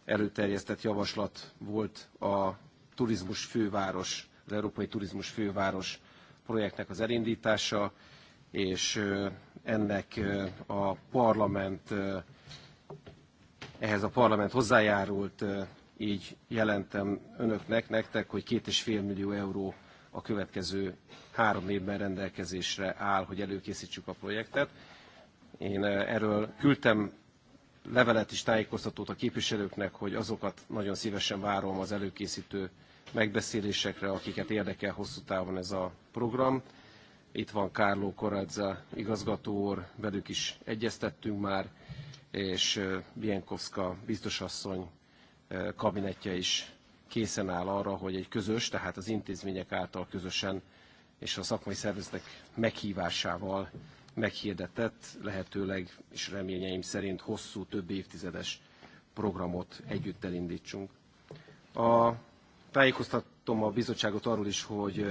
előterjesztett javaslat volt a turizmus főváros, az Európai Turizmus Főváros projektnek az elindítása, és ennek a parlament, ehhez a parlament hozzájárult, így jelentem önöknek, nektek, hogy két és fél millió euró a következő három évben rendelkezésre áll, hogy előkészítsük a projektet. Én erről küldtem levelet is tájékoztatót a képviselőknek, hogy azokat nagyon szívesen várom az előkészítő megbeszélésekre, akiket érdekel hosszú távon ez a program. Itt van Kárló Koradza igazgató úr, velük is egyeztettünk már, és Bienkowska biztosasszony kabinetje is készen áll arra, hogy egy közös, tehát az intézmények által közösen és a szakmai szervezetek meghívásával meghirdetett, lehetőleg és reményeim szerint hosszú, több évtizedes programot együtt elindítsunk. A, tájékoztatom a bizottságot arról is, hogy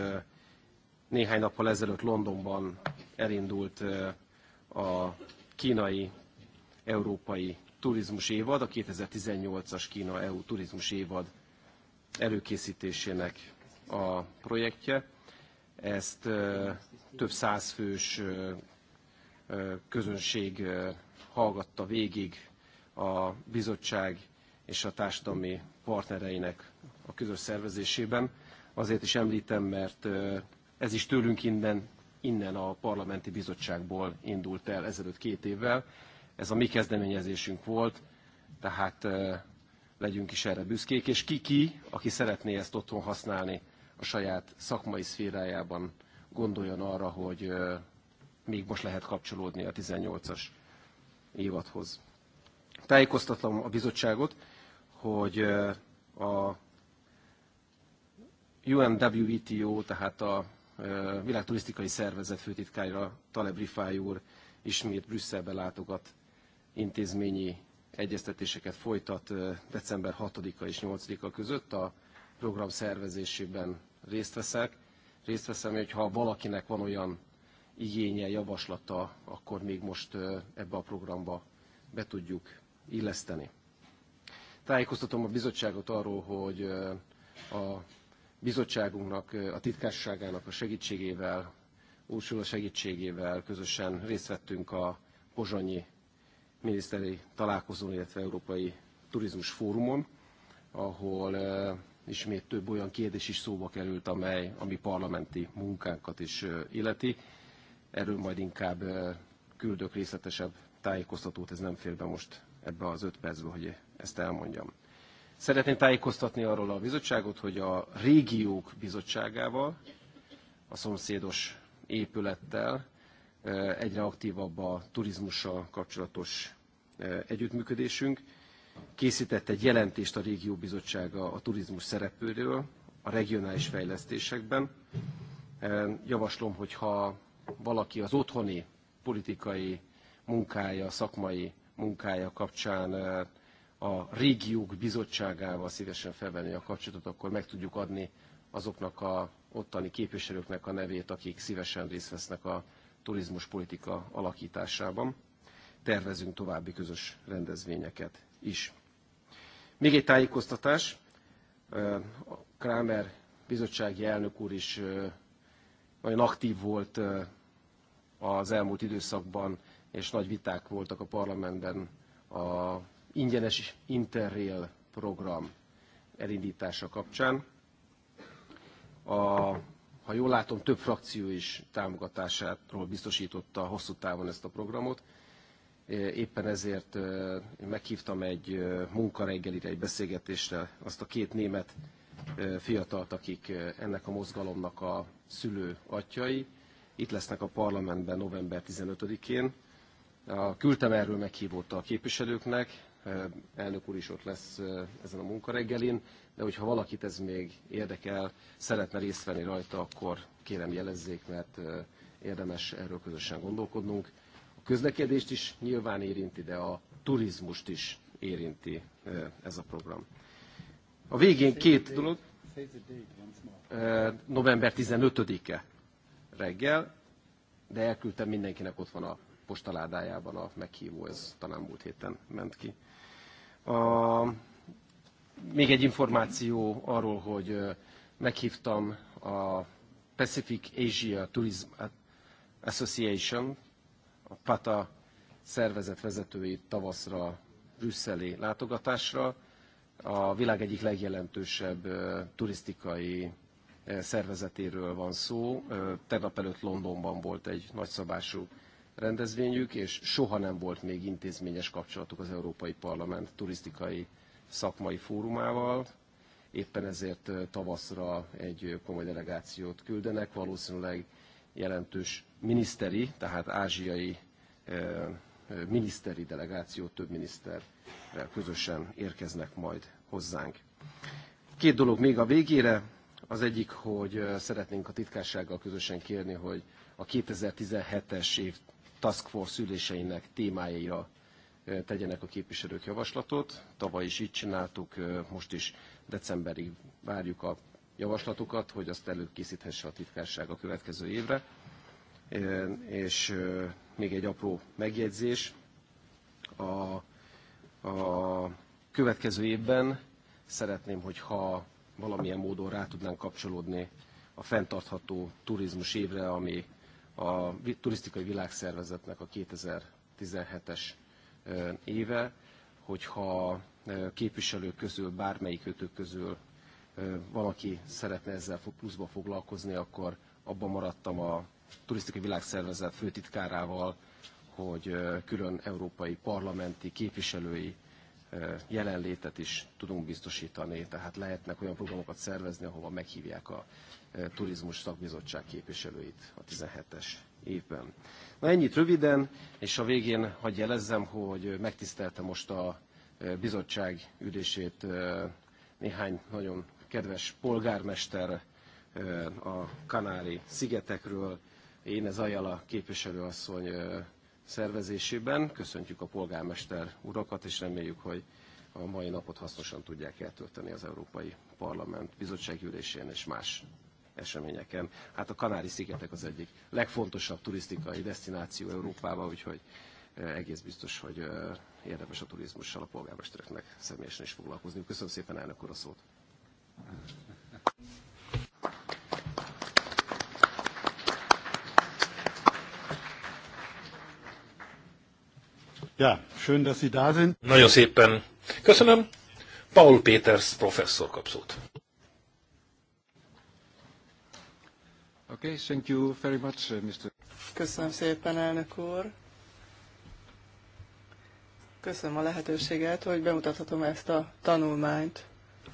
néhány nappal ezelőtt Londonban elindult a kínai európai turizmus évad, a 2018-as Kína-EU turizmus évad előkészítésének a projektje. Ezt több százfős közönség hallgatta végig a bizottság és a társadalmi partnereinek a közös szervezésében. Azért is említem, mert ez is tőlünk innen, innen a parlamenti bizottságból indult el ezelőtt két évvel. Ez a mi kezdeményezésünk volt, tehát legyünk is erre büszkék, és ki-ki, aki szeretné ezt otthon használni a saját szakmai szférájában, gondoljon arra, hogy még most lehet kapcsolódni a 18-as évadhoz. Tájékoztatom a bizottságot, hogy a UNWTO, e tehát a világturisztikai szervezet főtitkára Taleb Rifály úr ismét Brüsszelbe látogat, intézményi egyeztetéseket folytat december 6-a és 8-a között. A program szervezésében részt veszek. Részt veszem, hogyha valakinek van olyan igénye, javaslata, akkor még most ebbe a programba be tudjuk illeszteni. Tájékoztatom a bizottságot arról, hogy a bizottságunknak, a titkárságának a segítségével, Ursula segítségével közösen részt vettünk a pozsonyi miniszteri találkozón, illetve Európai Turizmus Fórumon, ahol ismét több olyan kérdés is szóba került, amely a mi parlamenti munkánkat is illeti. Erről majd inkább küldök részletesebb tájékoztatót, ez nem fér be most ebbe az öt percbe, hogy ezt elmondjam. Szeretném tájékoztatni arról a bizottságot, hogy a régiók bizottságával, a szomszédos épülettel egyre aktívabb a turizmussal kapcsolatos együttműködésünk. Készített egy jelentést a régió bizottsága a turizmus szerepőről a regionális fejlesztésekben. Javaslom, hogyha valaki az otthoni politikai munkája, szakmai munkája kapcsán a régiók bizottságával szívesen felvenni a kapcsolatot, akkor meg tudjuk adni azoknak a ottani képviselőknek a nevét, akik szívesen részt vesznek a turizmus politika alakításában. Tervezünk további közös rendezvényeket is. Még egy tájékoztatás. Kramer bizottsági elnök úr is nagyon aktív volt az elmúlt időszakban, és nagy viták voltak a parlamentben a ingyenes Interrail program elindítása kapcsán. A, ha jól látom, több frakció is támogatásáról biztosította hosszú távon ezt a programot. Éppen ezért meghívtam egy munkareggelire, egy beszélgetésre azt a két német fiatalt, akik ennek a mozgalomnak a szülő atyai. Itt lesznek a parlamentben november 15-én. Küldtem erről meghívót a képviselőknek, elnök úr is ott lesz ezen a munkareggelin, de hogyha valakit ez még érdekel, szeretne részt venni rajta, akkor kérem jelezzék, mert érdemes erről közösen gondolkodnunk. A közlekedést is nyilván érinti, de a turizmust is érinti ez a program. A végén két dolog november 15-e reggel, de elküldtem mindenkinek, ott van a postaládájában a meghívó, ez talán múlt héten ment ki. A, még egy információ arról, hogy meghívtam a Pacific Asia Tourism Association, a PATA szervezet vezetőit tavaszra brüsszeli látogatásra a világ egyik legjelentősebb turisztikai szervezetéről van szó. Tegnap előtt Londonban volt egy nagyszabású rendezvényük, és soha nem volt még intézményes kapcsolatuk az Európai Parlament turisztikai szakmai fórumával. Éppen ezért tavaszra egy komoly delegációt küldenek, valószínűleg jelentős miniszteri, tehát ázsiai miniszteri delegáció, több miniszter közösen érkeznek majd hozzánk. Két dolog még a végére. Az egyik, hogy szeretnénk a titkársággal közösen kérni, hogy a 2017-es év Task Force üléseinek témáira tegyenek a képviselők javaslatot. Tavaly is így csináltuk, most is decemberig várjuk a javaslatokat, hogy azt előkészíthesse a titkárság a következő évre. És még egy apró megjegyzés. A, a következő évben szeretném, hogyha valamilyen módon rá tudnánk kapcsolódni a fenntartható turizmus évre, ami a turisztikai világszervezetnek a 2017-es éve, hogyha képviselők közül, bármelyik ötök közül valaki szeretne ezzel pluszba foglalkozni, akkor abban maradtam a turisztikai világszervezet főtitkárával, hogy külön európai parlamenti képviselői jelenlétet is tudunk biztosítani, tehát lehetnek olyan programokat szervezni, ahova meghívják a turizmus szakbizottság képviselőit a 17-es évben. Na ennyit röviden, és a végén hagyj jelezzem, hogy megtisztelte most a bizottság üdését néhány nagyon kedves polgármester a Kanári szigetekről, én Énez Ajala képviselőasszony szervezésében. Köszöntjük a polgármester urakat, és reméljük, hogy a mai napot hasznosan tudják eltölteni az Európai Parlament bizottságülésén és más eseményeken. Hát a Kanári-szigetek az egyik legfontosabb turisztikai destináció Európában, úgyhogy egész biztos, hogy érdemes a turizmussal a polgármestereknek személyesen is foglalkozni. Köszönöm szépen elnök úr a szót. Ja, schön, dass Sie da sind. Nagyon szépen köszönöm. Paul Peters professzor kap szót. Okay, thank you very much, uh, Mr. Köszönöm szépen, elnök úr. Köszönöm a lehetőséget, hogy bemutathatom ezt a tanulmányt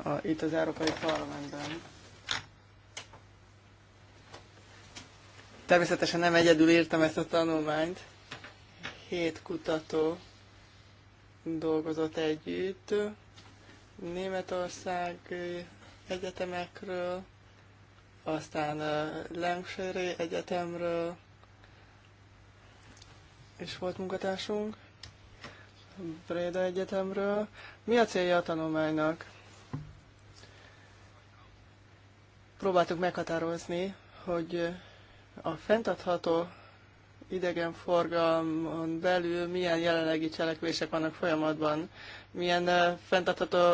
a, itt az Európai Parlamentben. Természetesen nem egyedül írtam ezt a tanulmányt, hét kutató dolgozott együtt Németország egyetemekről, aztán Lancashire Egyetemről, és volt munkatársunk Breda Egyetemről. Mi a célja a tanulmánynak? Próbáltuk meghatározni, hogy a fenntartható idegenforgalmon belül milyen jelenlegi cselekvések vannak folyamatban, milyen fenntartható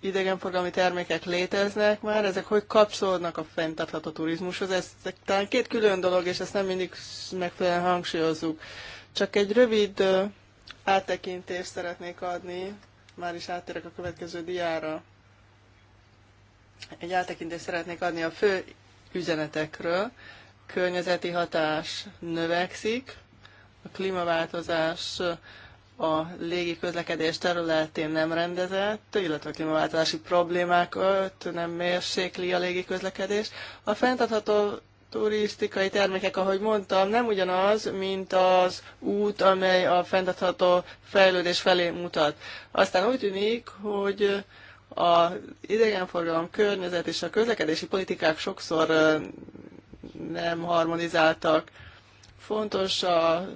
idegenforgalmi termékek léteznek már, ezek hogy kapcsolódnak a fenntartható turizmushoz? Ez talán két külön dolog, és ezt nem mindig megfelelően hangsúlyozzuk. Csak egy rövid áttekintést szeretnék adni, már is áttérek a következő diára. Egy áttekintést szeretnék adni a fő üzenetekről, környezeti hatás növekszik, a klímaváltozás a légi közlekedés területén nem rendezett, illetve a klímaváltozási problémákat nem mérsékli a légi közlekedés. A fenntartható turisztikai termékek, ahogy mondtam, nem ugyanaz, mint az út, amely a fenntartható fejlődés felé mutat. Aztán úgy tűnik, hogy a idegenforgalom, környezet és a közlekedési politikák sokszor nem harmonizáltak. Fontos a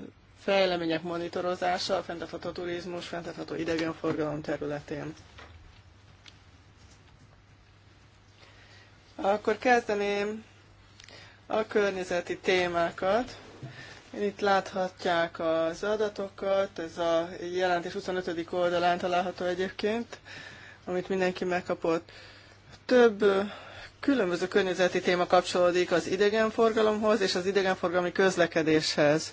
fejlemények monitorozása a fenntartható turizmus, fenntartható idegenforgalom területén. Akkor kezdeném a környezeti témákat. Itt láthatják az adatokat, ez a jelentés 25. oldalán található egyébként, amit mindenki megkapott. Több különböző környezeti téma kapcsolódik az idegenforgalomhoz és az idegenforgalmi közlekedéshez.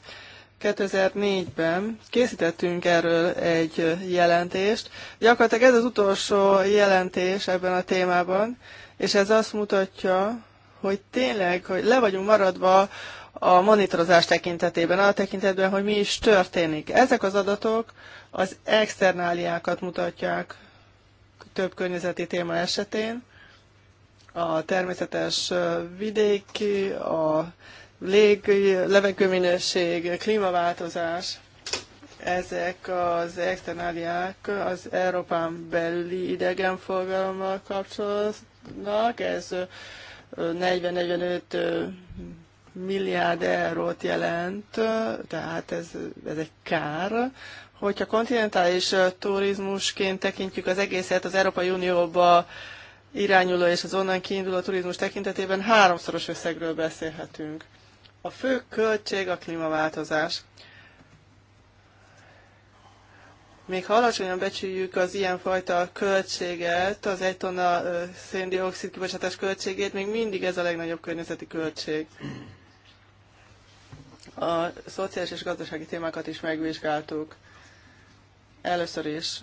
2004-ben készítettünk erről egy jelentést. Gyakorlatilag ez az utolsó jelentés ebben a témában, és ez azt mutatja, hogy tényleg, hogy le vagyunk maradva a monitorozás tekintetében, a tekintetben, hogy mi is történik. Ezek az adatok az externáliákat mutatják több környezeti téma esetén, a természetes vidék, a lég, levegőminőség, klímaváltozás, ezek az externáliák az Európán belüli idegenforgalommal kapcsolódnak. Ez 40-45 milliárd eurót jelent, tehát ez, ez egy kár. Hogyha kontinentális turizmusként tekintjük az egészet, az Európai Unióba irányuló és az onnan kiinduló turizmus tekintetében háromszoros összegről beszélhetünk. A fő költség a klímaváltozás. Még ha alacsonyan becsüljük az ilyenfajta költséget, az egy tonna széndiokszid kibocsátás költségét, még mindig ez a legnagyobb környezeti költség. A szociális és gazdasági témákat is megvizsgáltuk. Először is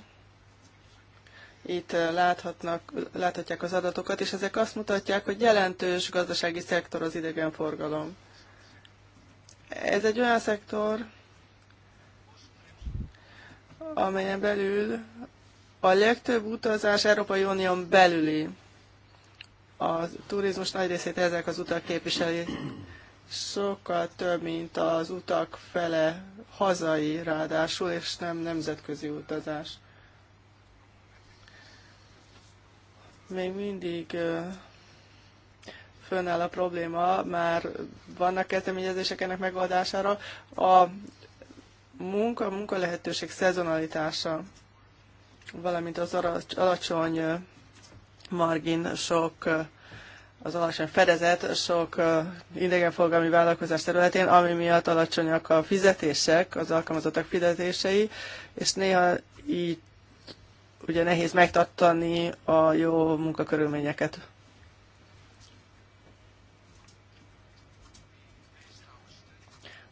itt láthatnak, láthatják az adatokat, és ezek azt mutatják, hogy jelentős gazdasági szektor az idegenforgalom. Ez egy olyan szektor, amelyen belül a legtöbb utazás Európai Unión belüli. A turizmus nagy részét ezek az utak képviseli. Sokkal több, mint az utak fele hazai ráadásul, és nem nemzetközi utazás. még mindig fönnáll a probléma, már vannak kezdeményezések ennek megoldására. A munka, munka lehetőség szezonalitása, valamint az alacsony margin sok az alacsony fedezet sok idegenforgalmi vállalkozás területén, ami miatt alacsonyak a fizetések, az alkalmazottak fizetései, és néha így ugye nehéz megtartani a jó munkakörülményeket.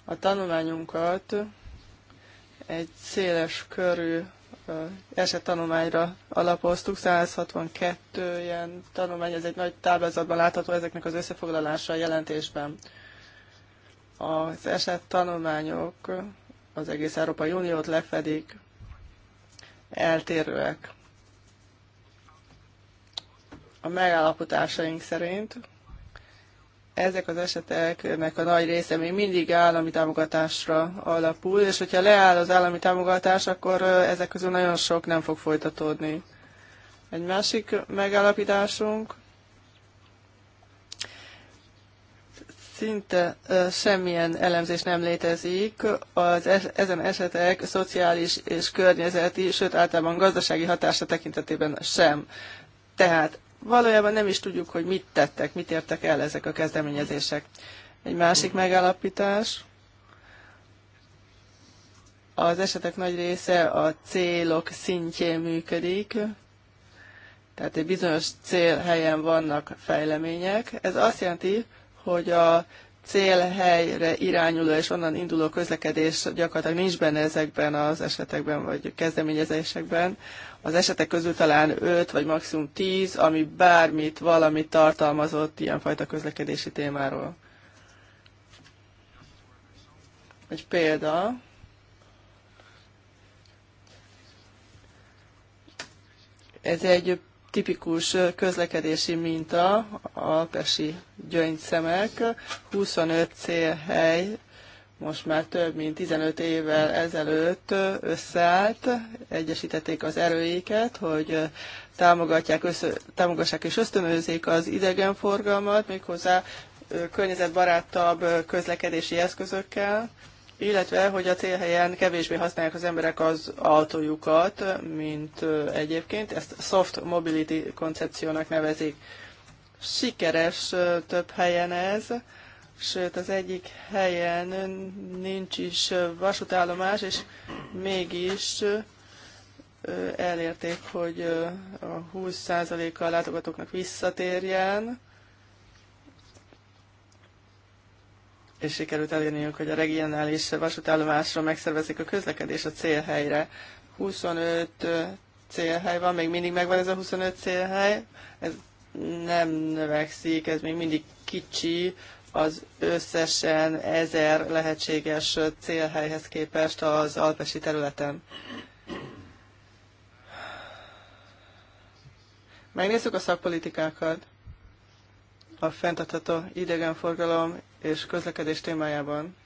A tanulmányunkat egy széles körű tanulmányra alapoztuk, 162 ilyen tanulmány, ez egy nagy táblázatban látható ezeknek az összefoglalása a jelentésben. Az tanulmányok az egész Európai Uniót lefedik, eltérőek. A megállapotásaink szerint ezek az eseteknek a nagy része még mindig állami támogatásra alapul, és hogyha leáll az állami támogatás, akkor ezek közül nagyon sok nem fog folytatódni. Egy másik megállapításunk szinte semmilyen elemzés nem létezik az es, ezen esetek szociális és környezeti, sőt általában gazdasági hatása tekintetében sem. Tehát valójában nem is tudjuk, hogy mit tettek, mit értek el ezek a kezdeményezések. Egy másik megállapítás. Az esetek nagy része a célok szintjén működik, tehát egy bizonyos cél helyen vannak fejlemények. Ez azt jelenti, hogy a célhelyre irányuló és onnan induló közlekedés gyakorlatilag nincs benne ezekben az esetekben, vagy kezdeményezésekben. Az esetek közül talán 5 vagy maximum 10, ami bármit, valamit tartalmazott ilyenfajta közlekedési témáról. Egy példa. Ez egy tipikus közlekedési minta, alpesi gyöngyszemek, 25 célhely, most már több mint 15 évvel ezelőtt összeállt, egyesítették az erőiket, hogy támogatják, össze, támogassák és ösztönözzék az idegenforgalmat, méghozzá környezetbarátabb közlekedési eszközökkel, illetve hogy a célhelyen kevésbé használják az emberek az autójukat, mint egyébként. Ezt soft mobility koncepciónak nevezik. Sikeres több helyen ez, sőt az egyik helyen nincs is vasútállomás, és mégis elérték, hogy a 20%-a látogatóknak visszatérjen és sikerült elérniük, hogy a regionális vasútállomásról megszervezik a közlekedés a célhelyre. 25 célhely van, még mindig megvan ez a 25 célhely, ez nem növekszik, ez még mindig kicsi az összesen ezer lehetséges célhelyhez képest az alpesi területen. Megnézzük a szakpolitikákat. A fenntartható idegenforgalom és közlekedés témájában.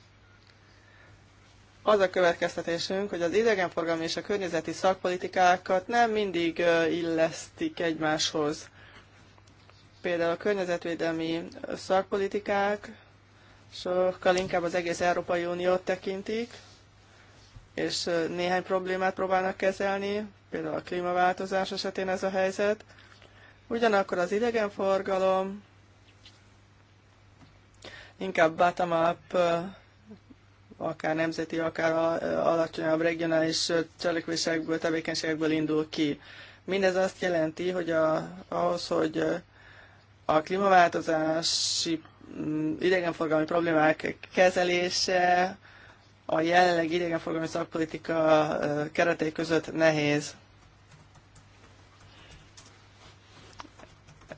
Az a következtetésünk, hogy az idegenforgalmi és a környezeti szakpolitikákat nem mindig illesztik egymáshoz. Például a környezetvédelmi szakpolitikák sokkal inkább az egész Európai Uniót tekintik, és néhány problémát próbálnak kezelni, például a klímaváltozás esetén ez a helyzet. Ugyanakkor az idegenforgalom inkább bottom-up, akár nemzeti, akár alacsonyabb regionális cselekvésekből, tevékenységekből indul ki. Mindez azt jelenti, hogy a, ahhoz, hogy a klímaváltozási mm, idegenforgalmi problémák kezelése a jelenleg idegenforgalmi szakpolitika keretei között nehéz.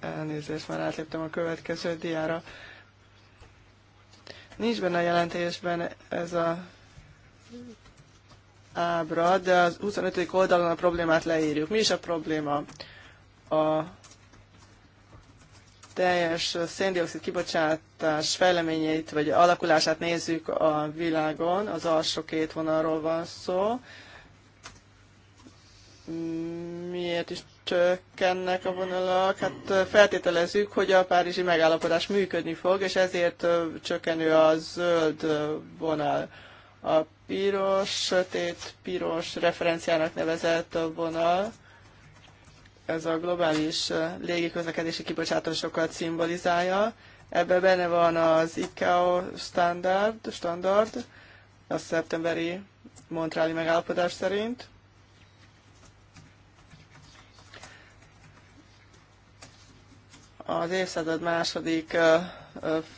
Elnézést, már átléptem a következő diára. Nincs benne a jelentésben ez a ábra, de az 25. oldalon a problémát leírjuk. Mi is a probléma? A teljes széndiokszid kibocsátás fejleményeit, vagy alakulását nézzük a világon, az alsó két vonalról van szó. Miért is csökkennek a vonalak, hát feltételezzük, hogy a párizsi megállapodás működni fog, és ezért csökkenő a zöld vonal. A piros, sötét, piros referenciának nevezett vonal, ez a globális légiközlekedési kibocsátásokat szimbolizálja. Ebben benne van az ICAO standard, standard a szeptemberi Montreali megállapodás szerint, az évszázad második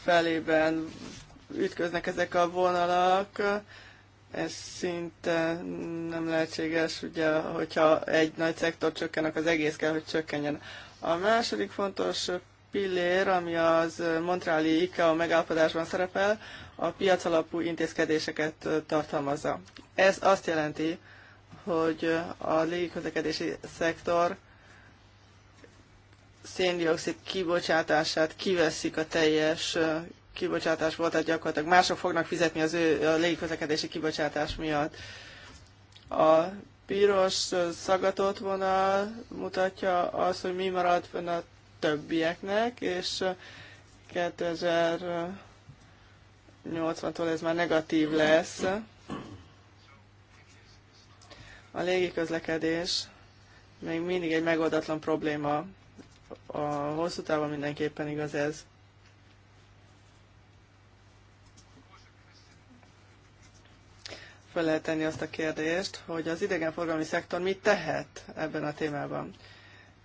felében ütköznek ezek a vonalak, ez szinte nem lehetséges, ugye, hogyha egy nagy szektor csökken, akkor az egész kell, hogy csökkenjen. A második fontos pillér, ami az Montreali ICAO megállapodásban szerepel, a piac alapú intézkedéseket tartalmazza. Ez azt jelenti, hogy a légiközlekedési szektor széndiokszid kibocsátását kiveszik a teljes kibocsátásból, tehát gyakorlatilag mások fognak fizetni az ő a légközlekedési kibocsátás miatt. A piros szagatott vonal mutatja azt, hogy mi marad fenn a többieknek, és 2080-tól ez már negatív lesz. A légiközlekedés még mindig egy megoldatlan probléma a hosszú távon mindenképpen igaz ez. Fel lehet tenni azt a kérdést, hogy az idegenforgalmi szektor mit tehet ebben a témában.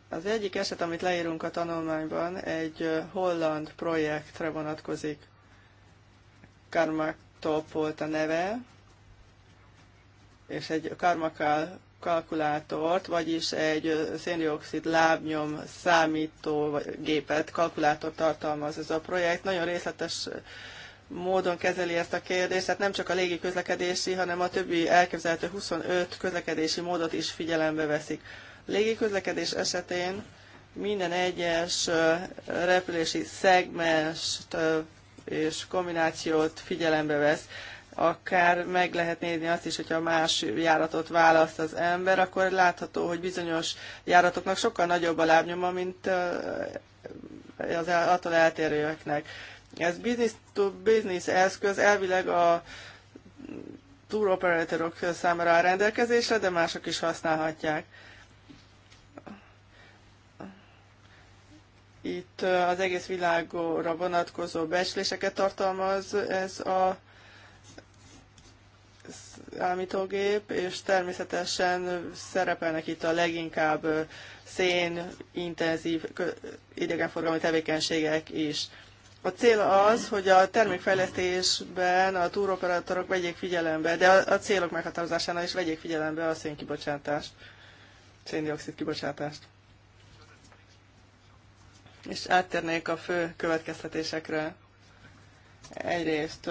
Az egyik eset, amit leírunk a tanulmányban, egy holland projektre vonatkozik. Karmak Top volt a neve, és egy Karmakál kalkulátort, vagyis egy széndiokszid lábnyom számító gépet, kalkulátort tartalmaz ez a projekt. Nagyon részletes módon kezeli ezt a kérdést, tehát nem csak a légi közlekedési, hanem a többi elképzelhető 25 közlekedési módot is figyelembe veszik. Légi közlekedés esetén minden egyes repülési szegmest és kombinációt figyelembe vesz akár meg lehet nézni azt is, hogyha más járatot választ az ember, akkor látható, hogy bizonyos járatoknak sokkal nagyobb a lábnyoma, mint az attól eltérőeknek. Ez business to business eszköz elvileg a tour operatorok számára a rendelkezésre, de mások is használhatják. Itt az egész világra vonatkozó becsléseket tartalmaz ez a számítógép, és természetesen szerepelnek itt a leginkább szén, intenzív idegenforgalmi tevékenységek is. A cél az, hogy a termékfejlesztésben a túroperatorok vegyék figyelembe, de a célok meghatározásánál is vegyék figyelembe a szénkibocsátást, széndiokszid kibocsátást. És áttérnék a fő következtetésekre. Egyrészt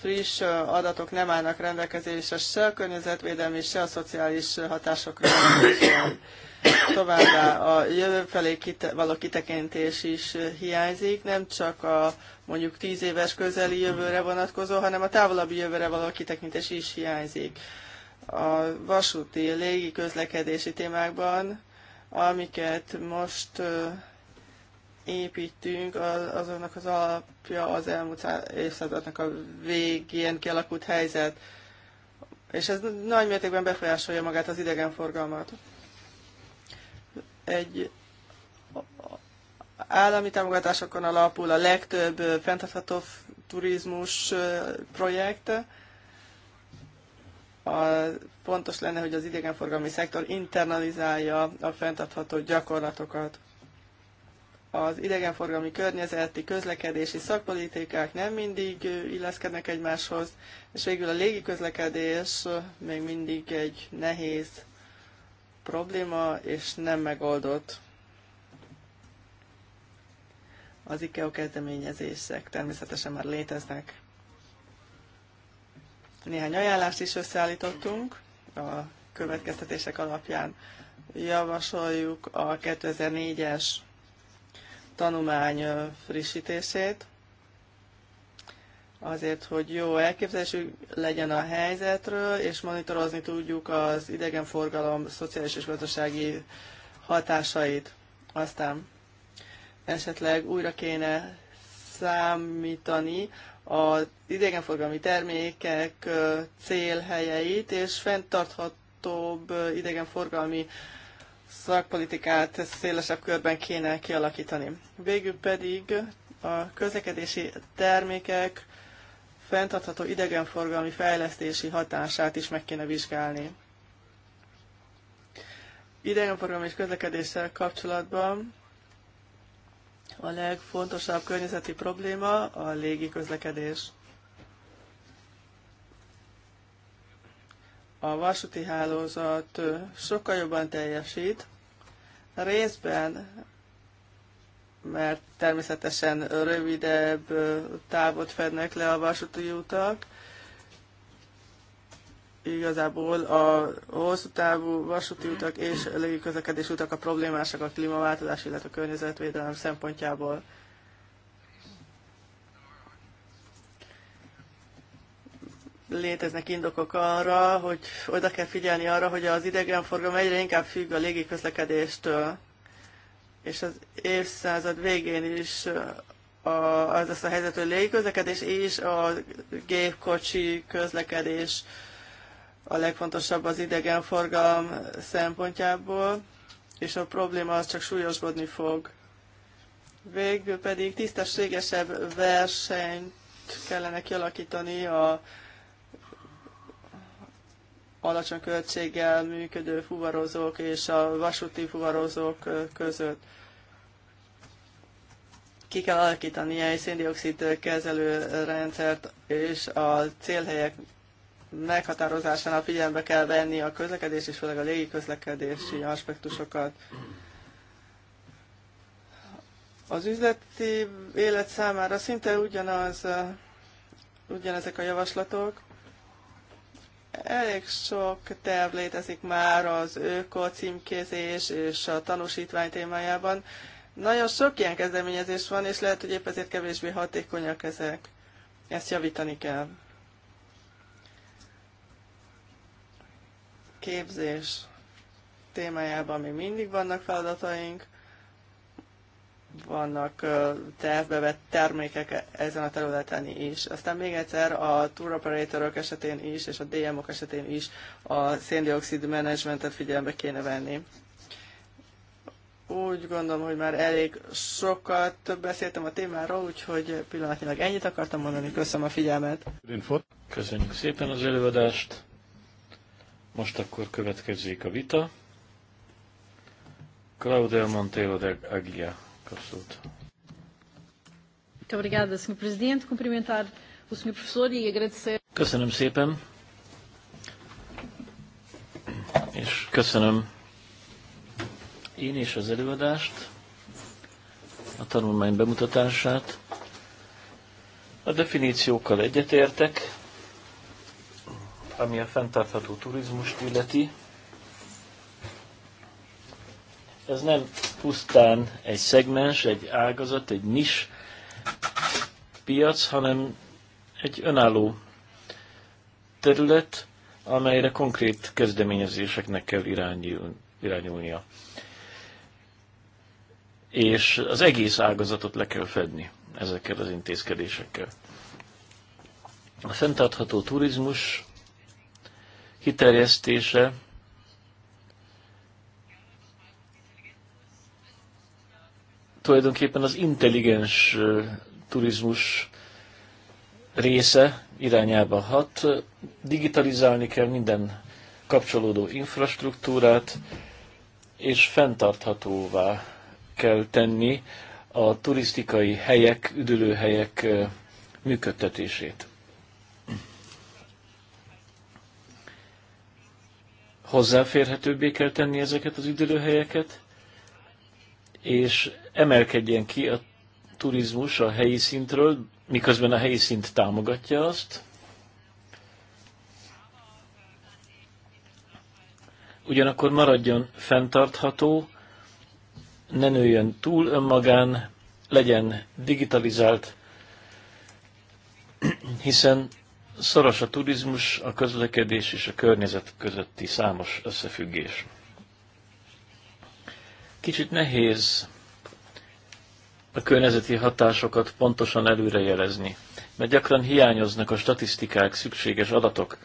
friss adatok nem állnak rendelkezésre se a környezetvédelmi, se a szociális hatásokra. Továbbá a jövő felé kite- való kitekintés is hiányzik, nem csak a mondjuk tíz éves közeli jövőre vonatkozó, hanem a távolabbi jövőre való kitekintés is hiányzik. A vasúti, légi közlekedési témákban, amiket most építünk, azonnak az alapja az elmúlt évszázadnak a végén kialakult helyzet, és ez nagy mértékben befolyásolja magát az idegenforgalmat. Egy állami támogatásokon alapul a legtöbb fenntartható turizmus projekt. A, pontos lenne, hogy az idegenforgalmi szektor internalizálja a fenntartható gyakorlatokat az idegenforgalmi környezeti közlekedési szakpolitikák nem mindig illeszkednek egymáshoz, és végül a légi közlekedés még mindig egy nehéz probléma, és nem megoldott. Az ICAO kezdeményezések természetesen már léteznek. Néhány ajánlást is összeállítottunk a következtetések alapján. Javasoljuk a 2004-es tanulmány frissítését, azért, hogy jó elképzelésük legyen a helyzetről, és monitorozni tudjuk az idegenforgalom szociális és gazdasági hatásait. Aztán esetleg újra kéne számítani az idegenforgalmi termékek célhelyeit, és fenntarthatóbb idegenforgalmi szakpolitikát szélesebb körben kéne kialakítani. Végül pedig a közlekedési termékek fenntartható idegenforgalmi fejlesztési hatását is meg kéne vizsgálni. Idegenforgalmi és közlekedéssel kapcsolatban a legfontosabb környezeti probléma a légi közlekedés. a vasúti hálózat sokkal jobban teljesít, részben, mert természetesen rövidebb távot fednek le a vasúti utak, igazából a hosszú távú vasúti utak és légiközlekedés utak a problémásak a klímaváltozás, illetve a környezetvédelem szempontjából. léteznek indokok arra, hogy oda kell figyelni arra, hogy az idegenforgalom egyre inkább függ a légiközlekedéstől, és az évszázad végén is az lesz a helyzet, hogy légiközlekedés és a gépkocsi közlekedés a legfontosabb az idegenforgalom szempontjából, és a probléma az csak súlyosbodni fog. Végül pedig tisztességesebb versenyt kellene kialakítani a alacsony költséggel működő fuvarozók és a vasúti fuvarozók között. Ki kell alakítani egy széndiokszid kezelő rendszert, és a célhelyek meghatározásánál figyelembe kell venni a közlekedés és főleg a légi közlekedési aspektusokat. Az üzleti élet számára szinte ugyanaz, ugyanezek a javaslatok, Elég sok terv létezik már az öko címkézés és a tanúsítvány témájában. Nagyon sok ilyen kezdeményezés van, és lehet, hogy épp ezért kevésbé hatékonyak ezek. Ezt javítani kell. Képzés témájában még mindig vannak feladataink vannak tervbe vett termékek ezen a területen is. Aztán még egyszer a tour operatorok esetén is, és a DM-ok esetén is a széndiokszid menedzsmentet figyelembe kéne venni. Úgy gondolom, hogy már elég sokat beszéltem a témáról, úgyhogy pillanatnyilag ennyit akartam mondani. Köszönöm a figyelmet. Köszönjük szépen az előadást. Most akkor következik a vita. Claudia Montero de Aguiar. E köszönöm szépen, és köszönöm én is az előadást, a tanulmány bemutatását. A definíciókkal egyetértek, ami a fenntartható turizmust illeti. Ez nem pusztán egy szegmens, egy ágazat, egy nis piac, hanem egy önálló terület, amelyre konkrét kezdeményezéseknek kell irányul, irányulnia. És az egész ágazatot le kell fedni ezekkel az intézkedésekkel. A fenntartható turizmus kiterjesztése tulajdonképpen az intelligens turizmus része irányába hat. Digitalizálni kell minden kapcsolódó infrastruktúrát, és fenntarthatóvá kell tenni a turisztikai helyek, üdülőhelyek működtetését. Hozzáférhetőbbé kell tenni ezeket az üdülőhelyeket, és emelkedjen ki a turizmus a helyi szintről, miközben a helyi szint támogatja azt. Ugyanakkor maradjon fenntartható, ne nőjön túl önmagán, legyen digitalizált, hiszen szoros a turizmus, a közlekedés és a környezet közötti számos összefüggés. Kicsit nehéz a környezeti hatásokat pontosan előrejelezni, mert gyakran hiányoznak a statisztikák, szükséges adatok.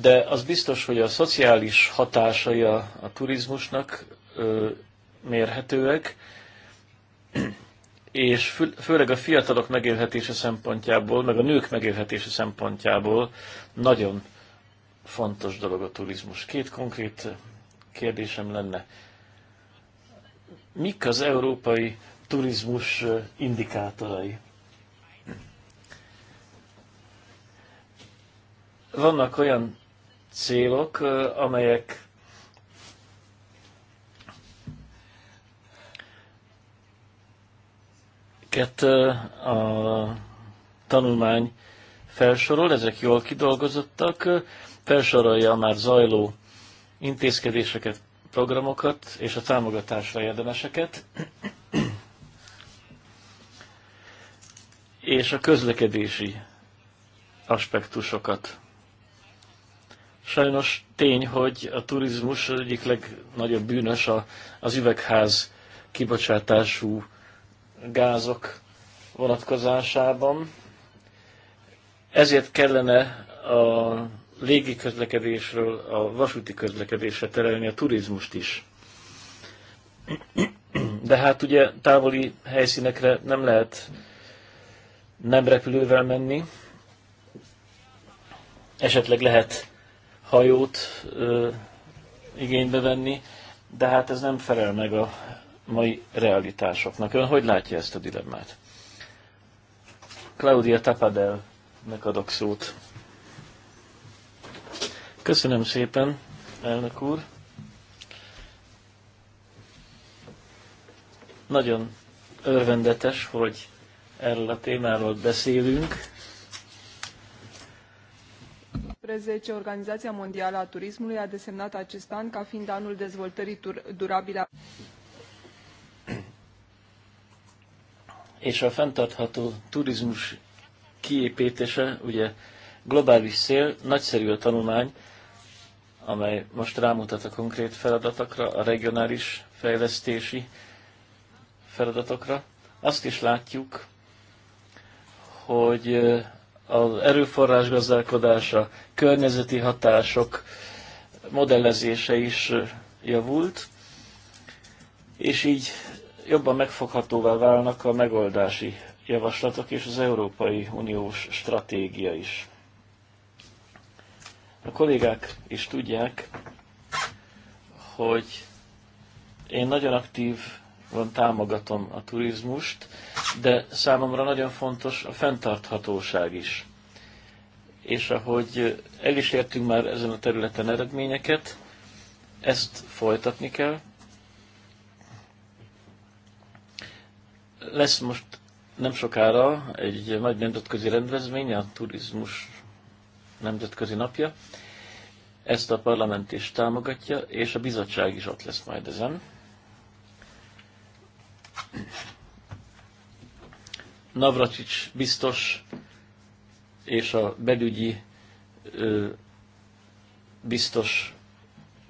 De az biztos, hogy a szociális hatásai a, a turizmusnak ö, mérhetőek, és fő, főleg a fiatalok megélhetése szempontjából, meg a nők megélhetése szempontjából nagyon fontos dolog a turizmus. Két konkrét kérdésem lenne. Mik az európai turizmus indikátorai. Vannak olyan célok, amelyek a tanulmány felsorol, ezek jól kidolgozottak, felsorolja a már zajló intézkedéseket, programokat és a támogatásra érdemeseket. és a közlekedési aspektusokat. Sajnos tény, hogy a turizmus az egyik legnagyobb bűnös az üvegház kibocsátású gázok vonatkozásában. Ezért kellene a légi közlekedésről a vasúti közlekedésre terelni a turizmust is. De hát ugye távoli helyszínekre nem lehet nem repülővel menni. Esetleg lehet hajót ö, igénybe venni, de hát ez nem felel meg a mai realitásoknak. Ön hogy látja ezt a dilemmát? Claudia Tapadel, megadok szót. Köszönöm szépen, elnök úr. Nagyon örvendetes, hogy erről a témáról beszélünk. 2015, Organizația Mondială a Turismului a desemnat acest an ca fiind anul dezvoltării durabile. És a fenntartható turizmus kiépítése, ugye globális szél, nagyszerű a tanulmány, amely most rámutat a konkrét feladatokra, a regionális fejlesztési feladatokra. Azt is látjuk, hogy az erőforrás gazdálkodása, környezeti hatások modellezése is javult, és így jobban megfoghatóvá válnak a megoldási javaslatok és az Európai Uniós stratégia is. A kollégák is tudják, hogy én nagyon aktív van, támogatom a turizmust, de számomra nagyon fontos a fenntarthatóság is. És ahogy el is értünk már ezen a területen eredményeket, ezt folytatni kell. Lesz most nem sokára egy nagy nemzetközi rendezvény, a turizmus nemzetközi napja. Ezt a parlament is támogatja, és a bizottság is ott lesz majd ezen. Navracsics biztos és a belügyi ö, biztos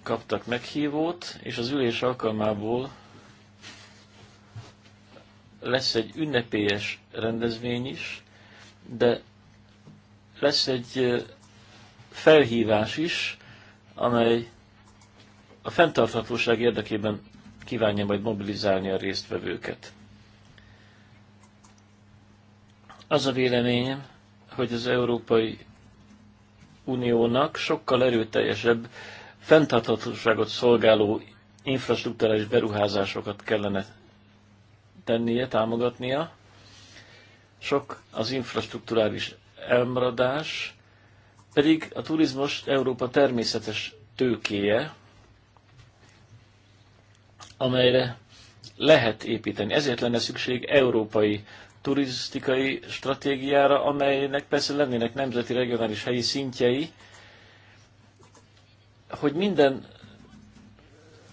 kaptak meghívót, és az ülés alkalmából lesz egy ünnepélyes rendezvény is, de lesz egy felhívás is, amely a fenntarthatóság érdekében kívánja majd mobilizálni a résztvevőket. Az a véleményem, hogy az Európai Uniónak sokkal erőteljesebb, fenntarthatóságot szolgáló infrastruktúrális beruházásokat kellene tennie, támogatnia. Sok az infrastruktúrális elmaradás, pedig a turizmus Európa természetes tőkéje, amelyre lehet építeni. Ezért lenne szükség európai turisztikai stratégiára, amelynek persze lennének nemzeti, regionális, helyi szintjei, hogy minden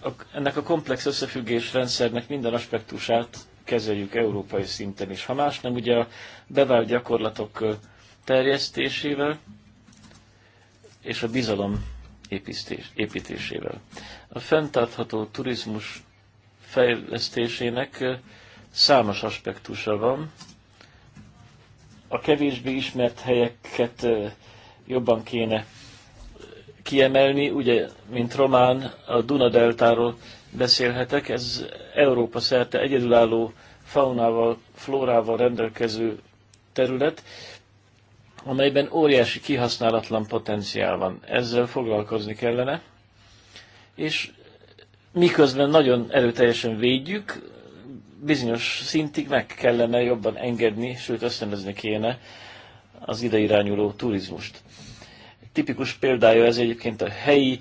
a, ennek a komplex összefüggés rendszernek minden aspektusát kezeljük európai szinten is. Ha más nem, ugye a bevált gyakorlatok terjesztésével és a bizalom építésével. A fenntartható turizmus fejlesztésének számos aspektusa van. A kevésbé ismert helyeket jobban kéne kiemelni, ugye, mint román, a Dunadeltáról beszélhetek, ez Európa szerte egyedülálló faunával, flórával rendelkező terület, amelyben óriási kihasználatlan potenciál van. Ezzel foglalkozni kellene, és miközben nagyon erőteljesen védjük, bizonyos szintig meg kellene jobban engedni, sőt ösztönözni kéne az ide irányuló turizmust. Tipikus példája ez egyébként a helyi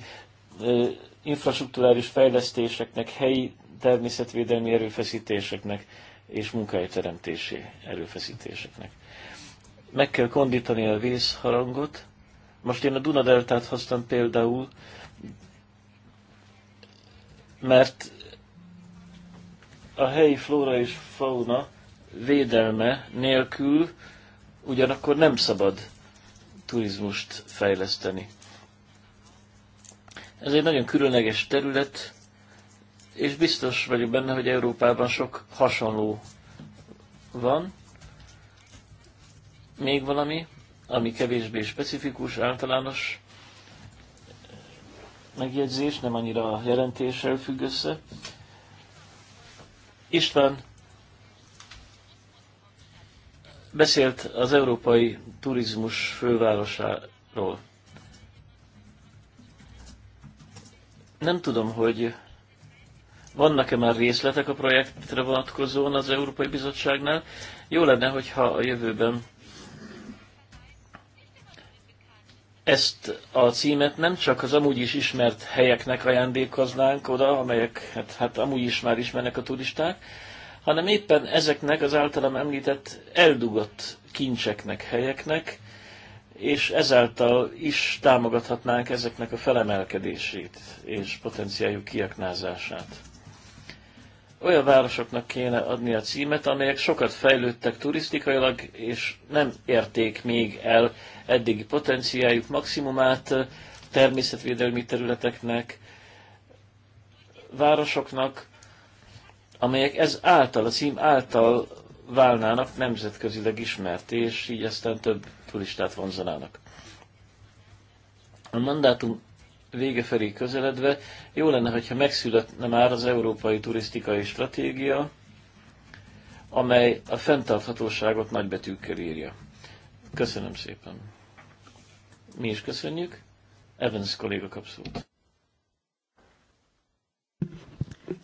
infrastruktúrális fejlesztéseknek, helyi természetvédelmi erőfeszítéseknek és munkahelyteremtési erőfeszítéseknek. Meg kell kondítani a vészharangot. Most én a Dunadeltát hoztam például, mert a helyi flóra és fauna védelme nélkül ugyanakkor nem szabad turizmust fejleszteni. Ez egy nagyon különleges terület, és biztos vagyok benne, hogy Európában sok hasonló van. Még valami, ami kevésbé specifikus, általános megjegyzés, nem annyira a jelentéssel függ össze. István beszélt az európai turizmus fővárosáról. Nem tudom, hogy vannak-e már részletek a projektre vonatkozóan az Európai Bizottságnál. Jó lenne, hogyha a jövőben ezt a címet nem csak az amúgy is ismert helyeknek ajándékoznánk oda, amelyek hát, hát amúgy is már ismernek a turisták, hanem éppen ezeknek az általam említett eldugott kincseknek, helyeknek, és ezáltal is támogathatnánk ezeknek a felemelkedését és potenciáljuk kiaknázását olyan városoknak kéne adni a címet, amelyek sokat fejlődtek turisztikailag, és nem érték még el eddigi potenciáljuk maximumát természetvédelmi területeknek, városoknak, amelyek ez által, a cím által válnának nemzetközileg ismert, és így aztán több turistát vonzanának. A mandátum vége felé közeledve, jó lenne, hogyha megszületne már az európai turisztikai stratégia, amely a fenntarthatóságot nagybetűkkel írja. Köszönöm szépen. Mi is köszönjük. Evans kolléga kap szót.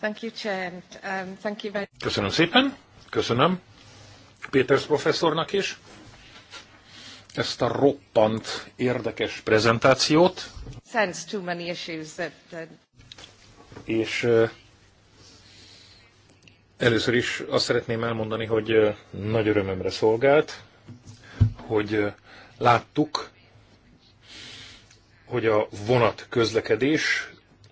Um, Köszönöm szépen. Köszönöm Péters professzornak is ezt a roppant érdekes prezentációt. És először is azt szeretném elmondani, hogy nagy örömömre szolgált, hogy láttuk, hogy a vonat közlekedés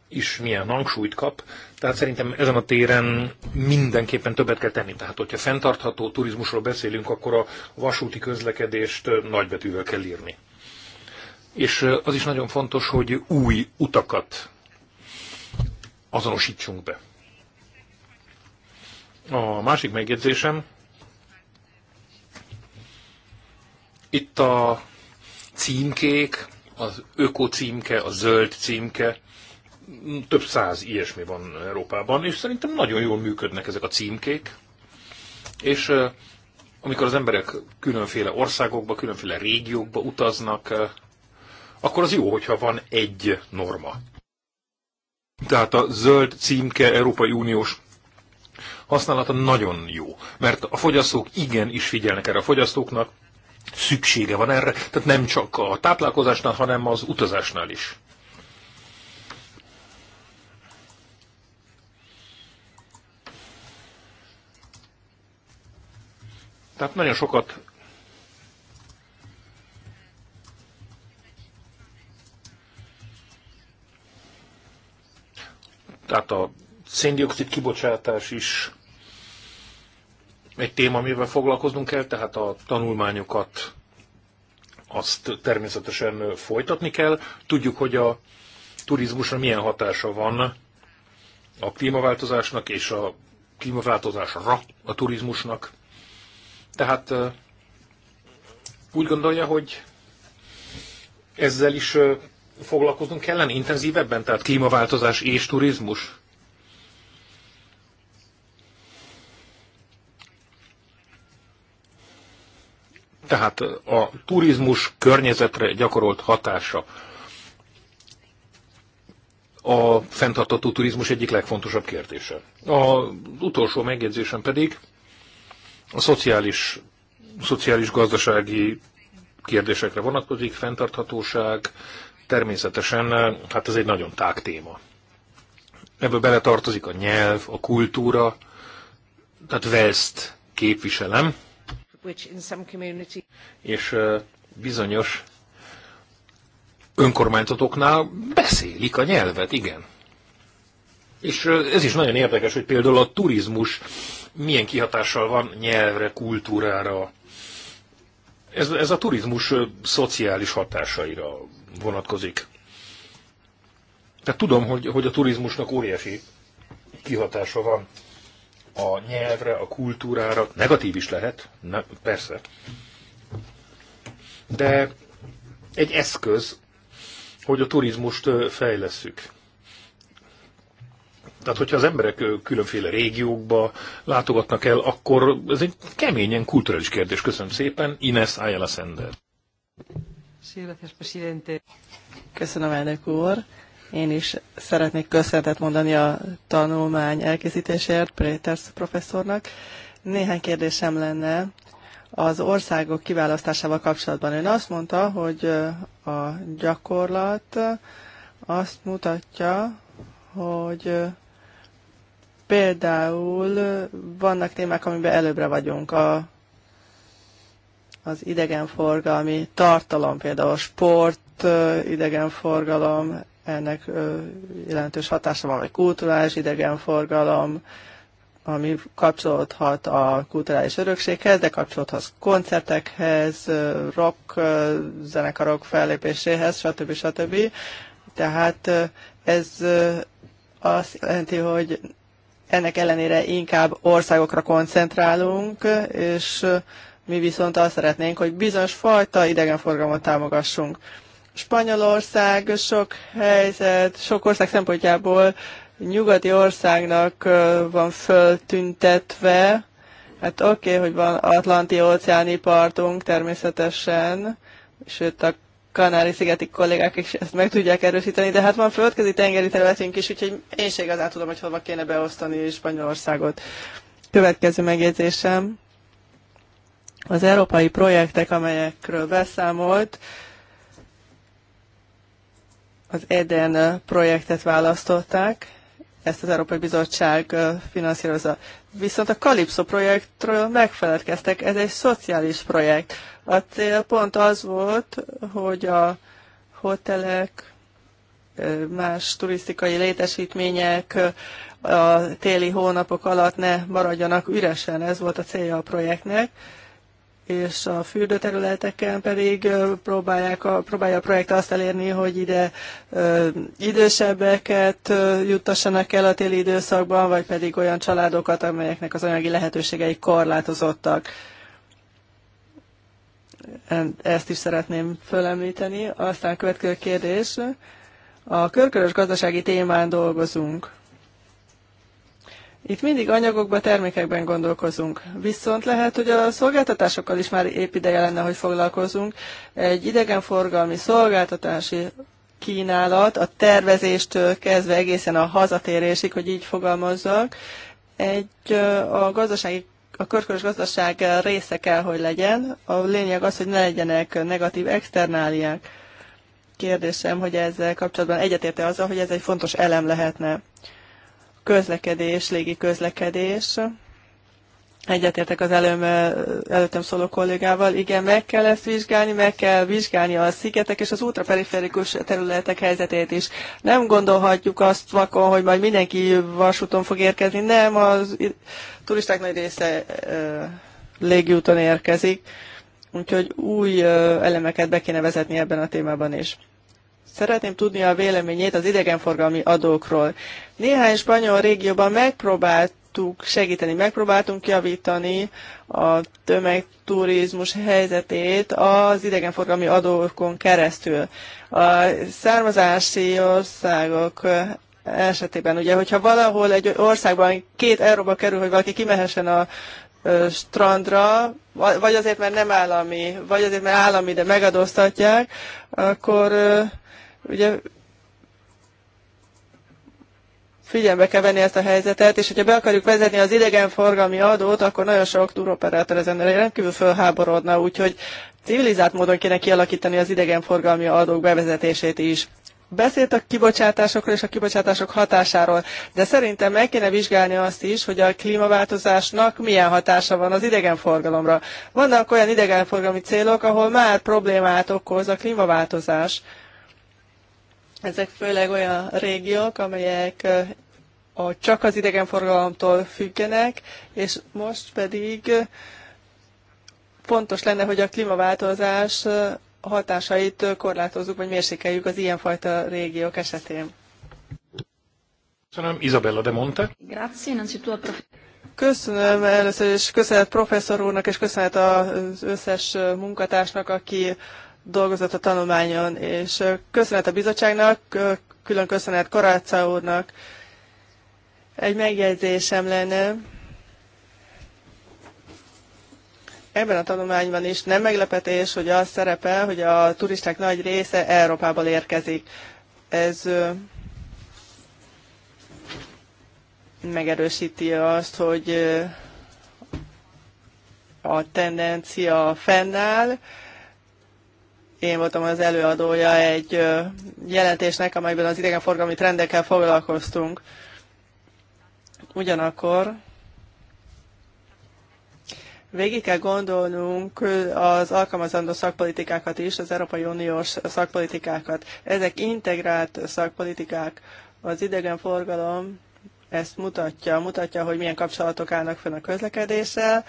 is milyen hangsúlyt kap. Tehát szerintem ezen a téren mindenképpen többet kell tenni. Tehát, hogyha fenntartható turizmusról beszélünk, akkor a vasúti közlekedést nagybetűvel kell írni. És az is nagyon fontos, hogy új utakat azonosítsunk be. A másik megjegyzésem, itt a címkék, az öko címke, a zöld címke, több száz ilyesmi van Európában, és szerintem nagyon jól működnek ezek a címkék, és amikor az emberek különféle országokba, különféle régiókba utaznak, akkor az jó, hogyha van egy norma. Tehát a zöld címke Európai Uniós használata nagyon jó, mert a fogyasztók igen is figyelnek erre a fogyasztóknak, szüksége van erre, tehát nem csak a táplálkozásnál, hanem az utazásnál is. Tehát nagyon sokat tehát a széndiokszid kibocsátás is egy téma, amivel foglalkoznunk kell, tehát a tanulmányokat azt természetesen folytatni kell. Tudjuk, hogy a turizmusra milyen hatása van a klímaváltozásnak és a klímaváltozásra a turizmusnak. Tehát úgy gondolja, hogy ezzel is foglalkoznunk kellene intenzívebben, tehát klímaváltozás és turizmus? Tehát a turizmus környezetre gyakorolt hatása a fenntartató turizmus egyik legfontosabb kérdése. Az utolsó megjegyzésem pedig, a szociális, szociális gazdasági kérdésekre vonatkozik, fenntarthatóság, természetesen, hát ez egy nagyon tág téma. Ebbe beletartozik a nyelv, a kultúra, tehát Welszt képviselem, és bizonyos önkormányzatoknál beszélik a nyelvet, igen. És ez is nagyon érdekes, hogy például a turizmus milyen kihatással van nyelvre, kultúrára. Ez, ez a turizmus szociális hatásaira vonatkozik. Tehát tudom, hogy, hogy a turizmusnak óriási kihatása van a nyelvre, a kultúrára. Negatív is lehet, ne, persze. De egy eszköz, hogy a turizmust fejlesszük. Tehát, hogyha az emberek különféle régiókba látogatnak el, akkor ez egy keményen kulturális kérdés. Köszönöm szépen. Ines Ayala Sender. Köszönöm, elnök úr. Én is szeretnék köszönetet mondani a tanulmány elkészítéséért Préters professzornak. Néhány kérdésem lenne az országok kiválasztásával kapcsolatban. Ön azt mondta, hogy a gyakorlat azt mutatja, hogy Például vannak témák, amiben előbbre vagyunk. A, az idegenforgalmi tartalom, például sport, idegenforgalom, ennek jelentős hatása van, vagy kulturális idegenforgalom, ami kapcsolódhat a kulturális örökséghez, de kapcsolódhat koncertekhez, rock zenekarok fellépéséhez, stb. stb. Tehát ez azt jelenti, hogy ennek ellenére inkább országokra koncentrálunk, és mi viszont azt szeretnénk, hogy bizonyos fajta idegenforgalmat támogassunk. Spanyolország sok helyzet, sok ország szempontjából nyugati országnak van föltüntetve, hát oké, okay, hogy van atlanti óceáni partunk természetesen, sőt a Kanári-szigeti kollégák is ezt meg tudják erősíteni, de hát van földközi tengeri területünk is, úgyhogy én se igazán tudom, hogy hova kéne beosztani Spanyolországot. Következő megjegyzésem. Az európai projektek, amelyekről beszámolt, az Eden projektet választották, ezt az Európai Bizottság finanszírozza. Viszont a Kalipszó projektről megfeledkeztek, ez egy szociális projekt. A cél pont az volt, hogy a hotelek, más turisztikai létesítmények a téli hónapok alatt ne maradjanak üresen, ez volt a célja a projektnek és a fürdőterületeken pedig próbálják a, próbálja a projekt azt elérni, hogy ide ö, idősebbeket ö, juttassanak el a téli időszakban, vagy pedig olyan családokat, amelyeknek az anyagi lehetőségei korlátozottak. Ezt is szeretném fölemlíteni. Aztán a következő kérdés. A körkörös gazdasági témán dolgozunk. Itt mindig anyagokban, termékekben gondolkozunk. Viszont lehet, hogy a szolgáltatásokkal is már épp ideje lenne, hogy foglalkozunk. Egy idegenforgalmi szolgáltatási kínálat, a tervezéstől kezdve egészen a hazatérésig, hogy így fogalmazzak, egy a gazdasági a körkörös gazdaság része kell, hogy legyen. A lényeg az, hogy ne legyenek negatív externáliák. Kérdésem, hogy ezzel kapcsolatban egyetérte azzal, hogy ez egy fontos elem lehetne. Közlekedés, légi közlekedés. Egyetértek az előm, előttem szóló kollégával, igen, meg kell ezt vizsgálni, meg kell vizsgálni a szigetek és az ultraperiférikus területek helyzetét is. Nem gondolhatjuk azt vakon, hogy majd mindenki vasúton fog érkezni, nem, az turisták nagy része légiúton érkezik, úgyhogy új elemeket be kéne vezetni ebben a témában is. Szeretném tudni a véleményét az idegenforgalmi adókról. Néhány spanyol régióban megpróbáltuk segíteni, megpróbáltunk javítani a tömegturizmus helyzetét az idegenforgalmi adókon keresztül. A származási országok esetében, ugye, hogyha valahol egy országban két euróba kerül, hogy valaki kimehessen a strandra, vagy azért, mert nem állami, vagy azért, mert állami, de megadóztatják, akkor Ugye figyelme kell venni ezt a helyzetet, és hogyha be akarjuk vezetni az idegenforgalmi adót, akkor nagyon sok túroperátor ezen rendkívül fölháborodna, úgyhogy civilizált módon kéne kialakítani az idegenforgalmi adók bevezetését is. Beszélt a kibocsátásokról és a kibocsátások hatásáról, de szerintem meg kéne vizsgálni azt is, hogy a klímaváltozásnak milyen hatása van az idegenforgalomra. Vannak olyan idegenforgalmi célok, ahol már problémát okoz a klímaváltozás. Ezek főleg olyan régiók, amelyek a, csak az idegenforgalomtól függenek, és most pedig fontos lenne, hogy a klímaváltozás hatásait korlátozzuk, vagy mérsékeljük az ilyenfajta régiók esetén. Köszönöm, Isabella de Monte. Köszönöm először is, köszönet professzor úrnak, és köszönet az összes munkatársnak, aki dolgozott a tanulmányon, és köszönet a bizottságnak, külön köszönet Karácsa úrnak. Egy megjegyzésem lenne, ebben a tanulmányban is nem meglepetés, hogy az szerepel, hogy a turisták nagy része Európából érkezik. Ez megerősíti azt, hogy a tendencia fennáll, én voltam az előadója egy jelentésnek, amelyben az idegenforgalmi trendekkel foglalkoztunk. Ugyanakkor végig kell gondolnunk az alkalmazandó szakpolitikákat is, az Európai Uniós szakpolitikákat. Ezek integrált szakpolitikák. Az idegenforgalom ezt mutatja, mutatja, hogy milyen kapcsolatok állnak fenn a közlekedéssel,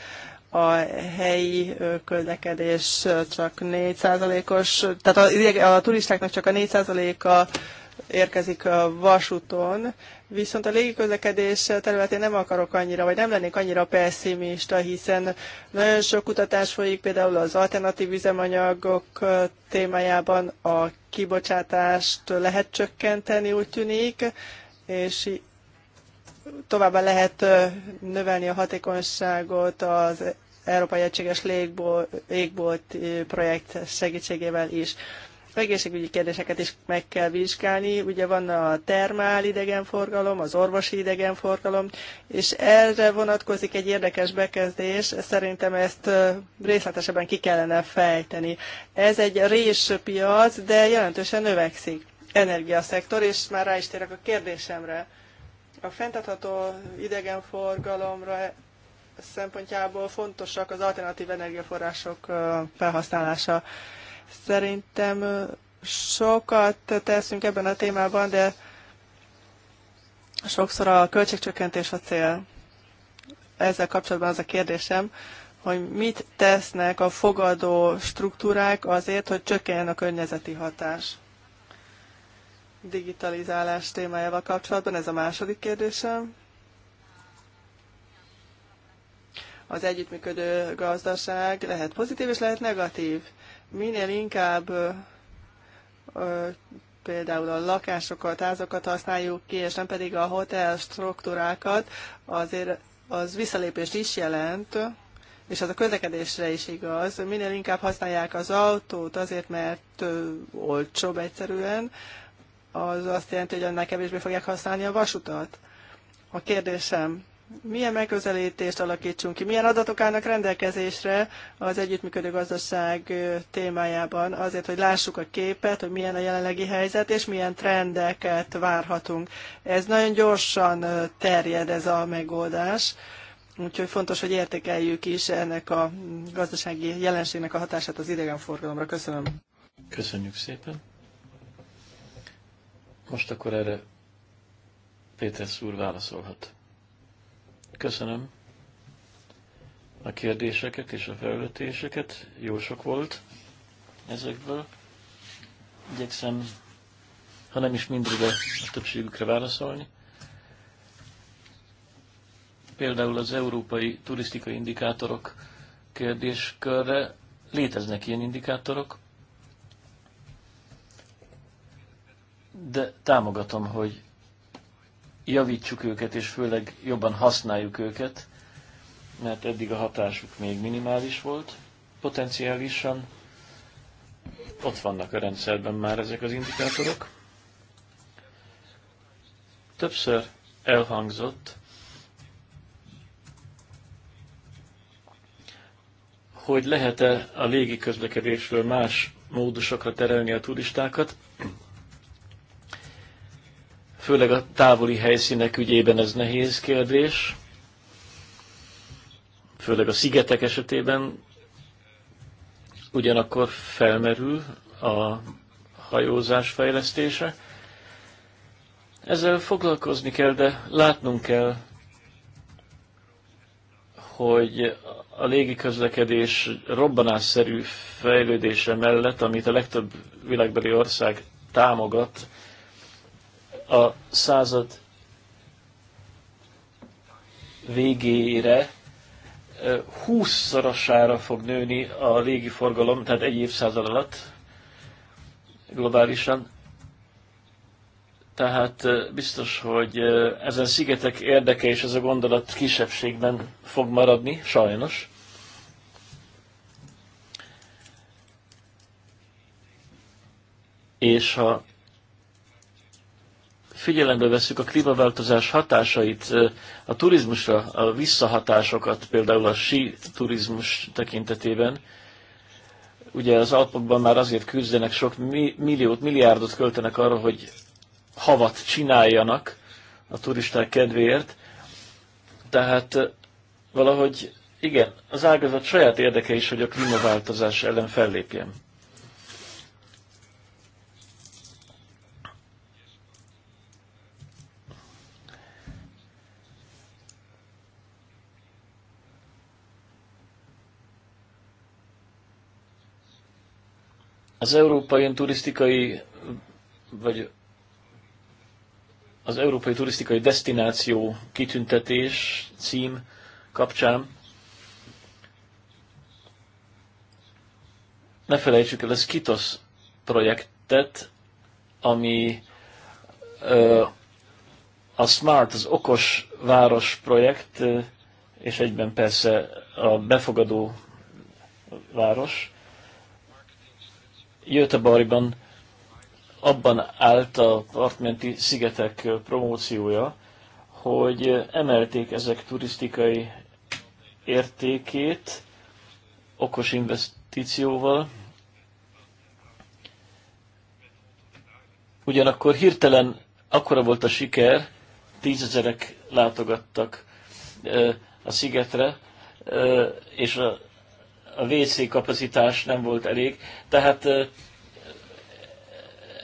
a helyi közlekedés csak 4%-os, tehát a, a turistáknak csak a 4%-a érkezik a vasúton, viszont a légiközlekedés területén nem akarok annyira, vagy nem lennék annyira pessimista, hiszen nagyon sok kutatás folyik például az alternatív üzemanyagok témájában a kibocsátást lehet csökkenteni, úgy tűnik, és továbbá lehet növelni a hatékonyságot az Európai Egységes Légbolt, eh, projekt segítségével is. Egészségügyi kérdéseket is meg kell vizsgálni. Ugye van a termál idegenforgalom, az orvosi idegenforgalom, és erre vonatkozik egy érdekes bekezdés. Szerintem ezt eh, részletesebben ki kellene fejteni. Ez egy réspiac, de jelentősen növekszik energiaszektor, és már rá is térek a kérdésemre. A fenntartható idegenforgalomra szempontjából fontosak az alternatív energiaforrások felhasználása. Szerintem sokat teszünk ebben a témában, de sokszor a költségcsökkentés a cél. Ezzel kapcsolatban az a kérdésem, hogy mit tesznek a fogadó struktúrák azért, hogy csökkenjen a környezeti hatás. Digitalizálás témájával kapcsolatban ez a második kérdésem. az együttműködő gazdaság lehet pozitív és lehet negatív. Minél inkább ö, például a lakásokat, házakat használjuk ki, és nem pedig a hotel struktúrákat, azért az visszalépést is jelent, és az a közlekedésre is igaz. Minél inkább használják az autót azért, mert olcsóbb egyszerűen, az azt jelenti, hogy annál kevésbé fogják használni a vasutat. A kérdésem, milyen megközelítést alakítsunk ki, milyen adatok állnak rendelkezésre az együttműködő gazdaság témájában, azért, hogy lássuk a képet, hogy milyen a jelenlegi helyzet, és milyen trendeket várhatunk. Ez nagyon gyorsan terjed ez a megoldás, úgyhogy fontos, hogy értékeljük is ennek a gazdasági jelenségnek a hatását az idegenforgalomra. Köszönöm. Köszönjük szépen. Most akkor erre Péter szúr válaszolhat. Köszönöm a kérdéseket és a felvetéseket. Jó sok volt ezekből. Igyekszem, ha nem is mindre, a többségükre válaszolni. Például az európai turisztikai indikátorok kérdéskörre léteznek ilyen indikátorok, de támogatom, hogy javítsuk őket, és főleg jobban használjuk őket, mert eddig a hatásuk még minimális volt. Potenciálisan ott vannak a rendszerben már ezek az indikátorok. Többször elhangzott, hogy lehet-e a légi közlekedésről más módusokra terelni a turistákat főleg a távoli helyszínek ügyében ez nehéz kérdés, főleg a szigetek esetében ugyanakkor felmerül a hajózás fejlesztése. Ezzel foglalkozni kell, de látnunk kell, hogy a légiközlekedés robbanásszerű fejlődése mellett, amit a legtöbb világbeli ország támogat, a század végére 20-szorosára fog nőni a légiforgalom, tehát egy évszázad alatt globálisan. Tehát biztos, hogy ezen szigetek érdeke és ez a gondolat kisebbségben fog maradni, sajnos. És ha figyelembe veszük a klímaváltozás hatásait, a turizmusra, a visszahatásokat, például a sí turizmus tekintetében, ugye az Alpokban már azért küzdenek, sok milliót, milliárdot költenek arra, hogy havat csináljanak a turisták kedvéért. Tehát valahogy igen, az ágazat saját érdeke is, hogy a klímaváltozás ellen fellépjen. Az európai turisztikai, vagy az európai turisztikai destináció kitüntetés cím kapcsán ne felejtsük el, ez Kitos projektet, ami ö, a Smart, az okos város projekt, és egyben persze a befogadó város. Göteborgban abban állt a partmenti szigetek promóciója, hogy emelték ezek turisztikai értékét okos investícióval. Ugyanakkor hirtelen akkora volt a siker, tízezerek látogattak a szigetre, és a a WC kapacitás nem volt elég, tehát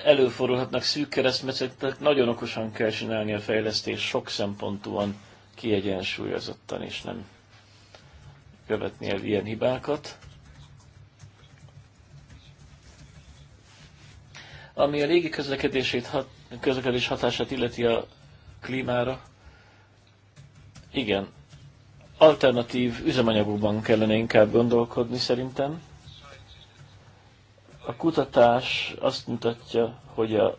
előfordulhatnak szűk keresztmetszet, tehát nagyon okosan kell csinálni a fejlesztést, sok szempontúan kiegyensúlyozottan, és nem követni el ilyen hibákat. Ami a légi közlekedését, hat, közlekedés hatását illeti a klímára, igen, alternatív üzemanyagokban kellene inkább gondolkodni szerintem. A kutatás azt mutatja, hogy a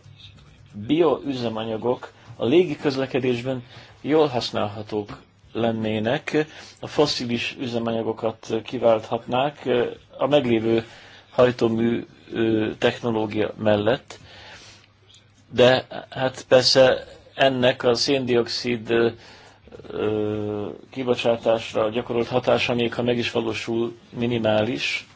bioüzemanyagok a légi közlekedésben jól használhatók lennének, a fosszilis üzemanyagokat kiválthatnák a meglévő hajtómű technológia mellett. De hát persze ennek a széndiokszid kibocsátásra gyakorolt hatása, még ha meg is valósul, minimális.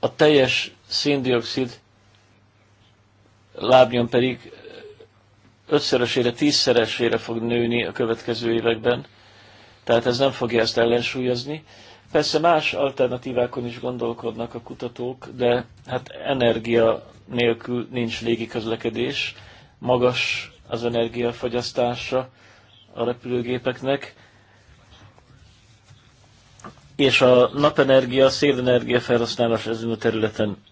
A teljes széndiokszid lábnyom pedig ötszeresére tízszeresére fog nőni a következő években, tehát ez nem fogja ezt ellensúlyozni. Persze más alternatívákon is gondolkodnak a kutatók, de hát energia nélkül nincs közlekedés, magas az energiafogyasztása a repülőgépeknek, és a napenergia, szélenergia felhasználás ezen a területen